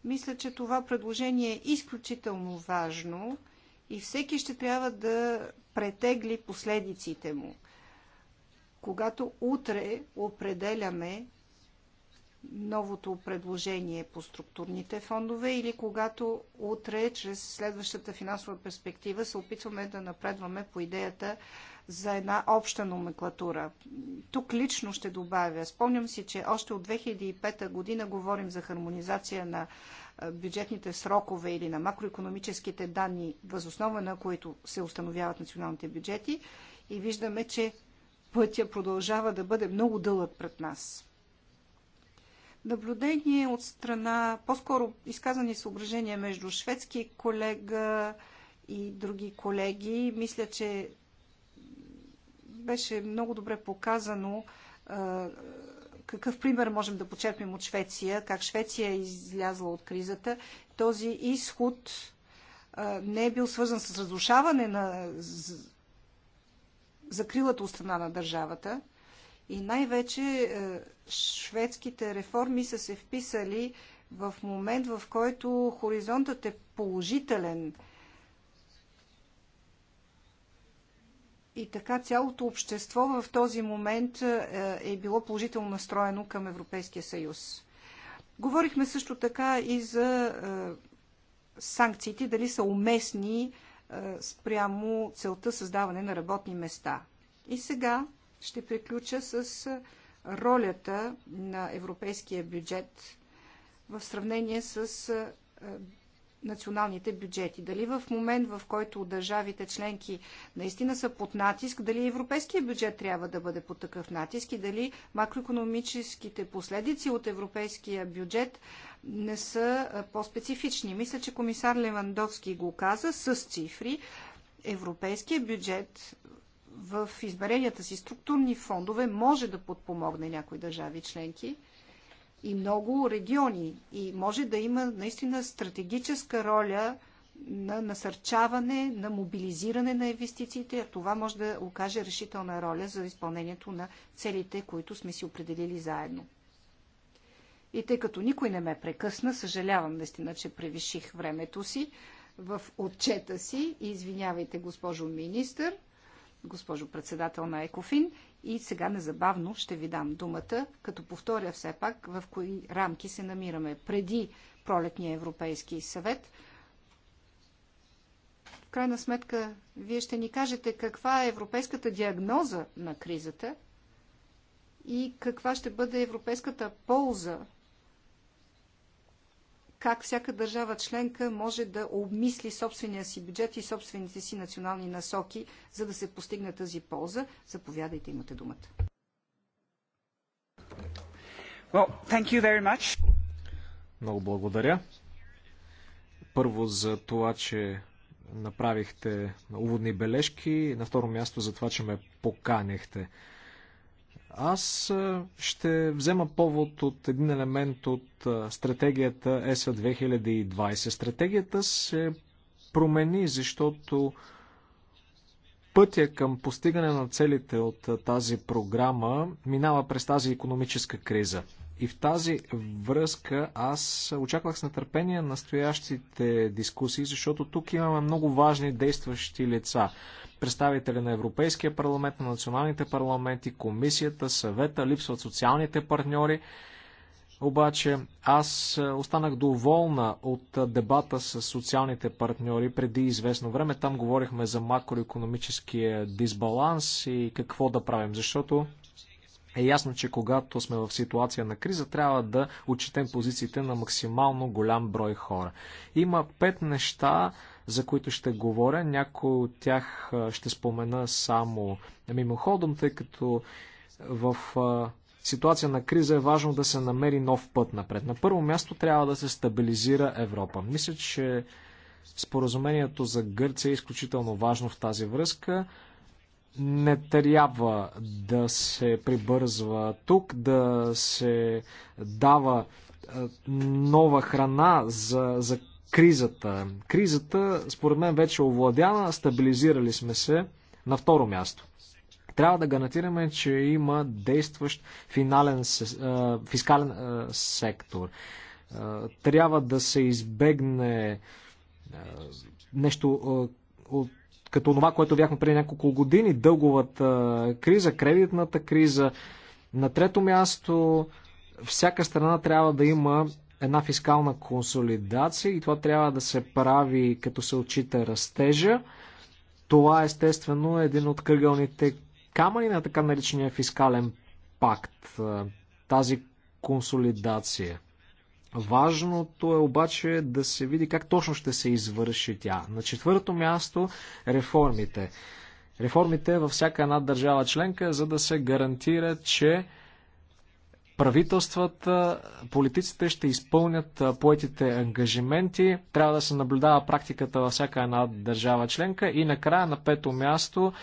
Мисля, че това предложение е изключително важно и всеки ще трябва да претегли последиците му. Когато утре определяме новото предложение по структурните фондове или когато утре, чрез следващата финансова перспектива, се опитваме да напредваме по идеята за една обща номенклатура. Тук лично ще добавя. Спомням си, че още от 2005 година говорим за хармонизация на бюджетните срокове или на макроекономическите данни, възоснова на които се установяват националните бюджети и виждаме, че пътя продължава да бъде много дълъг пред нас наблюдение от страна, по-скоро изказани съображения между шведски колега и други колеги. Мисля, че беше много добре показано какъв пример можем да почерпим от Швеция, как Швеция е излязла от кризата. Този изход не е бил свързан с разрушаване на закрилата от страна на държавата, и най-вече е, шведските реформи са се вписали в момент, в който хоризонтът е положителен. И така цялото общество в този момент е, е било положително настроено към Европейския съюз. Говорихме също така и за е, санкциите, дали са уместни спрямо целта създаване на работни места. И сега ще приключа с ролята на европейския бюджет в сравнение с националните бюджети. Дали в момент, в който държавите членки наистина са под натиск, дали европейския бюджет трябва да бъде под такъв натиск и дали макроекономическите последици от европейския бюджет не са по-специфични. Мисля, че комисар Левандовски го каза с цифри. Европейския бюджет в измеренията си структурни фондове може да подпомогне някои държави членки и много региони. И може да има наистина стратегическа роля на насърчаване, на мобилизиране на инвестициите, а това може да окаже решителна роля за изпълнението на целите, които сме си определили заедно. И тъй като никой не ме прекъсна, съжалявам наистина, че превиших времето си в отчета си, извинявайте, госпожо министър, госпожо председател на Екофин. И сега незабавно ще ви дам думата, като повторя все пак в кои рамки се намираме преди пролетния Европейски съвет. В крайна сметка, вие ще ни кажете каква е европейската диагноза на кризата и каква ще бъде европейската полза как всяка държава членка може да обмисли собствения си бюджет и собствените си национални насоки, за да се постигне тази полза. Заповядайте, имате думата. Well, thank you very much. Много благодаря. Първо за това, че направихте уводни бележки, на второ място за това, че ме поканихте. Аз ще взема повод от един елемент от стратегията ЕСА 2020. Стратегията се промени, защото пътя към постигане на целите от тази програма минава през тази економическа криза. И в тази връзка аз очаквах с нетърпение настоящите дискусии, защото тук имаме много важни действащи лица представители на Европейския парламент, на националните парламенти, комисията, съвета, липсват социалните партньори. Обаче аз е, останах доволна от е, дебата с социалните партньори преди известно време. Там говорихме за макроекономическия дисбаланс и какво да правим, защото е ясно, че когато сме в ситуация на криза, трябва да отчетем позициите на максимално голям брой хора. Има пет неща, за които ще говоря. Някои от тях ще спомена само мимоходом, тъй като в ситуация на криза е важно да се намери нов път напред. На първо място трябва да се стабилизира Европа. Мисля, че споразумението за Гърция е изключително важно в тази връзка. Не трябва да се прибързва тук, да се дава нова храна за, за кризата. Кризата, според мен, вече е овладяна, стабилизирали сме се на второ място. Трябва да гарантираме, че има действащ финален, фискален сектор. Трябва да се избегне нещо от като това, което бяхме преди няколко години, дълговата криза, кредитната криза. На трето място, всяка страна трябва да има една фискална консолидация и това трябва да се прави като се отчита растежа. Това естествено е един от кръгълните камъни на така наречения фискален пакт, тази консолидация. Важното е обаче да се види как точно ще се извърши тя. На четвърто място реформите. Реформите във всяка една държава членка, за да се гарантира, че правителствата, политиците ще изпълнят поетите ангажименти. Трябва да се наблюдава практиката във всяка една държава членка. И накрая на пето място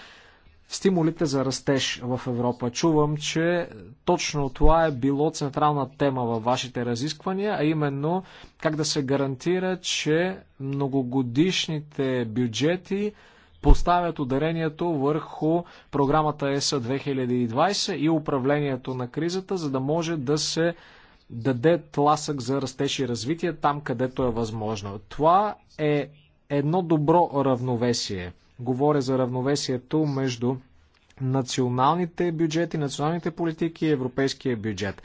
стимулите за растеж в Европа. Чувам, че точно това е било централна тема във вашите разисквания, а именно как да се гарантира, че многогодишните бюджети поставят ударението върху програмата ЕСА 2020 и управлението на кризата, за да може да се даде тласък за растеж и развитие там, където е възможно. Това е едно добро равновесие. Говоря за равновесието между националните бюджети, националните политики и европейския бюджет.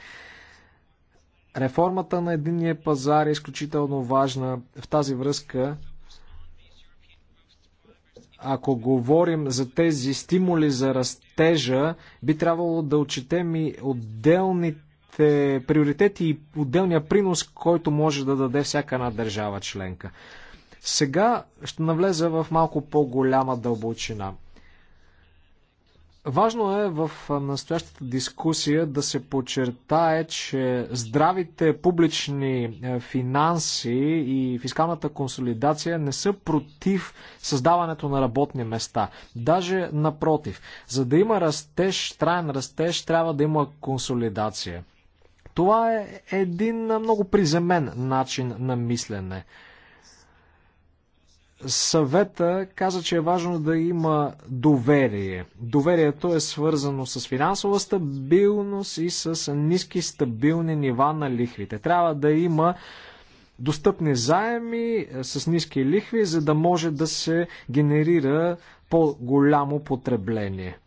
Реформата на единния пазар е изключително важна. В тази връзка ако говорим за тези стимули за растежа, би трябвало да отчетем и отделните приоритети и отделния принос, който може да даде всяка една държава членка. Сега ще навлеза в малко по-голяма дълбочина. Важно е в настоящата дискусия да се подчертае, че здравите публични е, финанси и фискалната консолидация не са против създаването на работни места. Даже напротив, за да има растеж, траен растеж, трябва да има консолидация. Това е един много приземен начин на мислене. Съвета каза, че е важно да има доверие. Доверието е свързано с финансова стабилност и с ниски стабилни нива на лихвите. Трябва да има достъпни заеми е, с ниски лихви, за да може да се генерира по-голямо потребление.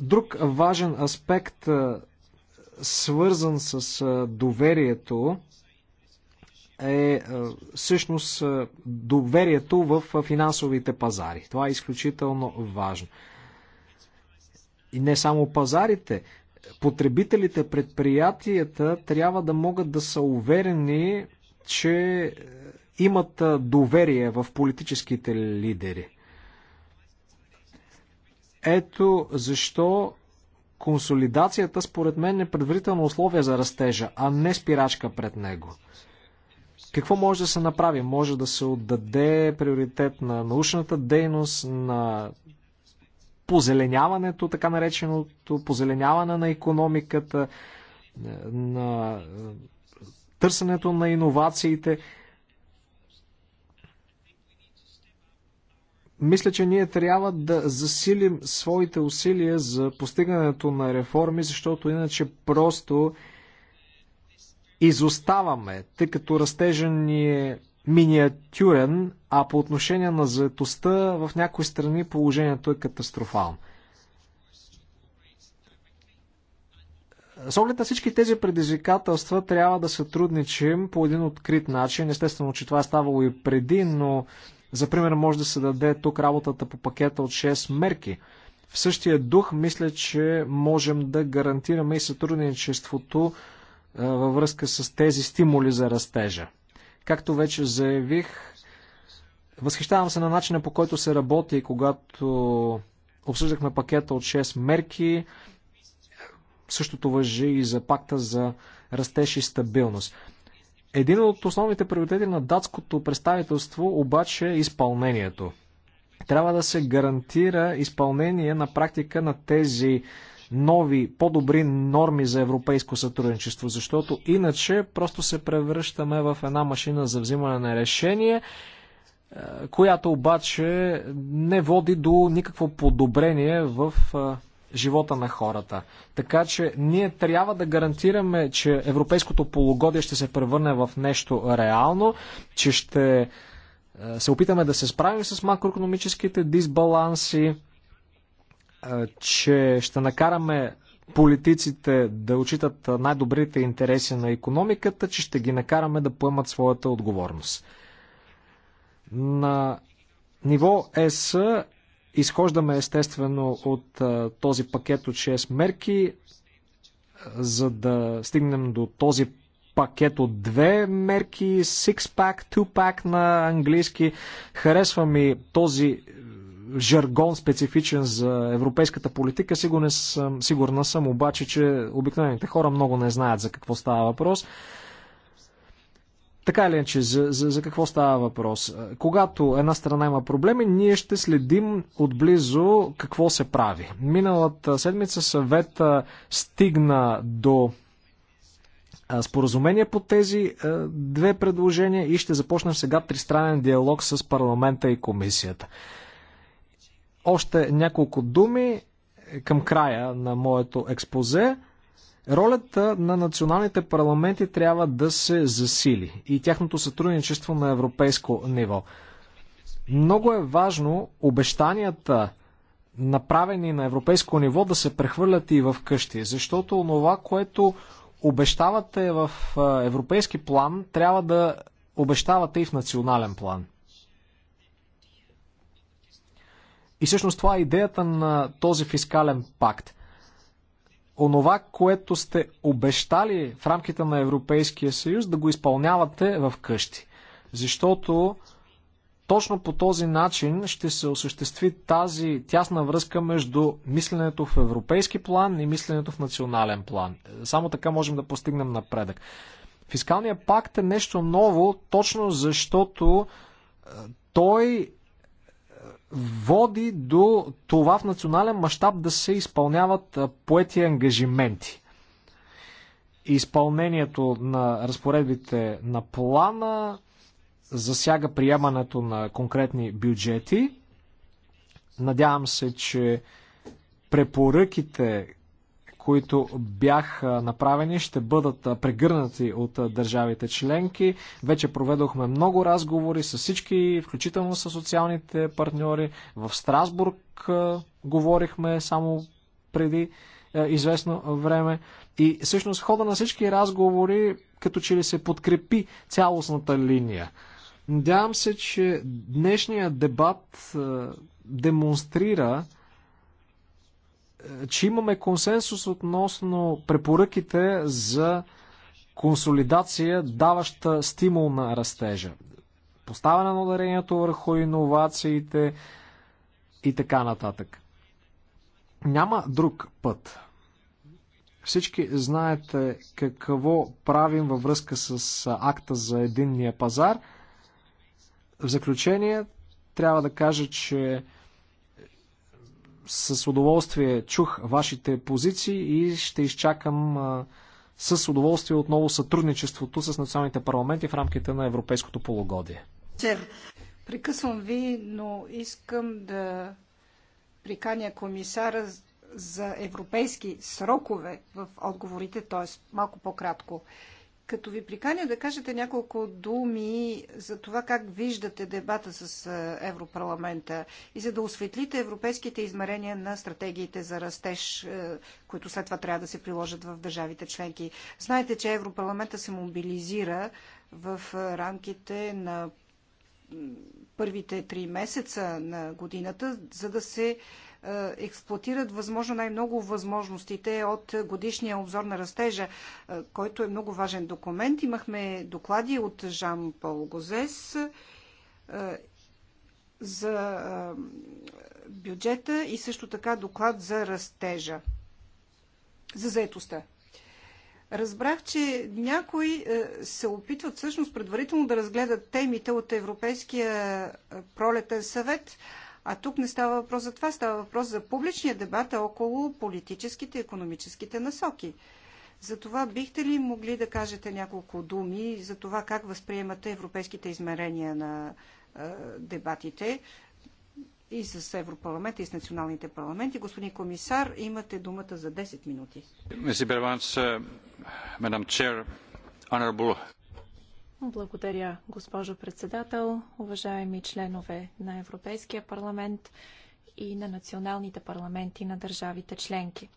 Друг важен аспект, е, свързан с е, доверието, е, е всъщност е, доверието в е, финансовите пазари. Това е изключително важно. И не само пазарите, потребителите, предприятията трябва да могат да са уверени, че имат доверие в политическите лидери. Ето защо консолидацията според мен е предварително условие за растежа, а не спирачка пред него. Какво може да се направи? Може да се отдаде приоритет на научната дейност, на позеленяването, така нареченото позеленяване на економиката, е, на е, търсенето на иновациите. Мисля, че ние трябва да засилим своите усилия за постигането на реформи, защото иначе просто изоставаме, тъй като растежа ни е миниатюрен, а по отношение на заетостта в някои страни положението е катастрофално. С оглед на всички тези предизвикателства трябва да сътрудничим по един открит начин. Естествено, че това е ставало и преди, но за пример може да се даде тук работата по пакета от 6 мерки. В същия дух мисля, че можем да гарантираме и сътрудничеството във връзка с тези стимули за растежа. Както вече заявих, възхищавам се на начина по който се работи, когато обсъждахме пакета от 6 мерки. Същото въжи и за пакта за растеж и стабилност. Един от основните приоритети на датското представителство обаче е изпълнението. Трябва да се гарантира изпълнение на практика на тези нови, по-добри норми за европейско сътрудничество, защото иначе просто се превръщаме в една машина за взимане на решение, е, която обаче не води до никакво подобрение в е, живота на хората. Така че ние трябва да гарантираме, че европейското полугодие ще се превърне в нещо реално, че ще е, се опитаме да се справим с макроекономическите дисбаланси, че ще накараме политиците да учитат най-добрите интереси на економиката, че ще ги накараме да поемат своята отговорност. На ниво ЕС изхождаме естествено от този пакет от 6 мерки, за да стигнем до този пакет от две мерки, six-pack, two-pack на английски. Харесва ми този жаргон специфичен за европейската политика. Сигурна съм, сигурна съм обаче, че обикновените хора много не знаят за какво става въпрос. Така или иначе, за, за, за какво става въпрос? Когато една страна има проблеми, ние ще следим отблизо какво се прави. Миналата седмица съвета стигна до споразумение по тези две предложения и ще започнем сега тристранен диалог с парламента и комисията. Още няколко думи към края на моето експозе. Ролята на националните парламенти трябва да се засили и тяхното сътрудничество на европейско ниво. Много е важно обещанията, направени на европейско ниво, да се прехвърлят и в къщи, защото това, което обещавате в европейски план, трябва да обещавате и в национален план. И всъщност това е идеята на този фискален пакт. Онова, което сте обещали в рамките на Европейския съюз, да го изпълнявате в къщи. Защото точно по този начин ще се осъществи тази тясна връзка между мисленето в европейски план и мисленето в национален план. Само така можем да постигнем напредък. Фискалният пакт е нещо ново, точно защото е, той води до това в национален мащаб да се изпълняват поети ангажименти. Изпълнението на разпоредбите на плана засяга приемането на конкретни бюджети. Надявам се, че препоръките които бяха направени, ще бъдат прегърнати от държавите членки. Вече проведохме много разговори с всички, включително с социалните партньори. В Страсбург говорихме само преди известно време. И всъщност хода на всички разговори, като че ли се подкрепи цялостната линия. Надявам се, че днешният дебат демонстрира, че имаме консенсус относно препоръките за консолидация, даваща стимул на растежа. Поставяне на ударението върху иновациите и така нататък. Няма друг път. Всички знаете какво правим във връзка с акта за единния пазар. В заключение трябва да кажа, че с удоволствие чух вашите позиции и ще изчакам с удоволствие отново сътрудничеството с националните парламенти в рамките на европейското полугодие. Прекъсвам ви, но искам да приканя комисара за европейски срокове в отговорите, т.е. малко по-кратко като ви приканя да кажете няколко думи за това как виждате дебата с Европарламента и за да осветлите европейските измерения на стратегиите за растеж, които след това трябва да се приложат в държавите членки. Знаете, че Европарламента се мобилизира в рамките на първите три месеца на годината, за да се е, експлуатират възможно най-много възможностите от годишния обзор на растежа, е, който е много важен документ. Имахме доклади от Жан Пол Гозес е, за бюджета и също така доклад за растежа, за заетостта. Разбрах, че някои се опитват всъщност предварително да разгледат темите от Европейския пролетен съвет – а тук не става въпрос за това, става въпрос за публичния дебат около политическите и економическите насоки. За това бихте ли могли да кажете няколко думи за това как възприемате европейските измерения на е, дебатите и с Европарламента и с националните парламенти? Господин комисар, имате думата за 10 минути. Благодаря, госпожо председател, уважаеми членове на Европейския парламент и на националните парламенти на държавите членки.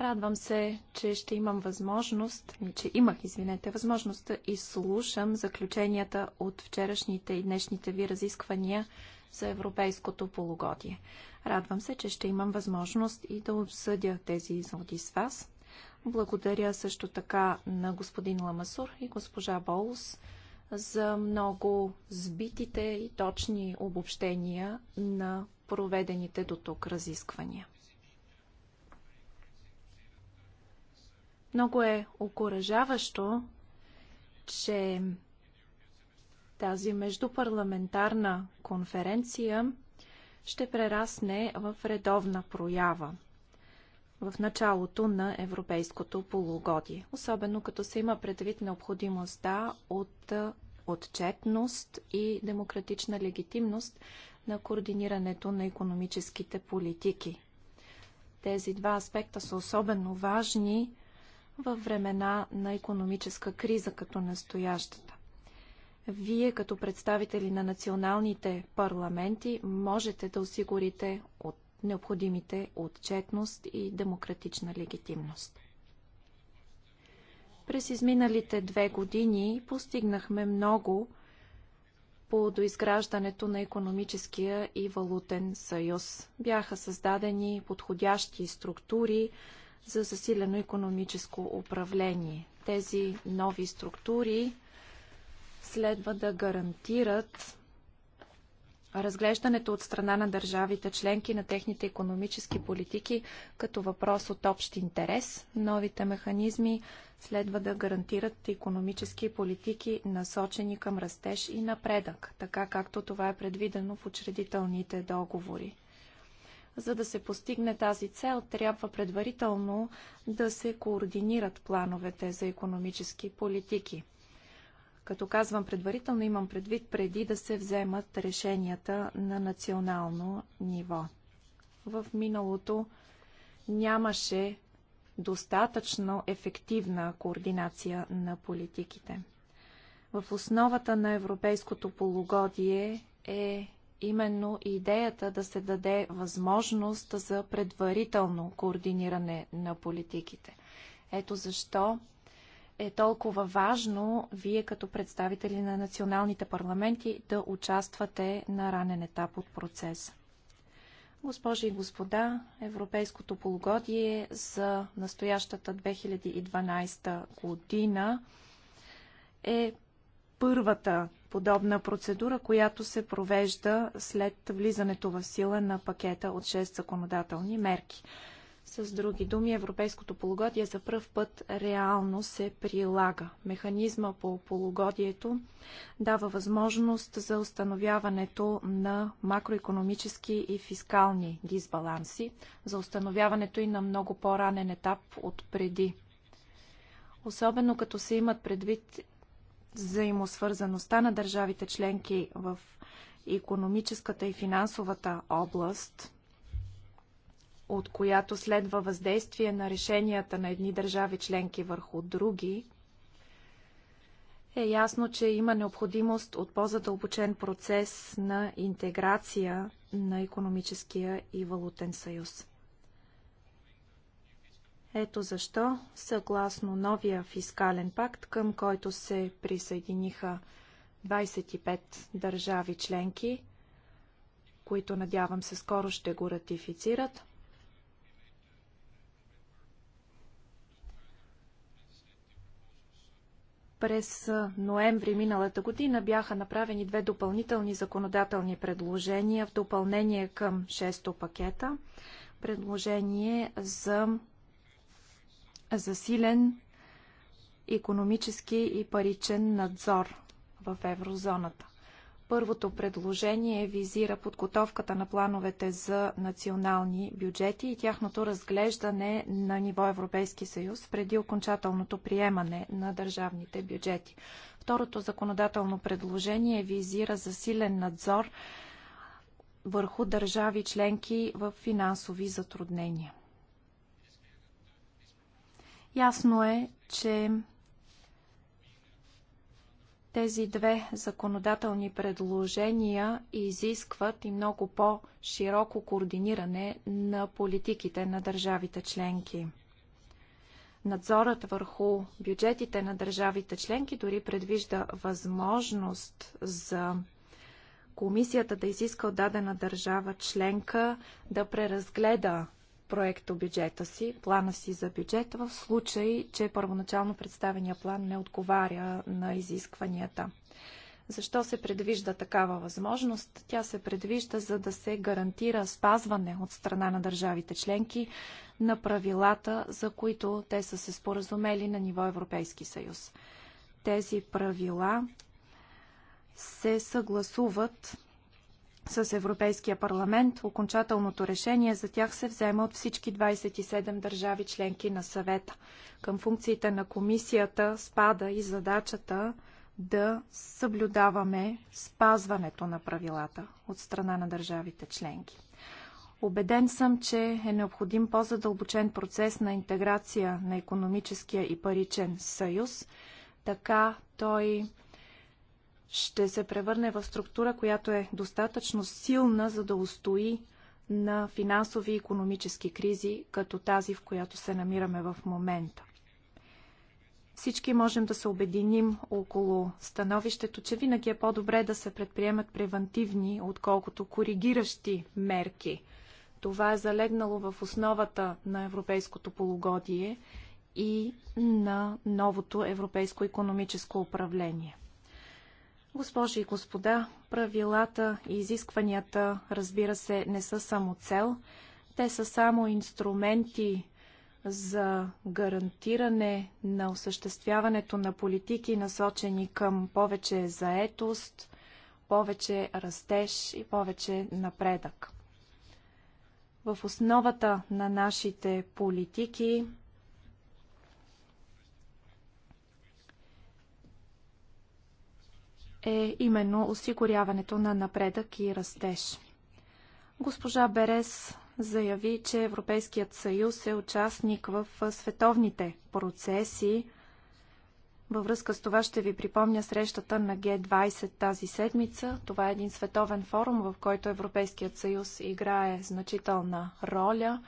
Радвам се, че ще имам възможност, че имах, извинете, възможност да изслушам заключенията от вчерашните и днешните ви разисквания за европейското полугодие. Радвам се, че ще имам възможност и да обсъдя тези изводи с вас. Благодаря също така на господин Ламасур и госпожа Болс за много сбитите и точни обобщения на проведените до тук разисквания. Много е окоръжаващо, че тази междупарламентарна конференция ще прерасне в редовна проява – в началото на европейското полугодие, особено като се има предвид необходимостта от отчетност и демократична легитимност на координирането на економическите политики. Тези два аспекта са особено важни във времена на економическа криза като настоящата. Вие като представители на националните парламенти можете да осигурите от необходимите отчетност и демократична легитимност. През изминалите две години постигнахме много по доизграждането на економическия и валутен съюз. Бяха създадени подходящи структури за засилено економическо управление. Тези нови структури следва да гарантират разглеждането от страна на държавите членки на техните економически политики като въпрос от общ интерес. Новите механизми следва да гарантират економически политики насочени към растеж и напредък, така както това е предвидено в учредителните договори. За да се постигне тази цел, трябва предварително да се координират плановете за економически политики – като казвам предварително, имам предвид преди да се вземат решенията на национално ниво. В миналото нямаше достатъчно ефективна координация на политиките. В основата на европейското полугодие е именно идеята да се даде възможност за предварително координиране на политиките. Ето защо е толкова важно вие като представители на националните парламенти да участвате на ранен етап от процеса. Госпожи и господа, Европейското полугодие за настоящата 2012 година е първата подобна процедура, която се провежда след влизането в сила на пакета от 6 законодателни мерки. С други думи, европейското полугодие за пръв път реално се прилага. Механизма по полугодието дава възможност за установяването на макроекономически и фискални дисбаланси, за установяването и на много по-ранен етап от преди. Особено като се имат предвид взаимосвързаността на държавите членки в економическата и финансовата област – от която следва въздействие на решенията на едни държави членки върху други, е ясно, че има необходимост от по-задълбочен процес на интеграция на економическия и валутен съюз. Ето защо, съгласно новия фискален пакт, към който се присъединиха 25 държави членки, които надявам се скоро ще го ратифицират, През ноември миналата година бяха направени две допълнителни законодателни предложения в допълнение към шесто пакета. Предложение за засилен економически и паричен надзор в еврозоната. Първото предложение визира подготовката на плановете за национални бюджети и тяхното разглеждане на ниво Европейски съюз преди окончателното приемане на държавните бюджети. Второто законодателно предложение визира засилен надзор върху държави членки в финансови затруднения. Ясно е, че тези две законодателни предложения изискват и много по-широко координиране на политиките на държавите членки. Надзорът върху бюджетите на държавите членки дори предвижда възможност за комисията да изиска от дадена държава членка да преразгледа проекта бюджета си, плана си за бюджет, в случай, че първоначално представения план не отговаря на изискванията. Защо се предвижда такава възможност? Тя се предвижда за да се гарантира спазване от страна на държавите членки на правилата, за които те са се споразумели на ниво Европейски съюз. Тези правила се съгласуват с Европейския парламент. Окончателното решение за тях се взема от всички 27 държави членки на съвета. Към функциите на комисията спада и задачата да съблюдаваме спазването на правилата от страна на държавите членки. Обеден съм, че е необходим по-задълбочен процес на интеграция на економическия и паричен съюз. Така той ще се превърне в структура, която е достатъчно силна, за да устои на финансови и економически кризи, като тази, в която се намираме в момента. Всички можем да се обединим около становището, че винаги е по-добре да се предприемат превентивни, отколкото коригиращи мерки. Това е залегнало в основата на европейското полугодие и на новото европейско економическо управление – Госпожи и господа, правилата и изискванията, разбира се, не са само цел. Те са само инструменти за гарантиране на осъществяването на политики, насочени към повече заетост, повече растеж и повече напредък. В основата на нашите политики е именно осигуряването на напредък и растеж. Госпожа Берес заяви, че Европейският съюз е участник в световните процеси. Във връзка с това ще ви припомня срещата на Г-20 тази седмица. Това е един световен форум, в който Европейският съюз играе значителна роля.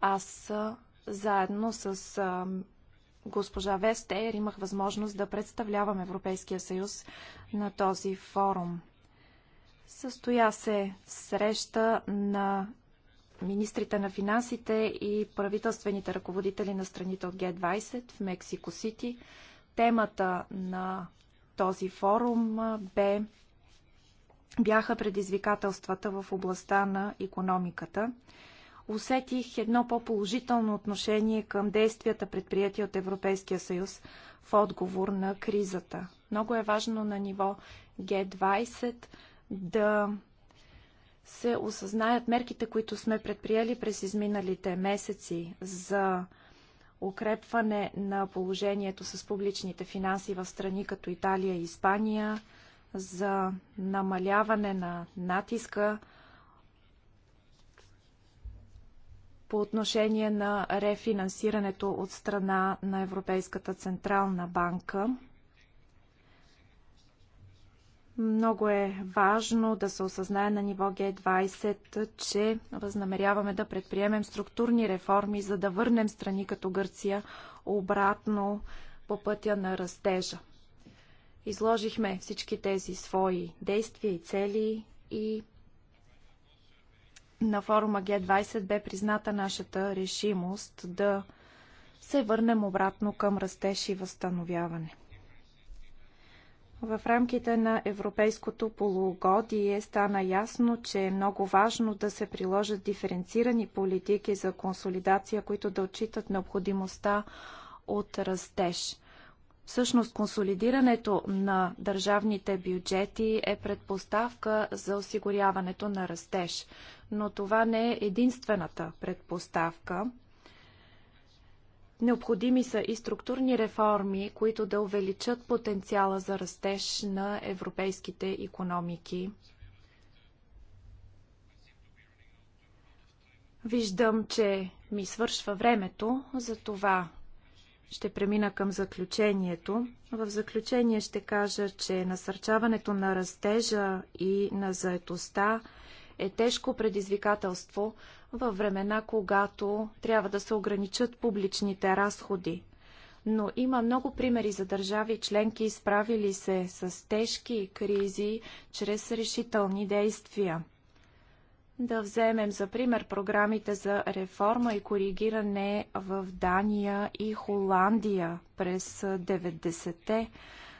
Аз заедно с госпожа Вестер имах възможност да представлявам Европейския съюз на този форум. Състоя се среща на министрите на финансите и правителствените ръководители на страните от Г-20 в Мексико Сити. Темата на този форум бе бяха предизвикателствата в областта на економиката усетих едно по-положително отношение към действията, предприяти от Европейския съюз в отговор на кризата. Много е важно на ниво Г20 да се осъзнаят мерките, които сме предприели през изминалите месеци за укрепване на положението с публичните финанси в страни като Италия и Испания, за намаляване на натиска по отношение на рефинансирането от страна на Европейската централна банка. Много е важно да се осъзнае на ниво Г20, че възнамеряваме да предприемем структурни реформи, за да върнем страни като Гърция обратно по пътя на растежа. Изложихме всички тези свои действия и цели и на форума Г20 бе призната нашата решимост да се върнем обратно към растеж и възстановяване. В рамките на европейското полугодие стана ясно, че е много важно да се приложат диференцирани политики за консолидация, които да отчитат необходимостта от растеж. Всъщност, консолидирането на държавните бюджети е предпоставка за осигуряването на растеж но това не е единствената предпоставка. Необходими са и структурни реформи, които да увеличат потенциала за растеж на европейските економики. Виждам, че ми свършва времето, за това ще премина към заключението. В заключение ще кажа, че насърчаването на растежа и на заетостта е тежко предизвикателство във времена, когато трябва да се ограничат публичните разходи. Но има много примери за държави членки, изправили се с тежки кризи чрез решителни действия. Да вземем за пример програмите за реформа и коригиране в Дания и Холандия през 90-те,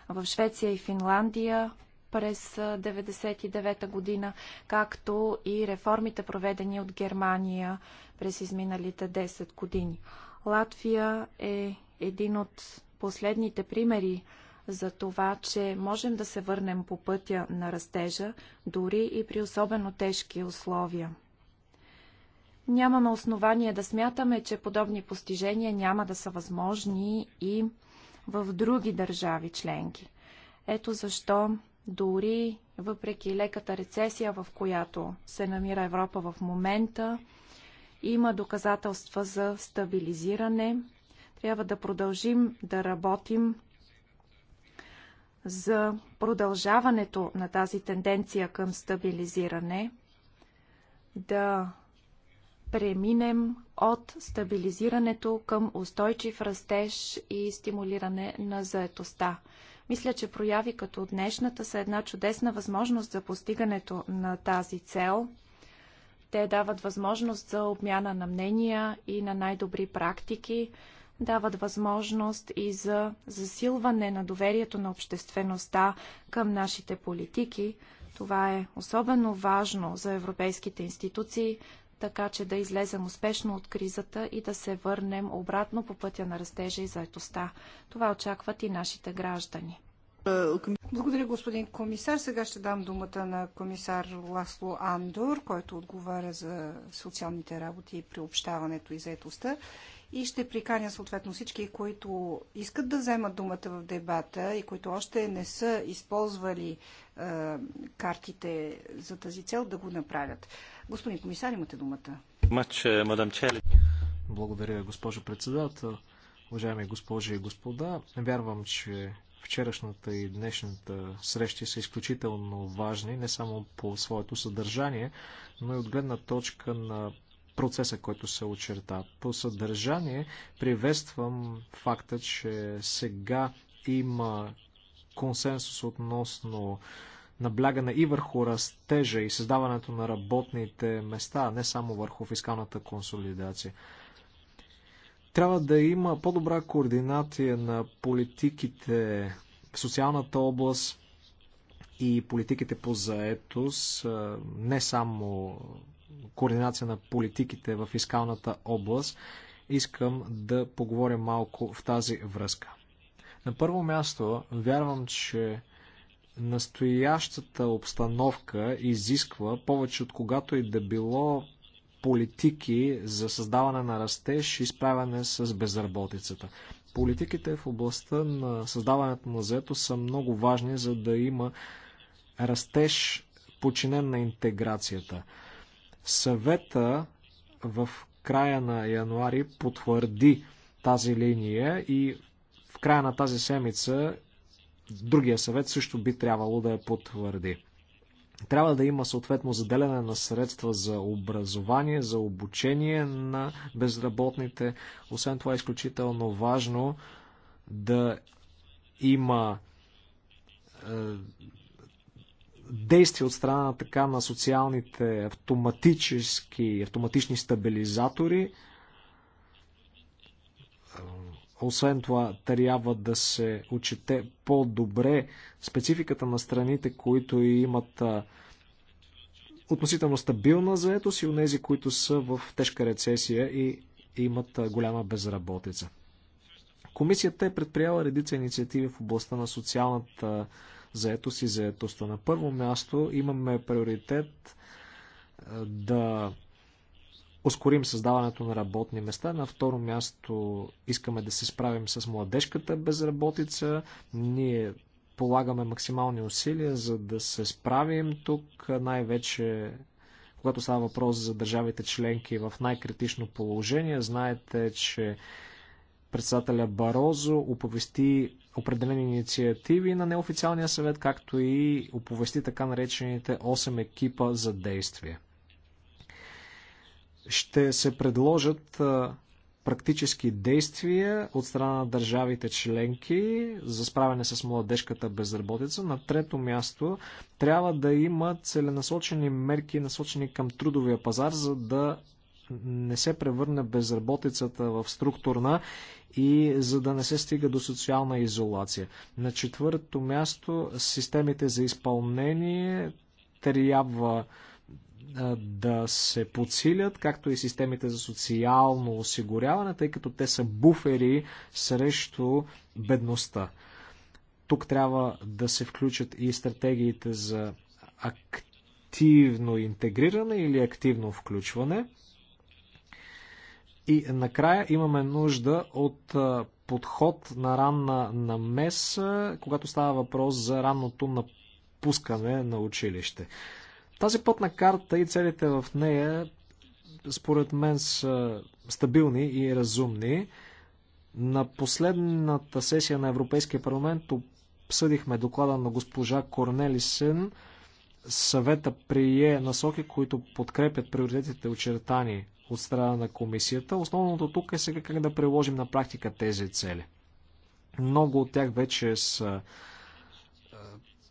в Швеция и Финландия през 1999 година, както и реформите проведени от Германия през изминалите 10 години. Латвия е един от последните примери за това, че можем да се върнем по пътя на растежа, дори и при особено тежки условия. Нямаме основание да смятаме, че подобни постижения няма да са възможни и в други държави членки. Ето защо дори въпреки леката рецесия, в която се намира Европа в момента, има доказателства за стабилизиране. Трябва да продължим да работим за продължаването на тази тенденция към стабилизиране, да преминем от стабилизирането към устойчив растеж и стимулиране на заетостта. Мисля, че прояви като днешната са една чудесна възможност за постигането на тази цел. Те дават възможност за обмяна на мнения и на най-добри практики, дават възможност и за засилване на доверието на обществеността към нашите политики. Това е особено важно за европейските институции, така че да излезем успешно от кризата и да се върнем обратно по пътя на растежа и заетостта. Това очакват и нашите граждани. Благодаря, господин комисар. Сега ще дам думата на комисар Ласло Андор, който отговаря за социалните работи и приобщаването и заетостта. И ще приканя съответно всички, които искат да вземат думата в дебата и които още не са използвали е, картите за тази цел, да го направят. Господин комисар, имате думата. Uh, Благодаря, госпожо председател. Уважаеми госпожи и господа, вярвам, че вчерашната и днешната срещи са изключително важни, не само по своето съдържание, но и от гледна точка на процеса, който се очерта. По съдържание приветствам факта, че сега има консенсус относно наблягане и върху растежа и създаването на работните места, не само върху фискалната консолидация. Трябва да има по-добра координация на политиките в социалната област и политиките по заетост, не само координация на политиките в фискалната област. Искам да поговоря малко в тази връзка. На първо място, вярвам, че Настоящата обстановка изисква повече от когато и да било политики за създаване на растеж и справяне с безработицата. Политиките в областта на създаването на заето са много важни, за да има растеж починен на интеграцията. Съвета в края на януари потвърди тази линия и в края на тази седмица другия съвет също би трябвало да я потвърди. Трябва да има съответно заделяне на средства за образование, за обучение на безработните. Освен това е изключително важно да има е, действия от страна на така на социалните автоматически, автоматични стабилизатори, освен това, трябва да се учете по-добре спецификата на страните, които имат относително стабилна заетост и унези, които са в тежка рецесия и имат голяма безработица. Комисията е предприяла редица инициативи в областта на социалната заетост и заетостта. На първо място имаме приоритет да ускорим създаването на работни места. На второ място искаме да се справим с младежката безработица. Ние полагаме максимални усилия, за да се справим тук, най-вече когато става въпрос за държавите членки в най-критично положение. Знаете, че председателя Барозо оповести определени инициативи на неофициалния съвет, както и оповести така наречените 8 екипа за действие ще се предложат практически действия от страна на държавите членки за справяне с младежката безработица. На трето място трябва да има целенасочени мерки, насочени към трудовия пазар, за да не се превърне безработицата в структурна и за да не се стига до социална изолация. На четвърто място системите за изпълнение трябва да се подсилят, както и системите за социално осигуряване, тъй като те са буфери срещу бедността. Тук трябва да се включат и стратегиите за активно интегриране или активно включване. И накрая имаме нужда от подход на ранна намеса, когато става въпрос за ранното напускане на училище. Тази пътна карта и целите в нея, според мен, са стабилни и разумни. На последната сесия на Европейския парламент обсъдихме доклада на госпожа Корнелисен. Съвета прие насоки, които подкрепят приоритетите очертани от страна на комисията. Основното тук е сега как да приложим на практика тези цели. Много от тях вече са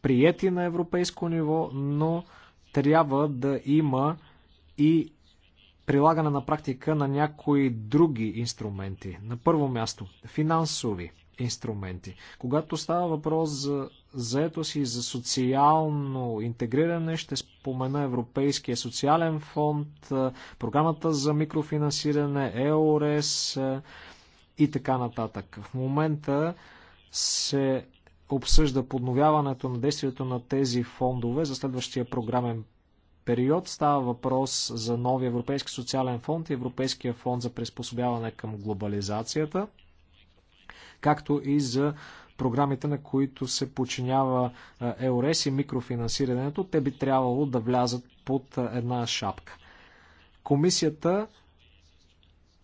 приети на европейско ниво, но трябва да има и прилагане на практика на някои други инструменти. На първо място, финансови инструменти. Когато става въпрос за заето си за социално интегриране, ще спомена Европейския социален фонд, програмата за микрофинансиране, ЕОРЕС и така нататък. В момента се обсъжда подновяването на действието на тези фондове за следващия програмен период. Става въпрос за новия Европейски социален фонд и Европейския фонд за приспособяване към глобализацията, както и за програмите, на които се подчинява ЕОРЕС и микрофинансирането. Те би трябвало да влязат под една шапка. Комисията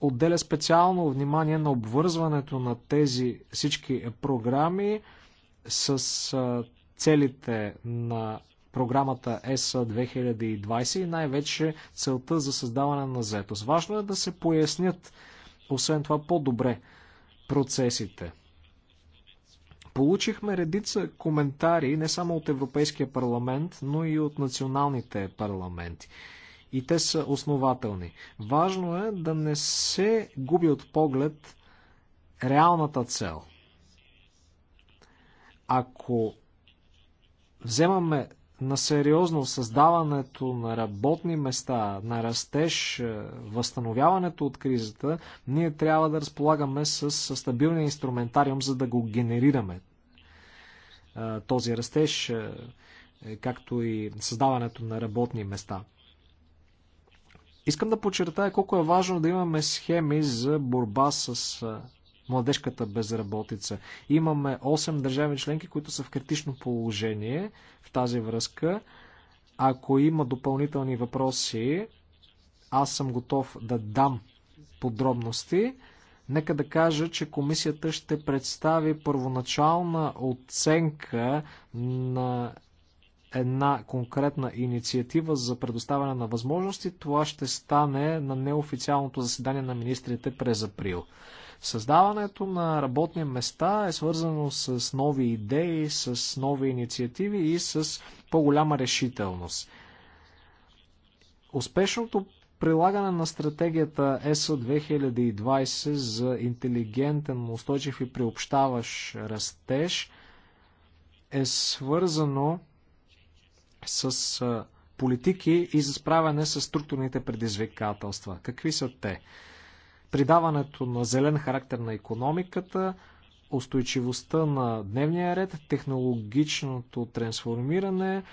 отделя специално внимание на обвързването на тези всички програми с целите на програмата ЕС 2020 и най-вече целта за създаване на заетост. Важно е да се пояснят, освен това, по-добре процесите. Получихме редица коментари не само от Европейския парламент, но и от националните парламенти. И те са основателни. Важно е да не се губи от поглед реалната цел. Ако вземаме на сериозно създаването на работни места, на растеж, е, възстановяването от кризата, ние трябва да разполагаме с стабилния инструментариум, за да го генерираме. Е, този растеж, е, както и създаването на работни места. Искам да подчертая колко е важно да имаме схеми за борба с младежката безработица. Имаме 8 държави членки, които са в критично положение в тази връзка. Ако има допълнителни въпроси, аз съм готов да дам подробности. Нека да кажа, че комисията ще представи първоначална оценка на една конкретна инициатива за предоставяне на възможности. Това ще стане на неофициалното заседание на министрите през април. Създаването на работни места е свързано с нови идеи, с нови инициативи и с по-голяма решителност. Успешното прилагане на стратегията ESO 2020 за интелигентен, устойчив и приобщаващ растеж е свързано с политики и за справяне с структурните предизвикателства. Какви са те? придаването на зелен характер на економиката, устойчивостта на дневния ред, технологичното трансформиране,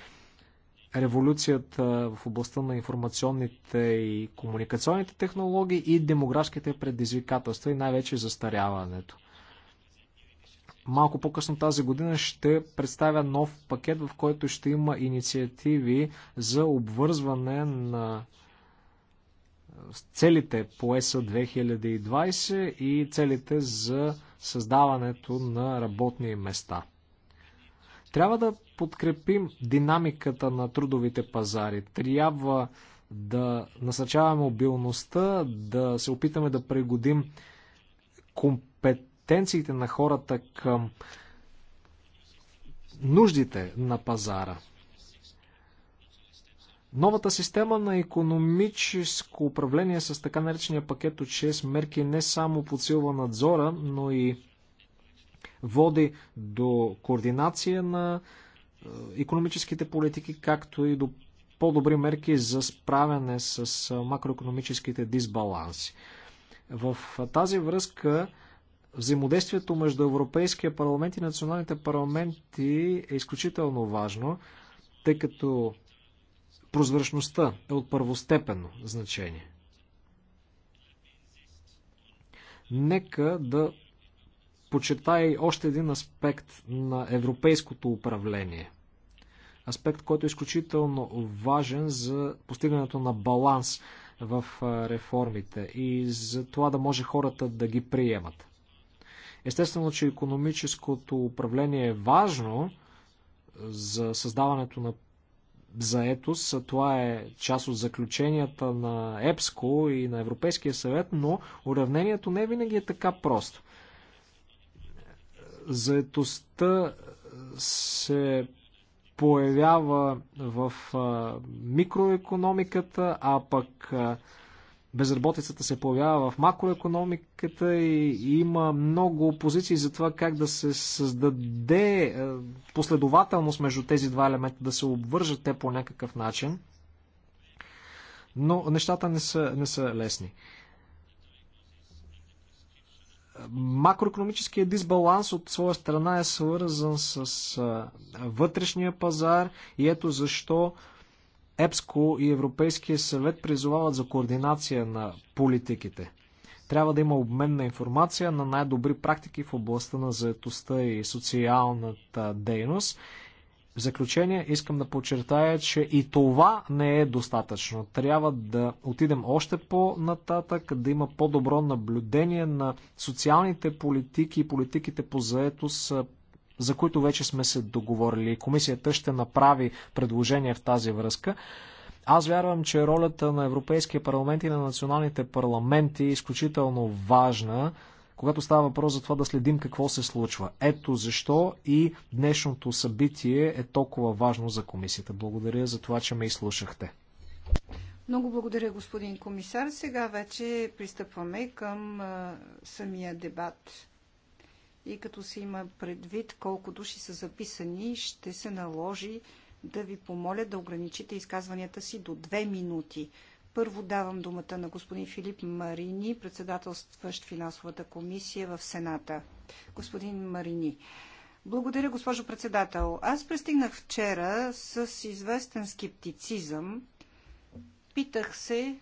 революцията в областта на информационните и комуникационните технологии и демографските предизвикателства и най-вече застаряването. Малко по-късно тази година ще представя нов пакет, в който ще има инициативи за обвързване на целите по ЕСА 2020 и целите за създаването на работни места. Трябва да подкрепим динамиката на трудовите пазари. Трябва да насърчаваме мобилността, да се опитаме да пригодим компетенциите на хората към нуждите на пазара. Новата система на економическо управление с така наречения пакет от 6 мерки не само подсилва надзора, но и води до координация на е, економическите политики, както и до по-добри мерки за справяне с е, макроекономическите дисбаланси. В тази връзка взаимодействието между Европейския парламент и националните парламенти е изключително важно, тъй като Прозрачността е от първостепенно значение. Нека да почетая и още един аспект на европейското управление. Аспект, който е изключително важен за постигането на баланс в реформите и за това да може хората да ги приемат. Естествено, че економическото управление е важно за създаването на заетост. Това е част от заключенията на ЕПСКО и на Европейския съвет, но уравнението не винаги е така просто. Заетостта се появява в микроекономиката, а пък Безработицата се появява в макроекономиката и има много опозиции за това как да се създаде е, последователност между тези два елемента, да се обвържат те по някакъв начин. Но нещата не са, не са лесни Макроекономическият дисбаланс от своя страна е свързан с е, вътрешния пазар и ето защо ЕПСКО и Европейския съвет призовават за координация на политиките. Трябва да има обмен на информация на най-добри практики в областта на заетостта и социалната дейност. В заключение искам да подчертая, че и това не е достатъчно. Трябва да отидем още по-нататък, да има по-добро наблюдение на социалните политики и политиките по заетост за които вече сме се договорили. Комисията ще направи предложение в тази връзка. Аз вярвам, че ролята на Европейския парламент и на националните парламенти е изключително важна, когато става въпрос за това да следим какво се случва. Ето защо и днешното събитие е толкова важно за комисията. Благодаря за това, че ме изслушахте. Много благодаря, господин комисар. Сега вече пристъпваме към самия дебат и като се има предвид колко души са записани, ще се наложи да ви помоля да ограничите изказванията си до две минути. Първо давам думата на господин Филип Марини, председателстващ финансовата комисия в Сената. Господин Марини, благодаря, госпожо председател. Аз пристигнах вчера с известен скептицизъм. Питах се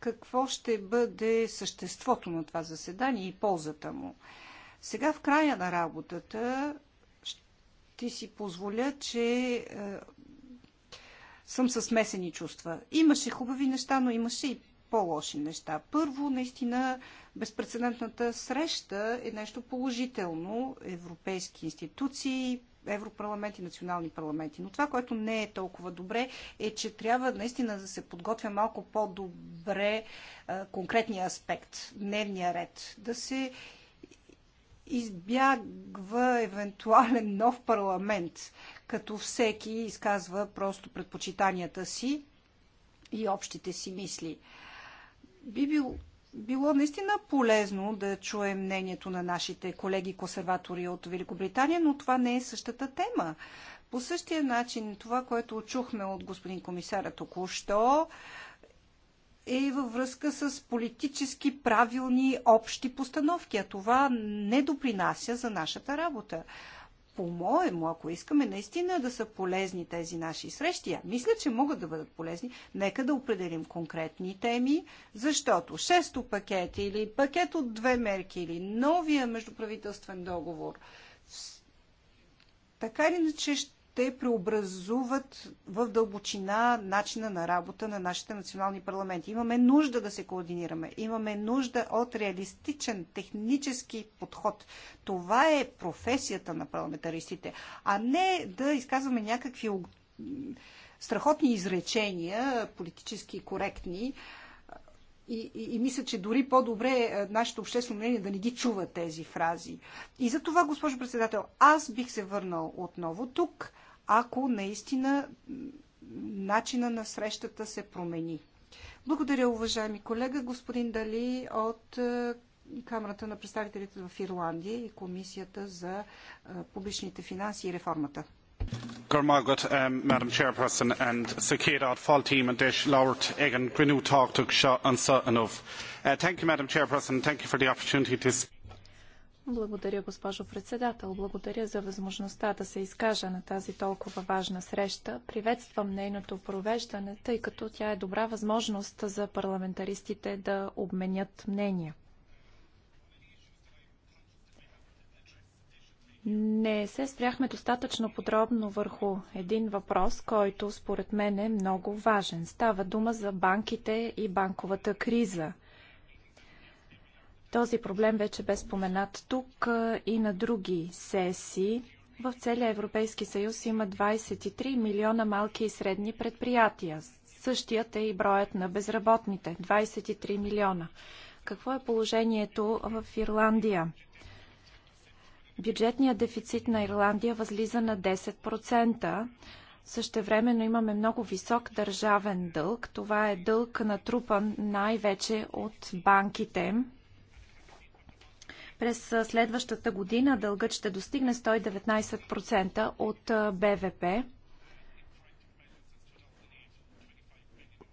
какво ще бъде съществото на това заседание и ползата му. Сега в края на работата ще си позволя, че е, съм със смесени чувства. Имаше хубави неща, но имаше и по-лоши неща. Първо, наистина, безпредседентната среща е нещо положително. Европейски институции, Европарламент и национални парламенти. Но това, което не е толкова добре, е, че трябва наистина да се подготвя малко по-добре е, конкретния аспект, дневния ред. Да се избягва евентуален нов парламент, като всеки изказва просто предпочитанията си и общите си мисли. Би бил, било наистина полезно да чуем мнението на нашите колеги-консерватори от Великобритания, но това не е същата тема. По същия начин това, което чухме от господин комисара току-що, е във връзка с политически правилни общи постановки, а това не допринася за нашата работа. По-моему, ако искаме наистина да са полезни тези наши срещи, а мисля, че могат да бъдат полезни, нека да определим конкретни теми, защото шесто пакет или пакет от две мерки или новия междуправителствен договор, така или иначе ще ще преобразуват в дълбочина начина на работа на нашите национални парламенти. Имаме нужда да се координираме. Имаме нужда от реалистичен технически подход. Това е професията на парламентаристите, а не да изказваме някакви страхотни изречения, политически коректни. И, и, и мисля, че дори по-добре е, нашето обществено мнение да не ги чува тези фрази. И за това, госпожо председател, аз бих се върнал отново тук ако наистина начина на срещата се промени. Благодаря, уважаеми колега, господин Дали от е, Камерата на представителите в Ирландия и Комисията за е, публичните финанси и реформата. Um, thank you, Madam Chairperson, and thank you for the opportunity to благодаря, госпожо председател. Благодаря за възможността да се изкажа на тази толкова важна среща. Приветствам нейното провеждане, тъй като тя е добра възможност за парламентаристите да обменят мнения. Не се спряхме достатъчно подробно върху един въпрос, който според мен е много важен. Става дума за банките и банковата криза – този проблем вече бе споменат тук и на други сесии. В целия Европейски съюз има 23 милиона малки и средни предприятия. Същият е и броят на безработните 23 милиона. Какво е положението в Ирландия? Бюджетният дефицит на Ирландия възлиза на 10%. Същевременно имаме много висок държавен дълг. Това е дълг натрупан най-вече от банките. През следващата година дългът ще достигне 119% от БВП.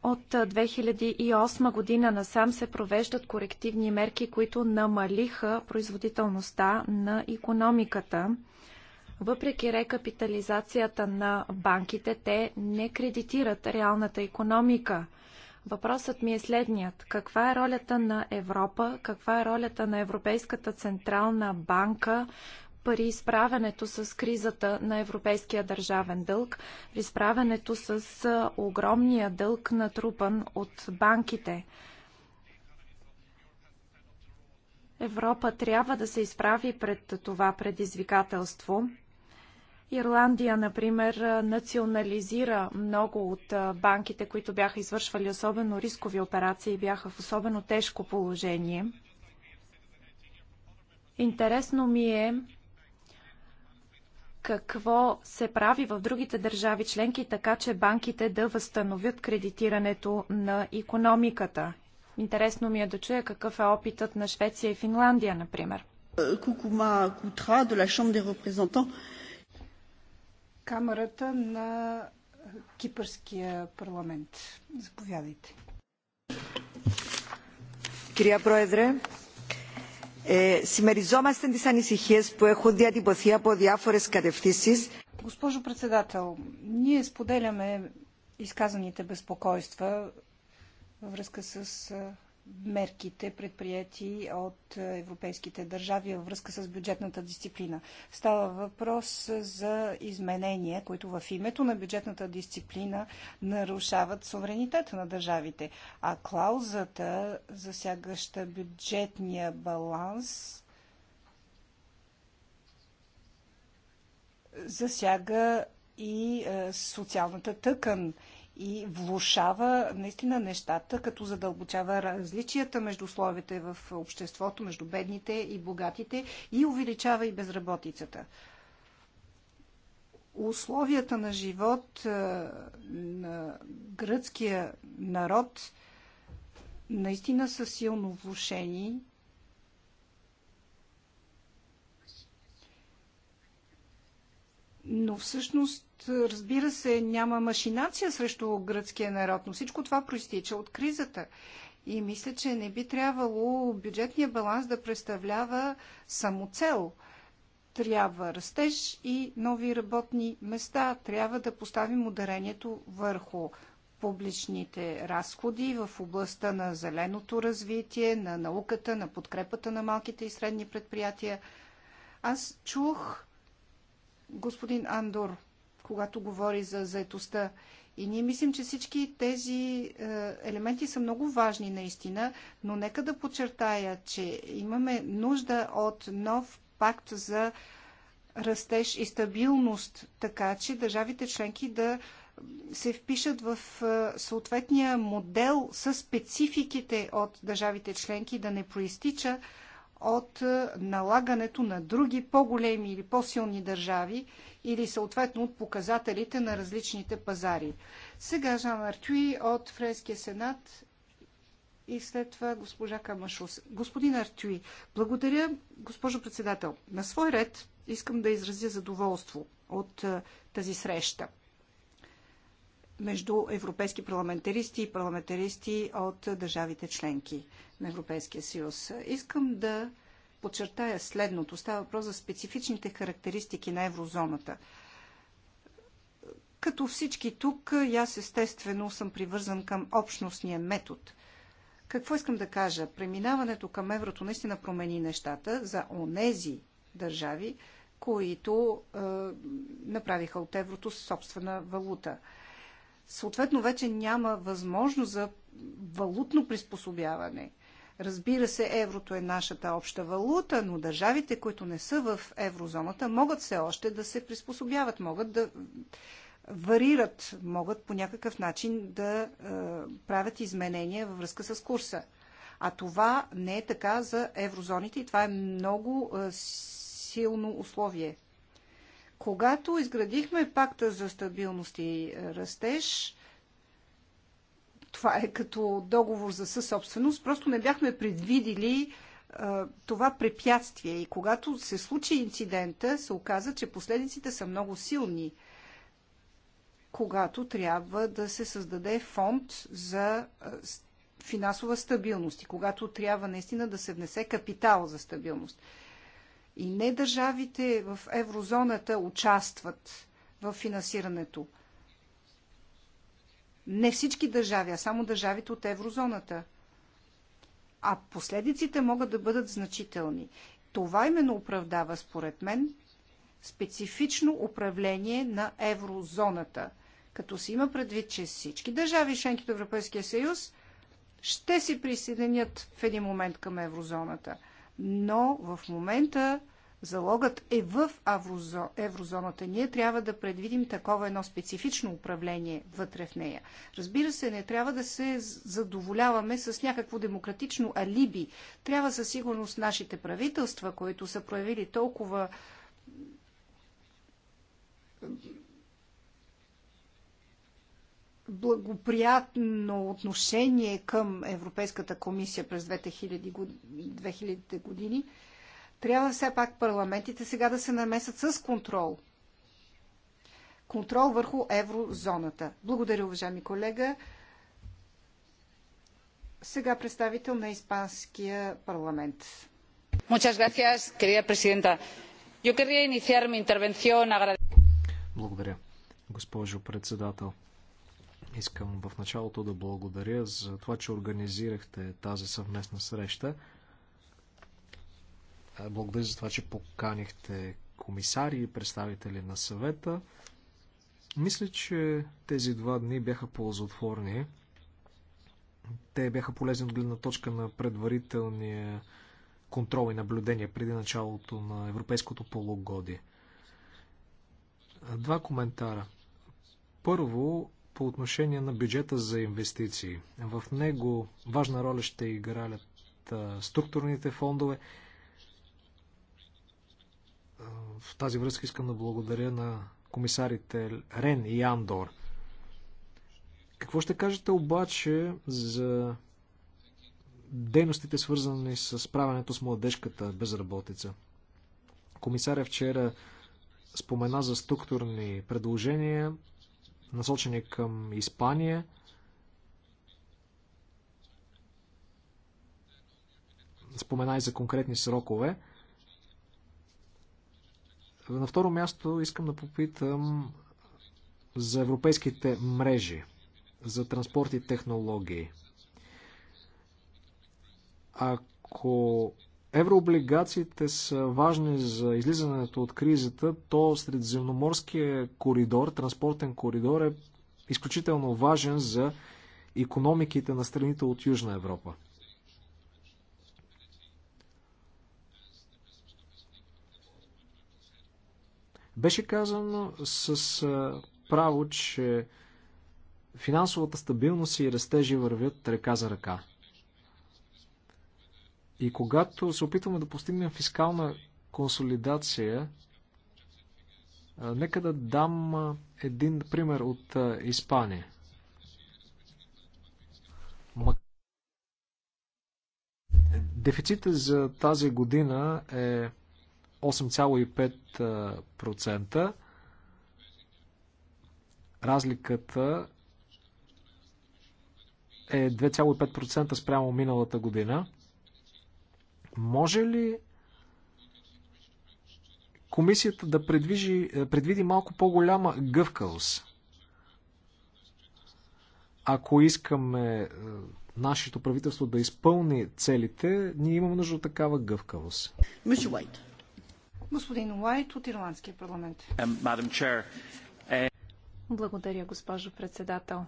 От 2008 година насам се провеждат корективни мерки, които намалиха производителността на економиката. Въпреки рекапитализацията на банките, те не кредитират реалната економика. Въпросът ми е следният. Каква е ролята на Европа, каква е ролята на Европейската централна банка при изправенето с кризата на европейския държавен дълг, при изправенето с огромния дълг натрупан от банките? Европа трябва да се изправи пред това предизвикателство – Ирландия, например, национализира много от банките, които бяха извършвали особено рискови операции и бяха в особено тежко положение. Интересно ми е какво се прави в другите държави членки, така че банките да възстановят кредитирането на економиката. Интересно ми е да чуя какъв е опитът на Швеция и Финландия, например. Кукума Кутра, de la Chambre des représentants, Камерата на Кипърския парламент. Заповядайте. Κυρία Πρόεδρε, ε, συμμεριζόμαστε τις ανησυχίες που έχουν διατυπωθεί από διάφορες κατευθύνσεις. Госпожо председател, ние споделяме изказаните безпокойства във връзка с мерките, предприяти от европейските държави във връзка с бюджетната дисциплина. Става въпрос за изменения, които в името на бюджетната дисциплина нарушават суверенитета на държавите. А клаузата, засягаща бюджетния баланс, засяга и е, социалната тъкан – и влушава наистина нещата, като задълбочава различията между условията в обществото, между бедните и богатите и увеличава и безработицата условията на живот е, на гръцкия народ наистина са силно влушени. Но всъщност разбира се, няма машинация срещу гръцкия народ, но всичко това проистича от кризата. И мисля, че не би трябвало бюджетния баланс да представлява самоцел. Трябва растеж и нови работни места. Трябва да поставим ударението върху публичните разходи в областта на зеленото развитие, на науката, на подкрепата на малките и средни предприятия. Аз чух господин Андор когато говори за заетостта. И ние мислим, че всички тези е, елементи са много важни наистина, но нека да подчертая, че имаме нужда от нов пакт за растеж и стабилност, така че държавите членки да се впишат в е, съответния модел с спецификите от държавите членки, да не проистича от е, налагането на други по-големи или по-силни държави или съответно от показателите на различните пазари. Сега Жан Артюи от Френския сенат и след това госпожа Камашус. Господин Артюи, благодаря, госпожо председател. На свой ред искам да изразя задоволство от е, тази среща между европейски парламентаристи и парламентаристи от държавите членки на Европейския съюз. Искам да подчертая следното. Става въпрос за специфичните характеристики на еврозоната. Като всички тук, аз естествено съм привързан към общностния метод. Какво искам да кажа? Преминаването към еврото наистина промени нещата за онези държави, които е, направиха от еврото собствена валута съответно вече няма възможност за валутно приспособяване. Разбира се, еврото е нашата обща валута, но държавите, които не са в еврозоната, могат все още да се приспособяват, могат да варират, могат по някакъв начин да е, правят изменения във връзка с курса. А това не е така за еврозоните и това е много е, силно условие. Когато изградихме пакта за стабилност и е, растеж, това е като договор за съсобственост, просто не бяхме предвидили а, е, това препятствие. И когато се случи инцидента, се оказа, че последиците са много силни, когато трябва да се създаде фонд за е, финансова стабилност и когато трябва наистина да се внесе капитал за стабилност. И не държавите в еврозоната участват в финансирането. Не всички държави, а само държавите от еврозоната. А последиците могат да бъдат значителни. Това именно оправдава, според мен, специфично управление на еврозоната. Като се има предвид, че всички държави, членки от Европейския съюз, ще се присъединят в един момент към еврозоната – но в момента залогът е в еврозоната. Ние трябва да предвидим такова едно специфично управление вътре в нея. Разбира се, не трябва да се задоволяваме с някакво демократично алиби. Трябва със сигурност нашите правителства, които са проявили толкова благоприятно отношение към Европейската комисия през 2000 години, трябва все пак парламентите сега да се намесат с контрол. Контрол върху еврозоната. Благодаря, уважаеми колега. Сега представител на Испанския парламент. Muchas gracias, querida presidenta. Yo querría iniciar mi intervención Благодаря, госпожо председател. Искам в началото да благодаря за това, че организирахте тази съвместна среща. Благодаря за това, че поканихте комисари и представители на съвета. Мисля, че тези два дни бяха ползотворни. Те бяха полезни от гледна точка на предварителния контрол и наблюдение преди началото на европейското полугодие. Два коментара. Първо, по отношение на бюджета за инвестиции. В него важна роля ще играят структурните фондове. В тази връзка искам да благодаря на комисарите Рен и Андор. Какво ще кажете обаче за дейностите свързани с справянето с младежката безработица? Комисаря вчера спомена за структурни предложения насочени към Испания. Спомена и за конкретни срокове. На второ място искам да попитам за европейските мрежи за транспорт и технологии. Ако еврооблигациите са важни за излизането от кризата, то средиземноморския коридор, транспортен коридор е изключително важен за економиките на страните от Южна Европа. Беше казано с право, че финансовата стабилност и растежи вървят ръка за ръка. И когато се опитваме да постигнем фискална консолидация, нека да дам един пример от Испания. Дефицита за тази година е 8,5%. Разликата е 2,5% спрямо миналата година. Може ли комисията да предвижи, е, предвиди малко по-голяма гъвкавост? Ако искаме е, нашето правителство да изпълни целите, ние имаме нужда от такава гъвкавост. Господин Уайт от Ирландския парламент. Е- Благодаря, госпожо председател.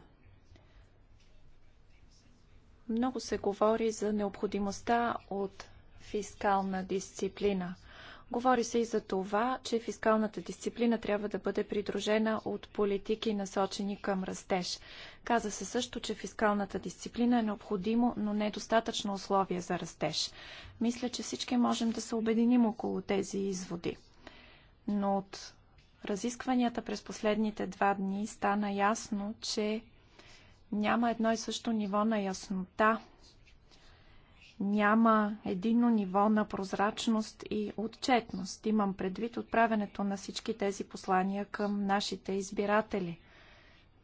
Много се говори за необходимостта от фискална дисциплина. Говори се и за това, че фискалната дисциплина трябва да бъде придружена от политики насочени към растеж. Каза се също, че фискалната дисциплина е необходимо, но недостатъчно е условие за растеж. Мисля, че всички можем да се обединим около тези изводи. Но от разискванията през последните два дни стана ясно, че няма едно и също ниво на яснота няма единно ниво на прозрачност и отчетност. Имам предвид отправянето на всички тези послания към нашите избиратели.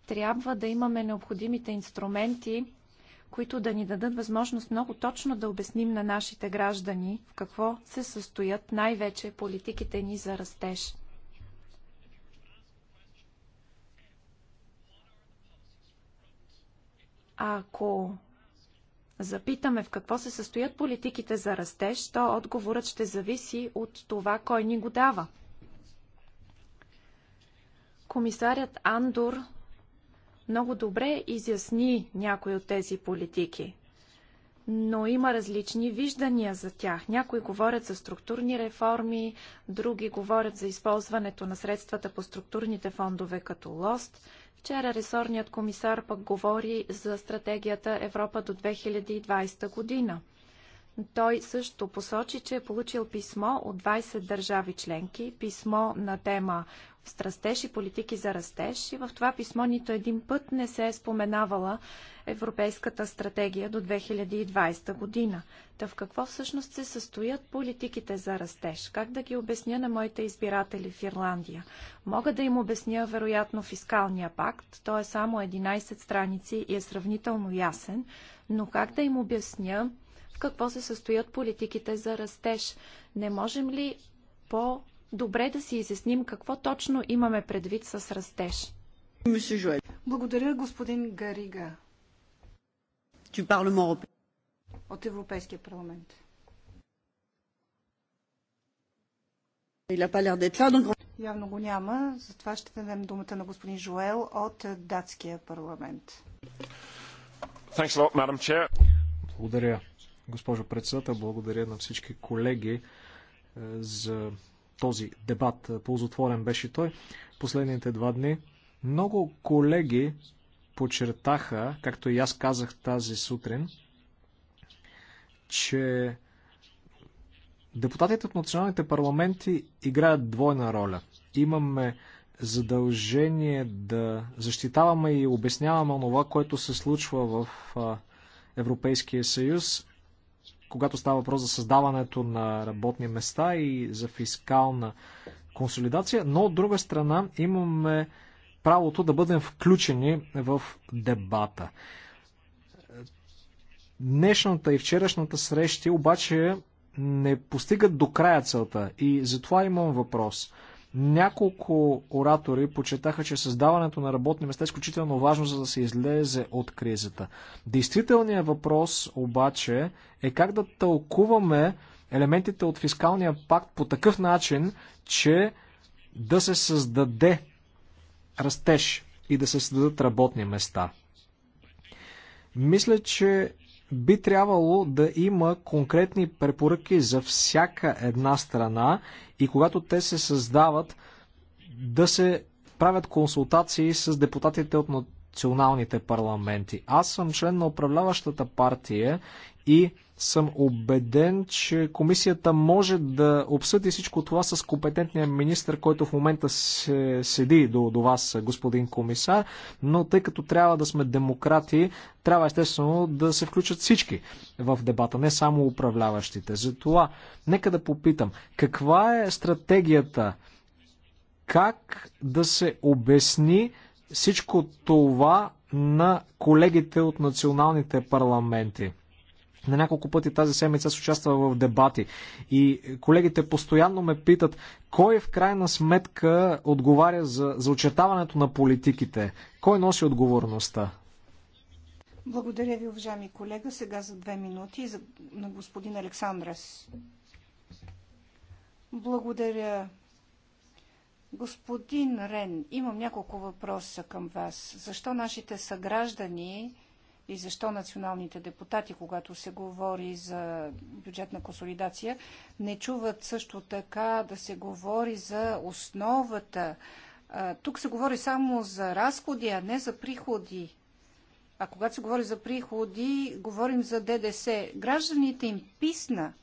Трябва да имаме необходимите инструменти, които да ни дадат възможност много точно да обясним на нашите граждани в какво се състоят най-вече политиките ни за растеж. Ако запитаме в какво се състоят политиките за растеж, то отговорът ще зависи от това кой ни го дава. Комисарят Андор много добре изясни някои от тези политики, но има различни виждания за тях. Някои говорят за структурни реформи, други говорят за използването на средствата по структурните фондове като лост – Вчера ресорният комисар пък говори за стратегията Европа до 2020 година. Той също посочи, че е получил писмо от 20 държави членки, писмо на тема с растеж и политики за растеж и в това писмо нито един път не се е споменавала Европейската стратегия до 2020 година. Та в какво всъщност се състоят политиките за растеж? Как да ги обясня на моите избиратели в Ирландия? Мога да им обясня вероятно фискалния пакт, той е само 11 страници и е сравнително ясен, но как да им обясня в какво се състоят политиките за растеж? Не можем ли по добре да си изясним какво точно имаме предвид с растеж. Благодаря, господин Гарига. От Европейския парламент. Явно го няма, затова ще дадем думата на господин Жоел от датския парламент. Благодаря, госпожо председател. Благодаря на всички колеги е, за този дебат. Ползотворен беше той последните два дни. Много колеги подчертаха, както и аз казах тази сутрин, че депутатите от националните парламенти играят двойна роля. Имаме задължение да защитаваме и обясняваме това, което се случва в Европейския съюз когато става въпрос за създаването на работни места и за фискална консолидация, но от друга страна имаме правото да бъдем включени в дебата. Днешната и вчерашната срещи обаче не постигат до края целта и затова имам въпрос – няколко оратори почетаха, че създаването на работни места е изключително важно, за да се излезе от кризата. Действителният въпрос обаче е как да тълкуваме елементите от фискалния пакт по такъв начин, че да се създаде растеж и да се създадат работни места. Мисля, че би трябвало да има конкретни препоръки за всяка една страна и когато те се създават, да се правят консултации с депутатите от националните парламенти. Аз съм член на управляващата партия и съм убеден, че комисията може да обсъди всичко това с компетентния министр, който в момента се седи до, до вас, господин комисар, но тъй като трябва да сме демократи, трябва естествено да се включат всички в дебата, не само управляващите. Затова, нека да попитам, каква е стратегията, как да се обясни всичко това на колегите от националните парламенти? На няколко пъти тази седмица се участва в дебати и колегите постоянно ме питат кой е в крайна сметка отговаря за, за очертаването на политиките, кой носи отговорността. Благодаря ви, уважаеми колега. Сега за две минути за, на господин Александрас. Благодаря. Господин Рен, имам няколко въпроса към вас. Защо нашите съграждани и защо националните депутати, когато се говори за бюджетна консолидация, не чуват също така да се говори за основата. Тук се говори само за разходи, а не за приходи. А когато се говори за приходи, говорим за ДДС. Гражданите им писна.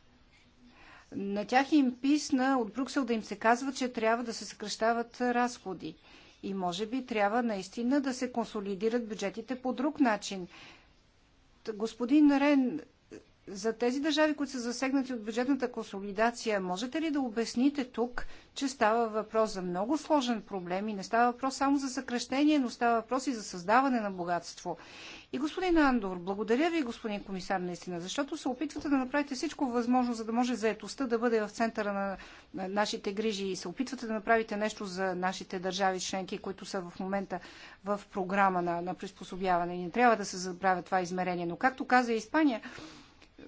На тях им писна от Брюксел да им се казва, че трябва да се съкрещават разходи. И може би трябва наистина да се консолидират бюджетите по друг начин. Господин Рен, за тези държави, които са засегнати от бюджетната консолидация, можете ли да обясните тук, че става въпрос за много сложен проблем и не става въпрос само за съкрещение, но става въпрос и за създаване на богатство? И господин Андор, благодаря ви, господин комисар, наистина, защото се опитвате да направите всичко възможно, за да може заетостта да бъде в центъра на нашите грижи и се опитвате да направите нещо за нашите държави членки, които са в момента в програма на, на приспособяване. И не трябва да се забравя това измерение. Но както каза Испания,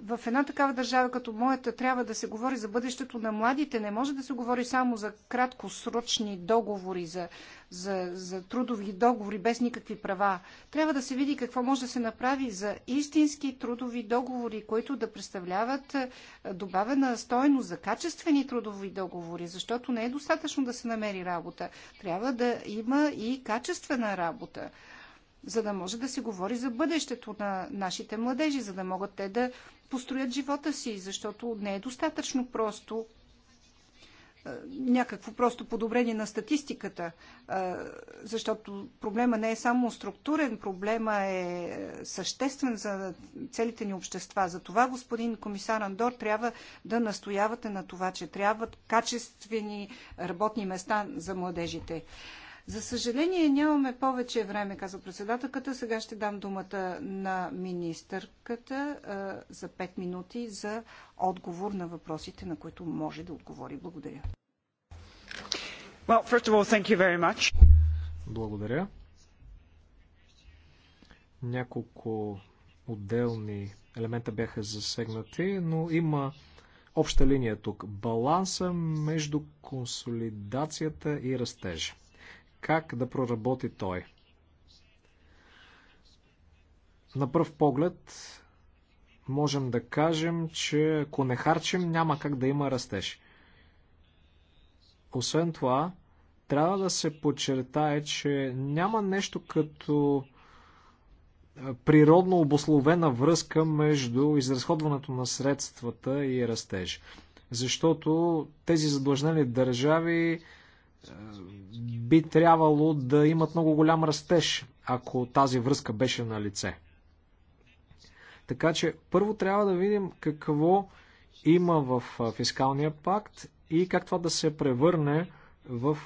в една такава държава като моята трябва да се говори за бъдещето на младите. Не може да се говори само за краткосрочни договори, за, за, за трудови договори без никакви права. Трябва да се види какво може да се направи за истински трудови договори, които да представляват е, добавена стойност за качествени трудови договори, защото не е достатъчно да се намери работа. Трябва да има и качествена работа за да може да се говори за бъдещето на нашите младежи, за да могат те да построят живота си, защото не е достатъчно просто е, някакво просто подобрение на статистиката, е, защото проблема не е само структурен, проблема е, е съществен за целите ни общества. За това, господин комисар Андор, трябва да настоявате на това, че трябват качествени работни места за младежите. За съжаление нямаме повече време, казва председателката. Сега ще дам думата на министърката а, за 5 минути за отговор на въпросите, на които може да отговори. Благодаря. Well, first of all, thank you very much. Благодаря. Няколко отделни елемента бяха засегнати, но има обща линия тук. Баланса между консолидацията и растежа как да проработи той. На пръв поглед можем да кажем, че ако не харчим, няма как да има растеж. Освен това, трябва да се подчертае, че няма нещо като природно обословена връзка между изразходването на средствата и растеж. Защото тези задлъжнели държави би трябвало да имат много голям растеж, ако тази връзка беше на лице. Така че първо трябва да видим какво има в фискалния пакт и как това да се превърне в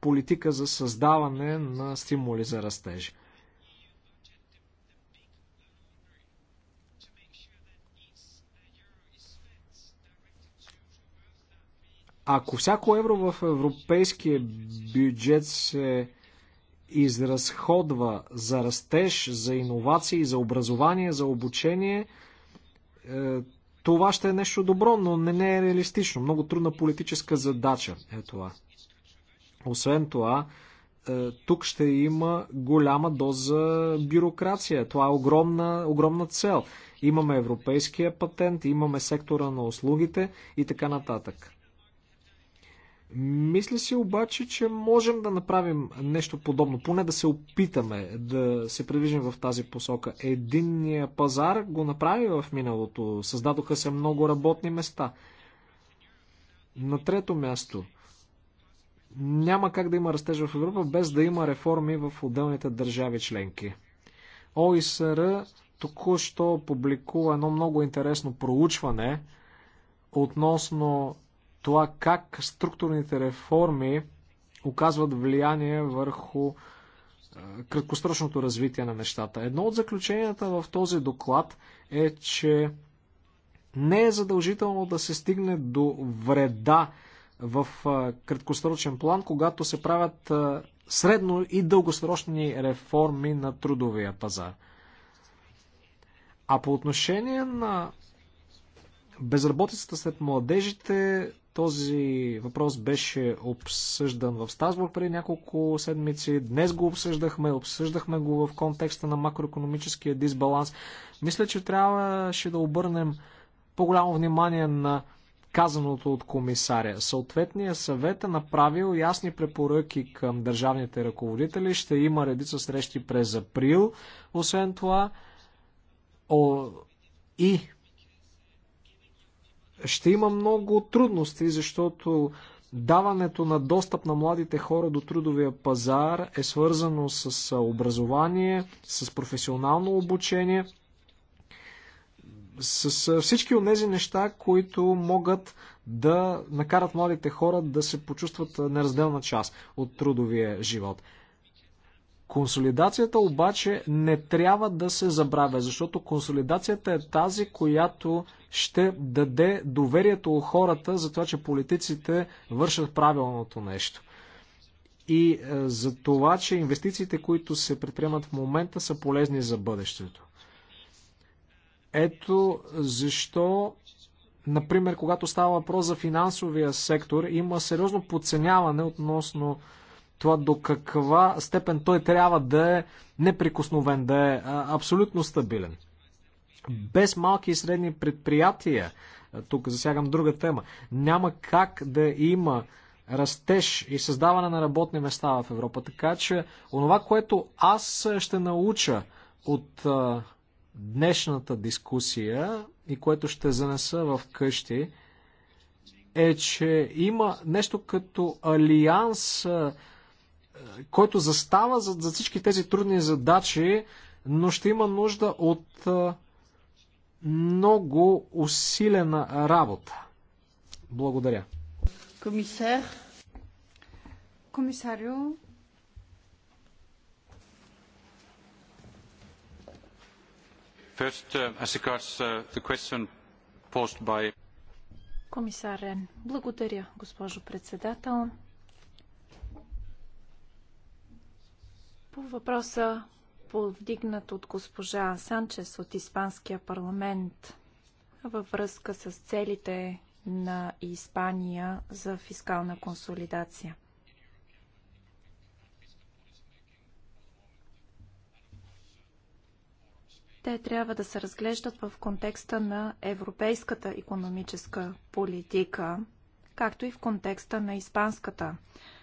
политика за създаване на стимули за растеж. Ако всяко евро в европейския бюджет се изразходва за растеж, за иновации, за образование, за обучение, е, това ще е нещо добро, но не, не е реалистично. Много трудна политическа задача е това. Освен това, е, тук ще има голяма доза бюрокрация. Това е огромна, огромна цел. Имаме европейския патент, имаме сектора на услугите и така нататък. Мисля си обаче, че можем да направим нещо подобно, поне да се опитаме да се придвижим в тази посока. Единния пазар го направи в миналото. Създадоха се много работни места. На трето място, няма как да има растеж в Европа без да има реформи в отделните държави членки. ОИСР току-що публикува едно много интересно проучване относно това как структурните реформи оказват влияние върху краткосрочното развитие на нещата. Едно от заключенията в този доклад е, че не е задължително да се стигне до вреда в краткосрочен план, когато се правят средно и дългосрочни реформи на трудовия пазар. А по отношение на безработицата сред младежите, този въпрос беше обсъждан в Стасбург преди няколко седмици. Днес го обсъждахме, обсъждахме го в контекста на макроекономическия дисбаланс. Мисля, че трябваше да обърнем по-голямо внимание на казаното от комисаря. Съответният съвет е направил ясни препоръки към държавните ръководители. Ще има редица срещи през април. Освен това, о, и ще има много трудности, защото даването на достъп на младите хора до трудовия пазар е свързано с образование, с професионално обучение, с всички от тези неща, които могат да накарат младите хора да се почувстват неразделна част от трудовия живот. Консолидацията обаче не трябва да се забравя, защото консолидацията е тази, която ще даде доверието у хората за това, че политиците вършат правилното нещо. И е, за това, че инвестициите, които се предприемат в момента, са полезни за бъдещето. Ето защо, например, когато става въпрос за финансовия сектор, има сериозно подценяване относно това до каква степен той трябва да е неприкосновен, да е абсолютно стабилен. Без малки и средни предприятия, тук засягам друга тема, няма как да има растеж и създаване на работни места в Европа. Така че, онова, което аз ще науча от а, днешната дискусия и което ще занеса в къщи, е, че има нещо като алианс който застава за, за всички тези трудни задачи, но ще има нужда от много усилена работа. Благодаря. Комисар. Комисарио. First, uh, as regards uh, the question posed by... Комисарен, благодаря, госпожо председател. По въпроса, повдигнат от госпожа Санчес от Испанския парламент във връзка с целите на Испания за фискална консолидация. Те трябва да се разглеждат в контекста на европейската економическа политика, както и в контекста на испанската политика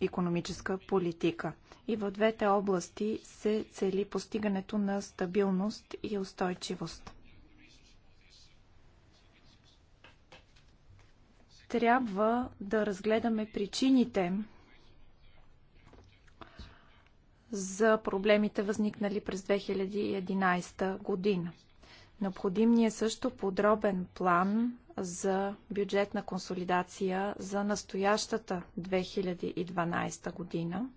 економическа политика. И в двете области се цели постигането на стабилност и устойчивост. Трябва да разгледаме причините за проблемите, възникнали през 2011 година. Необходим ни е също подробен план за бюджетна консолидация за настоящата 2012 година.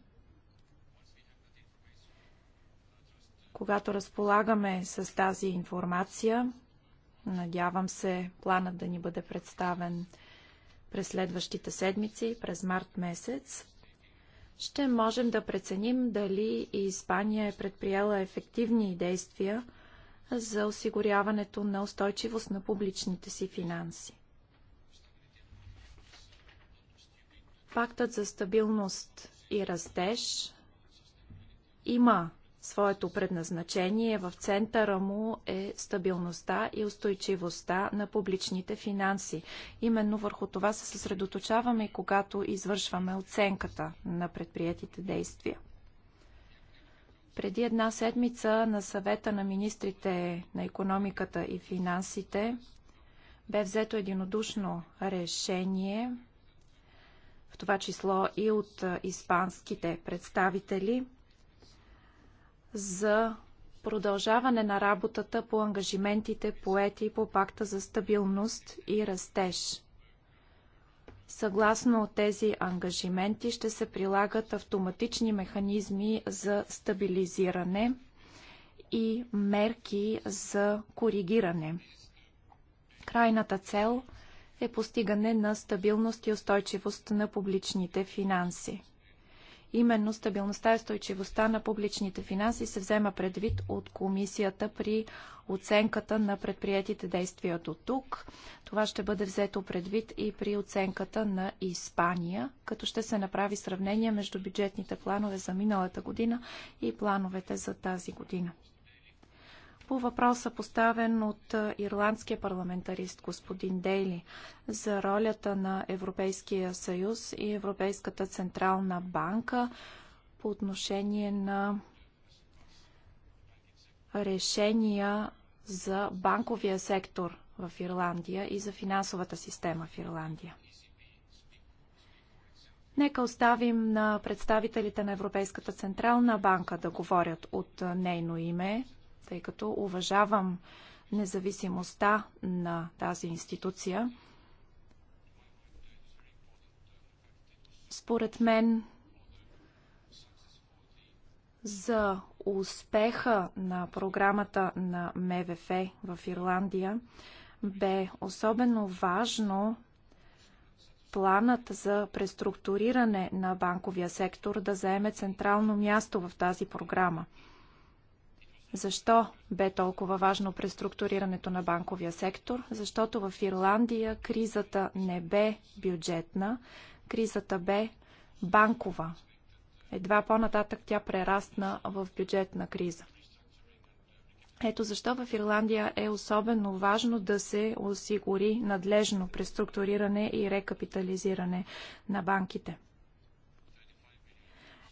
Когато разполагаме с тази информация, надявам се планът да ни бъде представен през следващите седмици, през март месец, ще можем да преценим дали Испания е предприела ефективни действия – за осигуряването на устойчивост на публичните си финанси. Пактът за стабилност и растеж има своето предназначение. В центъра му е стабилността и устойчивостта на публичните финанси. Именно върху това се съсредоточаваме, когато извършваме оценката на предприятите действия. Преди една седмица на съвета на министрите на економиката и финансите бе взето единодушно решение, в това число и от испанските представители, за продължаване на работата по ангажиментите поети по пакта за стабилност и растеж. Съгласно тези ангажименти ще се прилагат автоматични механизми за стабилизиране и мерки за коригиране. Крайната цел е постигане на стабилност и устойчивост на публичните финанси. Именно стабилността и устойчивостта на публичните финанси се взема предвид от комисията при оценката на предприятите действия до тук. Това ще бъде взето предвид и при оценката на Испания, като ще се направи сравнение между бюджетните планове за миналата година и плановете за тази година по въпроса поставен от ирландския парламентарист господин Дейли за ролята на Европейския съюз и Европейската централна банка по отношение на решения за банковия сектор в Ирландия и за финансовата система в Ирландия. Нека оставим на представителите на Европейската централна банка да говорят от нейно име тъй като уважавам независимостта на тази институция. Според мен за успеха на програмата на МВФ в Ирландия бе особено важно планът за преструктуриране на банковия сектор да заеме централно място в тази програма. Защо бе толкова важно преструктурирането на банковия сектор? Защото в Ирландия кризата не бе бюджетна, кризата бе банкова. Едва по-нататък тя прерасна в бюджетна криза. Ето защо в Ирландия е особено важно да се осигури надлежно преструктуриране и рекапитализиране на банките.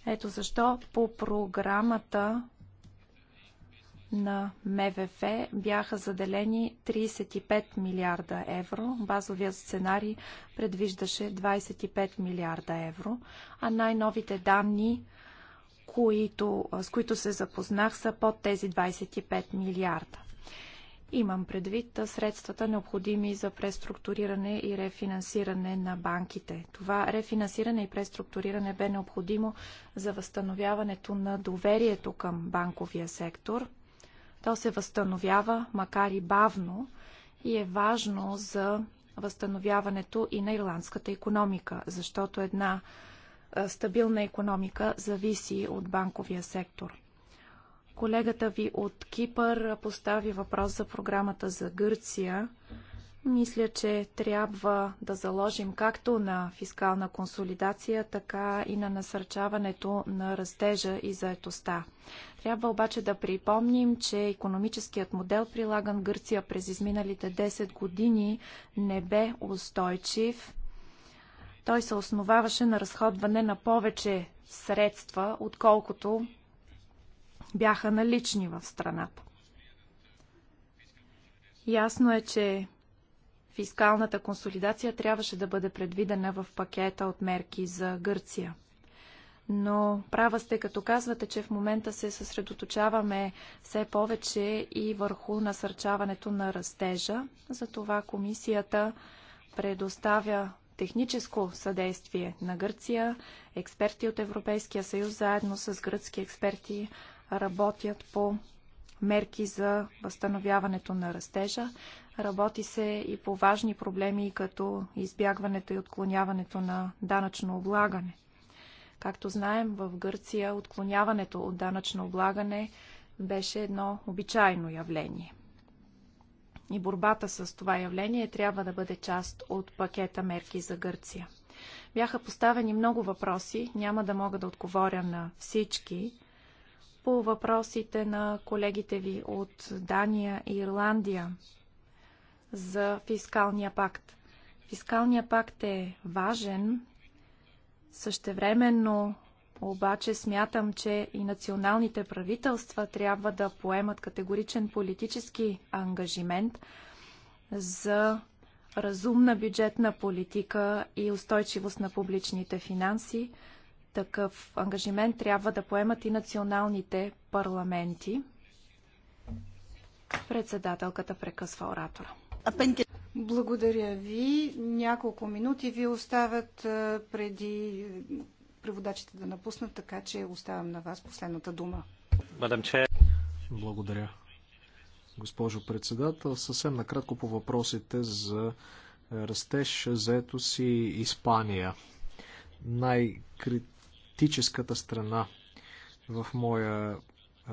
Ето защо по програмата на МВФ бяха заделени 35 милиарда евро. Базовият сценарий предвиждаше 25 милиарда евро, а най-новите данни, които, с които се запознах, са под тези 25 милиарда. Имам предвид средствата необходими за преструктуриране и рефинансиране на банките. Това рефинансиране и преструктуриране бе необходимо за възстановяването на доверието към банковия сектор – то се възстановява, макар и бавно, и е важно за възстановяването и на ирландската економика, защото една стабилна економика зависи от банковия сектор. Колегата ви от Кипър постави въпрос за програмата за Гърция. Мисля, че трябва да заложим както на фискална консолидация, така и на насърчаването на растежа и заетостта. Трябва обаче да припомним, че економическият модел, прилаган в Гърция през изминалите 10 години, не бе устойчив. Той се основаваше на разходване на повече средства, отколкото бяха налични в страната. Ясно е, че фискалната консолидация трябваше да бъде предвидена в пакета от мерки за Гърция. Но права сте, като казвате, че в момента се съсредоточаваме все повече и върху насърчаването на растежа. Затова комисията предоставя техническо съдействие на Гърция. Експерти от Европейския съюз заедно с гръцки експерти работят по мерки за възстановяването на растежа. Работи се и по важни проблеми, като избягването и отклоняването на данъчно облагане. Както знаем, в Гърция отклоняването от данъчно облагане беше едно обичайно явление. И борбата с това явление трябва да бъде част от пакета мерки за Гърция. Бяха поставени много въпроси, няма да мога да отговоря на всички. По въпросите на колегите ви от Дания и Ирландия, за фискалния пакт. Фискалния пакт е важен, същевременно обаче смятам, че и националните правителства трябва да поемат категоричен политически ангажимент за разумна бюджетна политика и устойчивост на публичните финанси. Такъв ангажимент трябва да поемат и националните парламенти. Председателката прекъсва оратора. Благодаря ви. Няколко минути ви оставят преди преводачите да напуснат, така че оставам на вас последната дума. Благодаря. Госпожо председател, съвсем накратко по въпросите за е, растеж, заето си Испания. Най-критическата страна в моя е,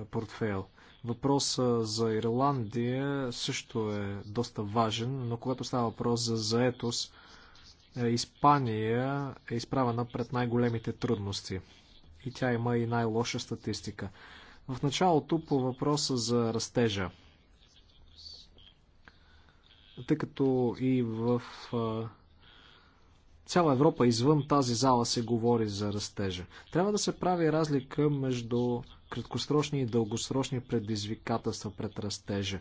портфейл – Въпроса за Ирландия също е доста важен, но когато става въпрос за заетост, е, Испания е изправена пред най-големите трудности. И тя има и най-лоша статистика. В началото по въпроса за растежа. Тъй като и в цяла Европа извън тази зала се говори за растежа. Трябва да се прави разлика между краткосрочни и дългосрочни предизвикателства пред растежа.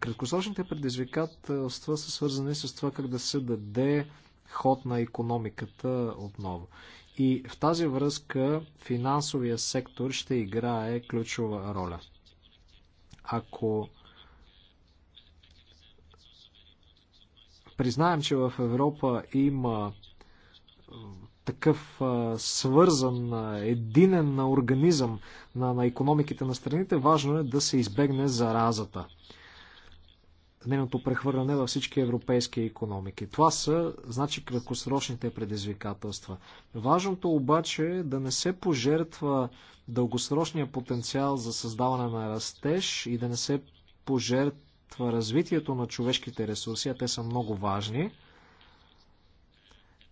Краткосрочните предизвикателства са свързани с това как да се даде ход на економиката отново. И в тази връзка финансовия сектор ще играе ключова роля. Ако признаем, че в Европа има такъв а, свързан, а, единен организъм на, на економиките на страните, важно е да се избегне заразата. Нейното прехвърляне във всички европейски економики. Това са, значи, краткосрочните предизвикателства. Важното обаче е да не се пожертва дългосрочния потенциал за създаване на растеж и да не се пожертва развитието на човешките ресурси, а те са много важни –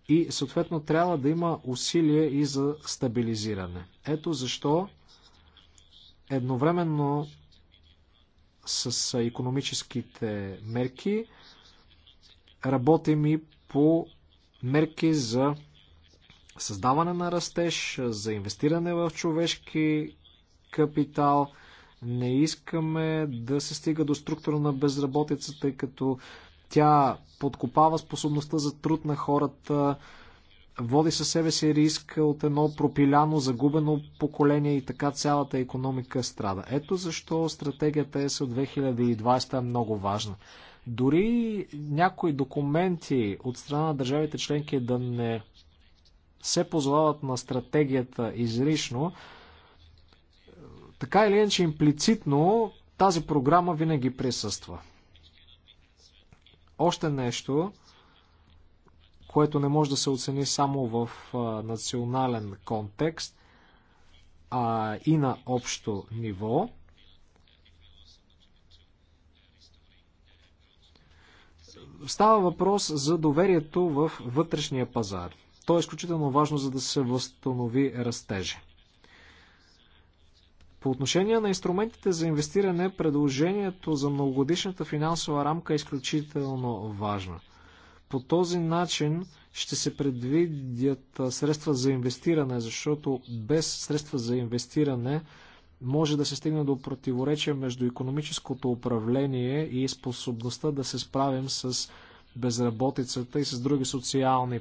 и съответно трябва да има усилие и за стабилизиране. Ето защо едновременно с економическите мерки работим и по мерки за създаване на растеж, за инвестиране в човешки капитал. Не искаме да се стига до структура на безработица, тъй като тя подкопава способността за труд на хората, води със себе си риск от едно пропиляно, загубено поколение и така цялата економика страда. Ето защо стратегията ЕС от 2020 е много важна. Дори някои документи от страна на държавите членки да не се позовават на стратегията изрично, така или иначе имплицитно тази програма винаги присъства. Още нещо, което не може да се оцени само в национален контекст, а и на общо ниво. Става въпрос за доверието в вътрешния пазар. То е изключително важно, за да се възстанови растежа. По отношение на инструментите за инвестиране, предложението за многогодишната финансова рамка е изключително важно. По този начин ще се предвидят средства за инвестиране, защото без средства за инвестиране може да се стигне до противоречие между економическото управление и способността да се справим с безработицата и с други социални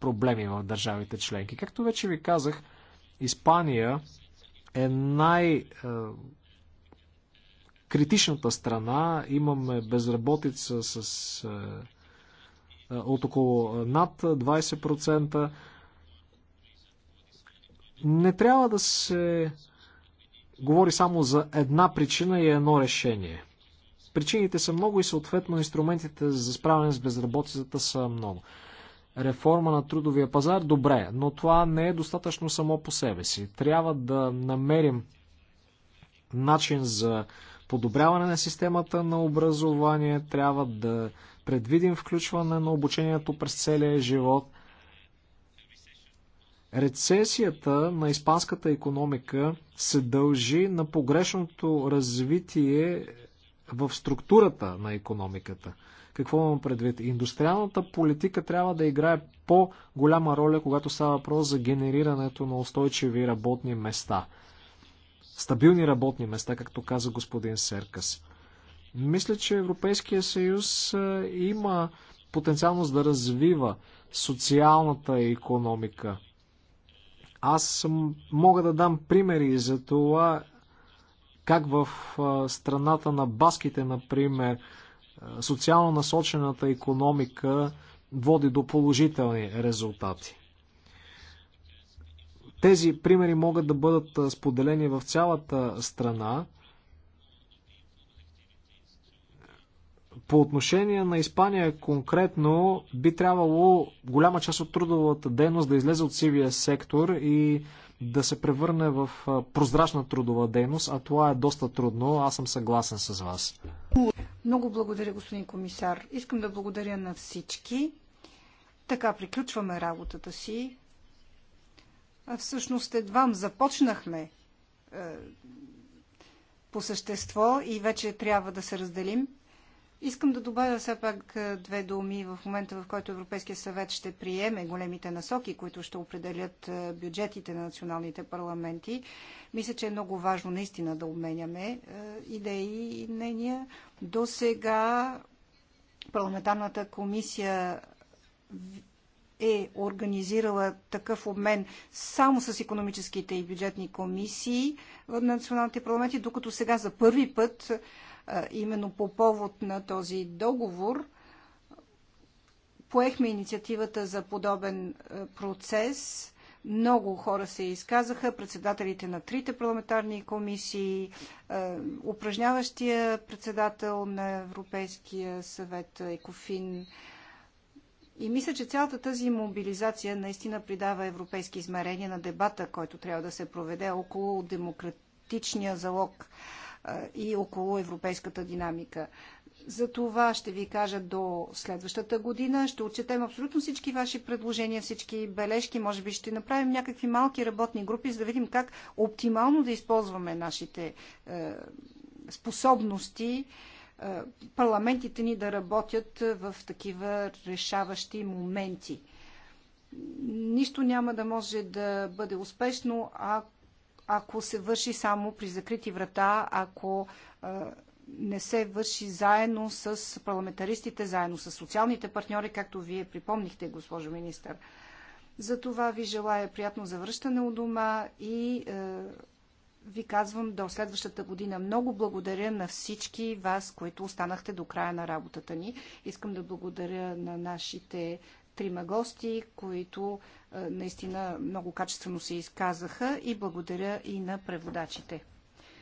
проблеми в държавите членки. Както вече ви казах, Испания е най- е, критичната страна. Имаме безработица с, е, е, от около над 20%. Не трябва да се говори само за една причина и едно решение. Причините са много и съответно инструментите за справяне с безработицата са много реформа на трудовия пазар, добре, но това не е достатъчно само по себе си. Трябва да намерим начин за подобряване на системата на образование, трябва да предвидим включване на обучението през целия живот. Рецесията на испанската економика се дължи на погрешното развитие в структурата на економиката. Какво имам предвид? Индустриалната политика трябва да играе по-голяма роля, когато става въпрос за генерирането на устойчиви работни места. Стабилни работни места, както каза господин Серкас. Мисля, че Европейския съюз има потенциалност да развива социалната економика. Аз мога да дам примери за това, как в страната на баските, например, е, социално насочената економика води до положителни резултати. Тези примери могат да бъдат е, споделени в цялата страна. По отношение на Испания конкретно, би трябвало голяма част от трудовата дейност да излезе от сивия сектор и да се превърне в прозрачна трудова дейност, а това е доста трудно. Аз съм съгласен с вас. Много благодаря, господин комисар. Искам да благодаря на всички. Така приключваме работата си. А всъщност едва започнахме е, по същество и вече трябва да се разделим. Искам да добавя все пак две думи в момента, в който Европейския съвет ще приеме големите насоки, които ще определят бюджетите на националните парламенти. Мисля, че е много важно наистина да обменяме идеи и мнения. До сега парламентарната комисия е организирала такъв обмен само с економическите и бюджетни комисии в националните парламенти, докато сега за първи път именно по повод на този договор поехме инициативата за подобен е, процес. Много хора се изказаха, председателите на трите парламентарни комисии, е, упражняващия председател на Европейския съвет Екофин. И мисля, че цялата тази мобилизация наистина придава европейски измерения на дебата, който трябва да се проведе около демократичния залог и около европейската динамика. За това ще ви кажа до следващата година. Ще отчетем абсолютно всички ваши предложения, всички бележки. Може би ще направим някакви малки работни групи, за да видим как оптимално да използваме нашите е, способности е, парламентите ни да работят в такива решаващи моменти. Нищо няма да може да бъде успешно, ако ако се върши само при закрити врата, ако не се върши заедно с парламентаристите, заедно с социалните партньори, както вие припомнихте, госпожо министър. За това ви желая приятно завръщане у дома и е, ви казвам до следващата година. Много благодаря на всички вас, които останахте до края на работата ни. Искам да благодаря на нашите трима гости, които е, наистина много качествено се изказаха и благодаря и на преводачите.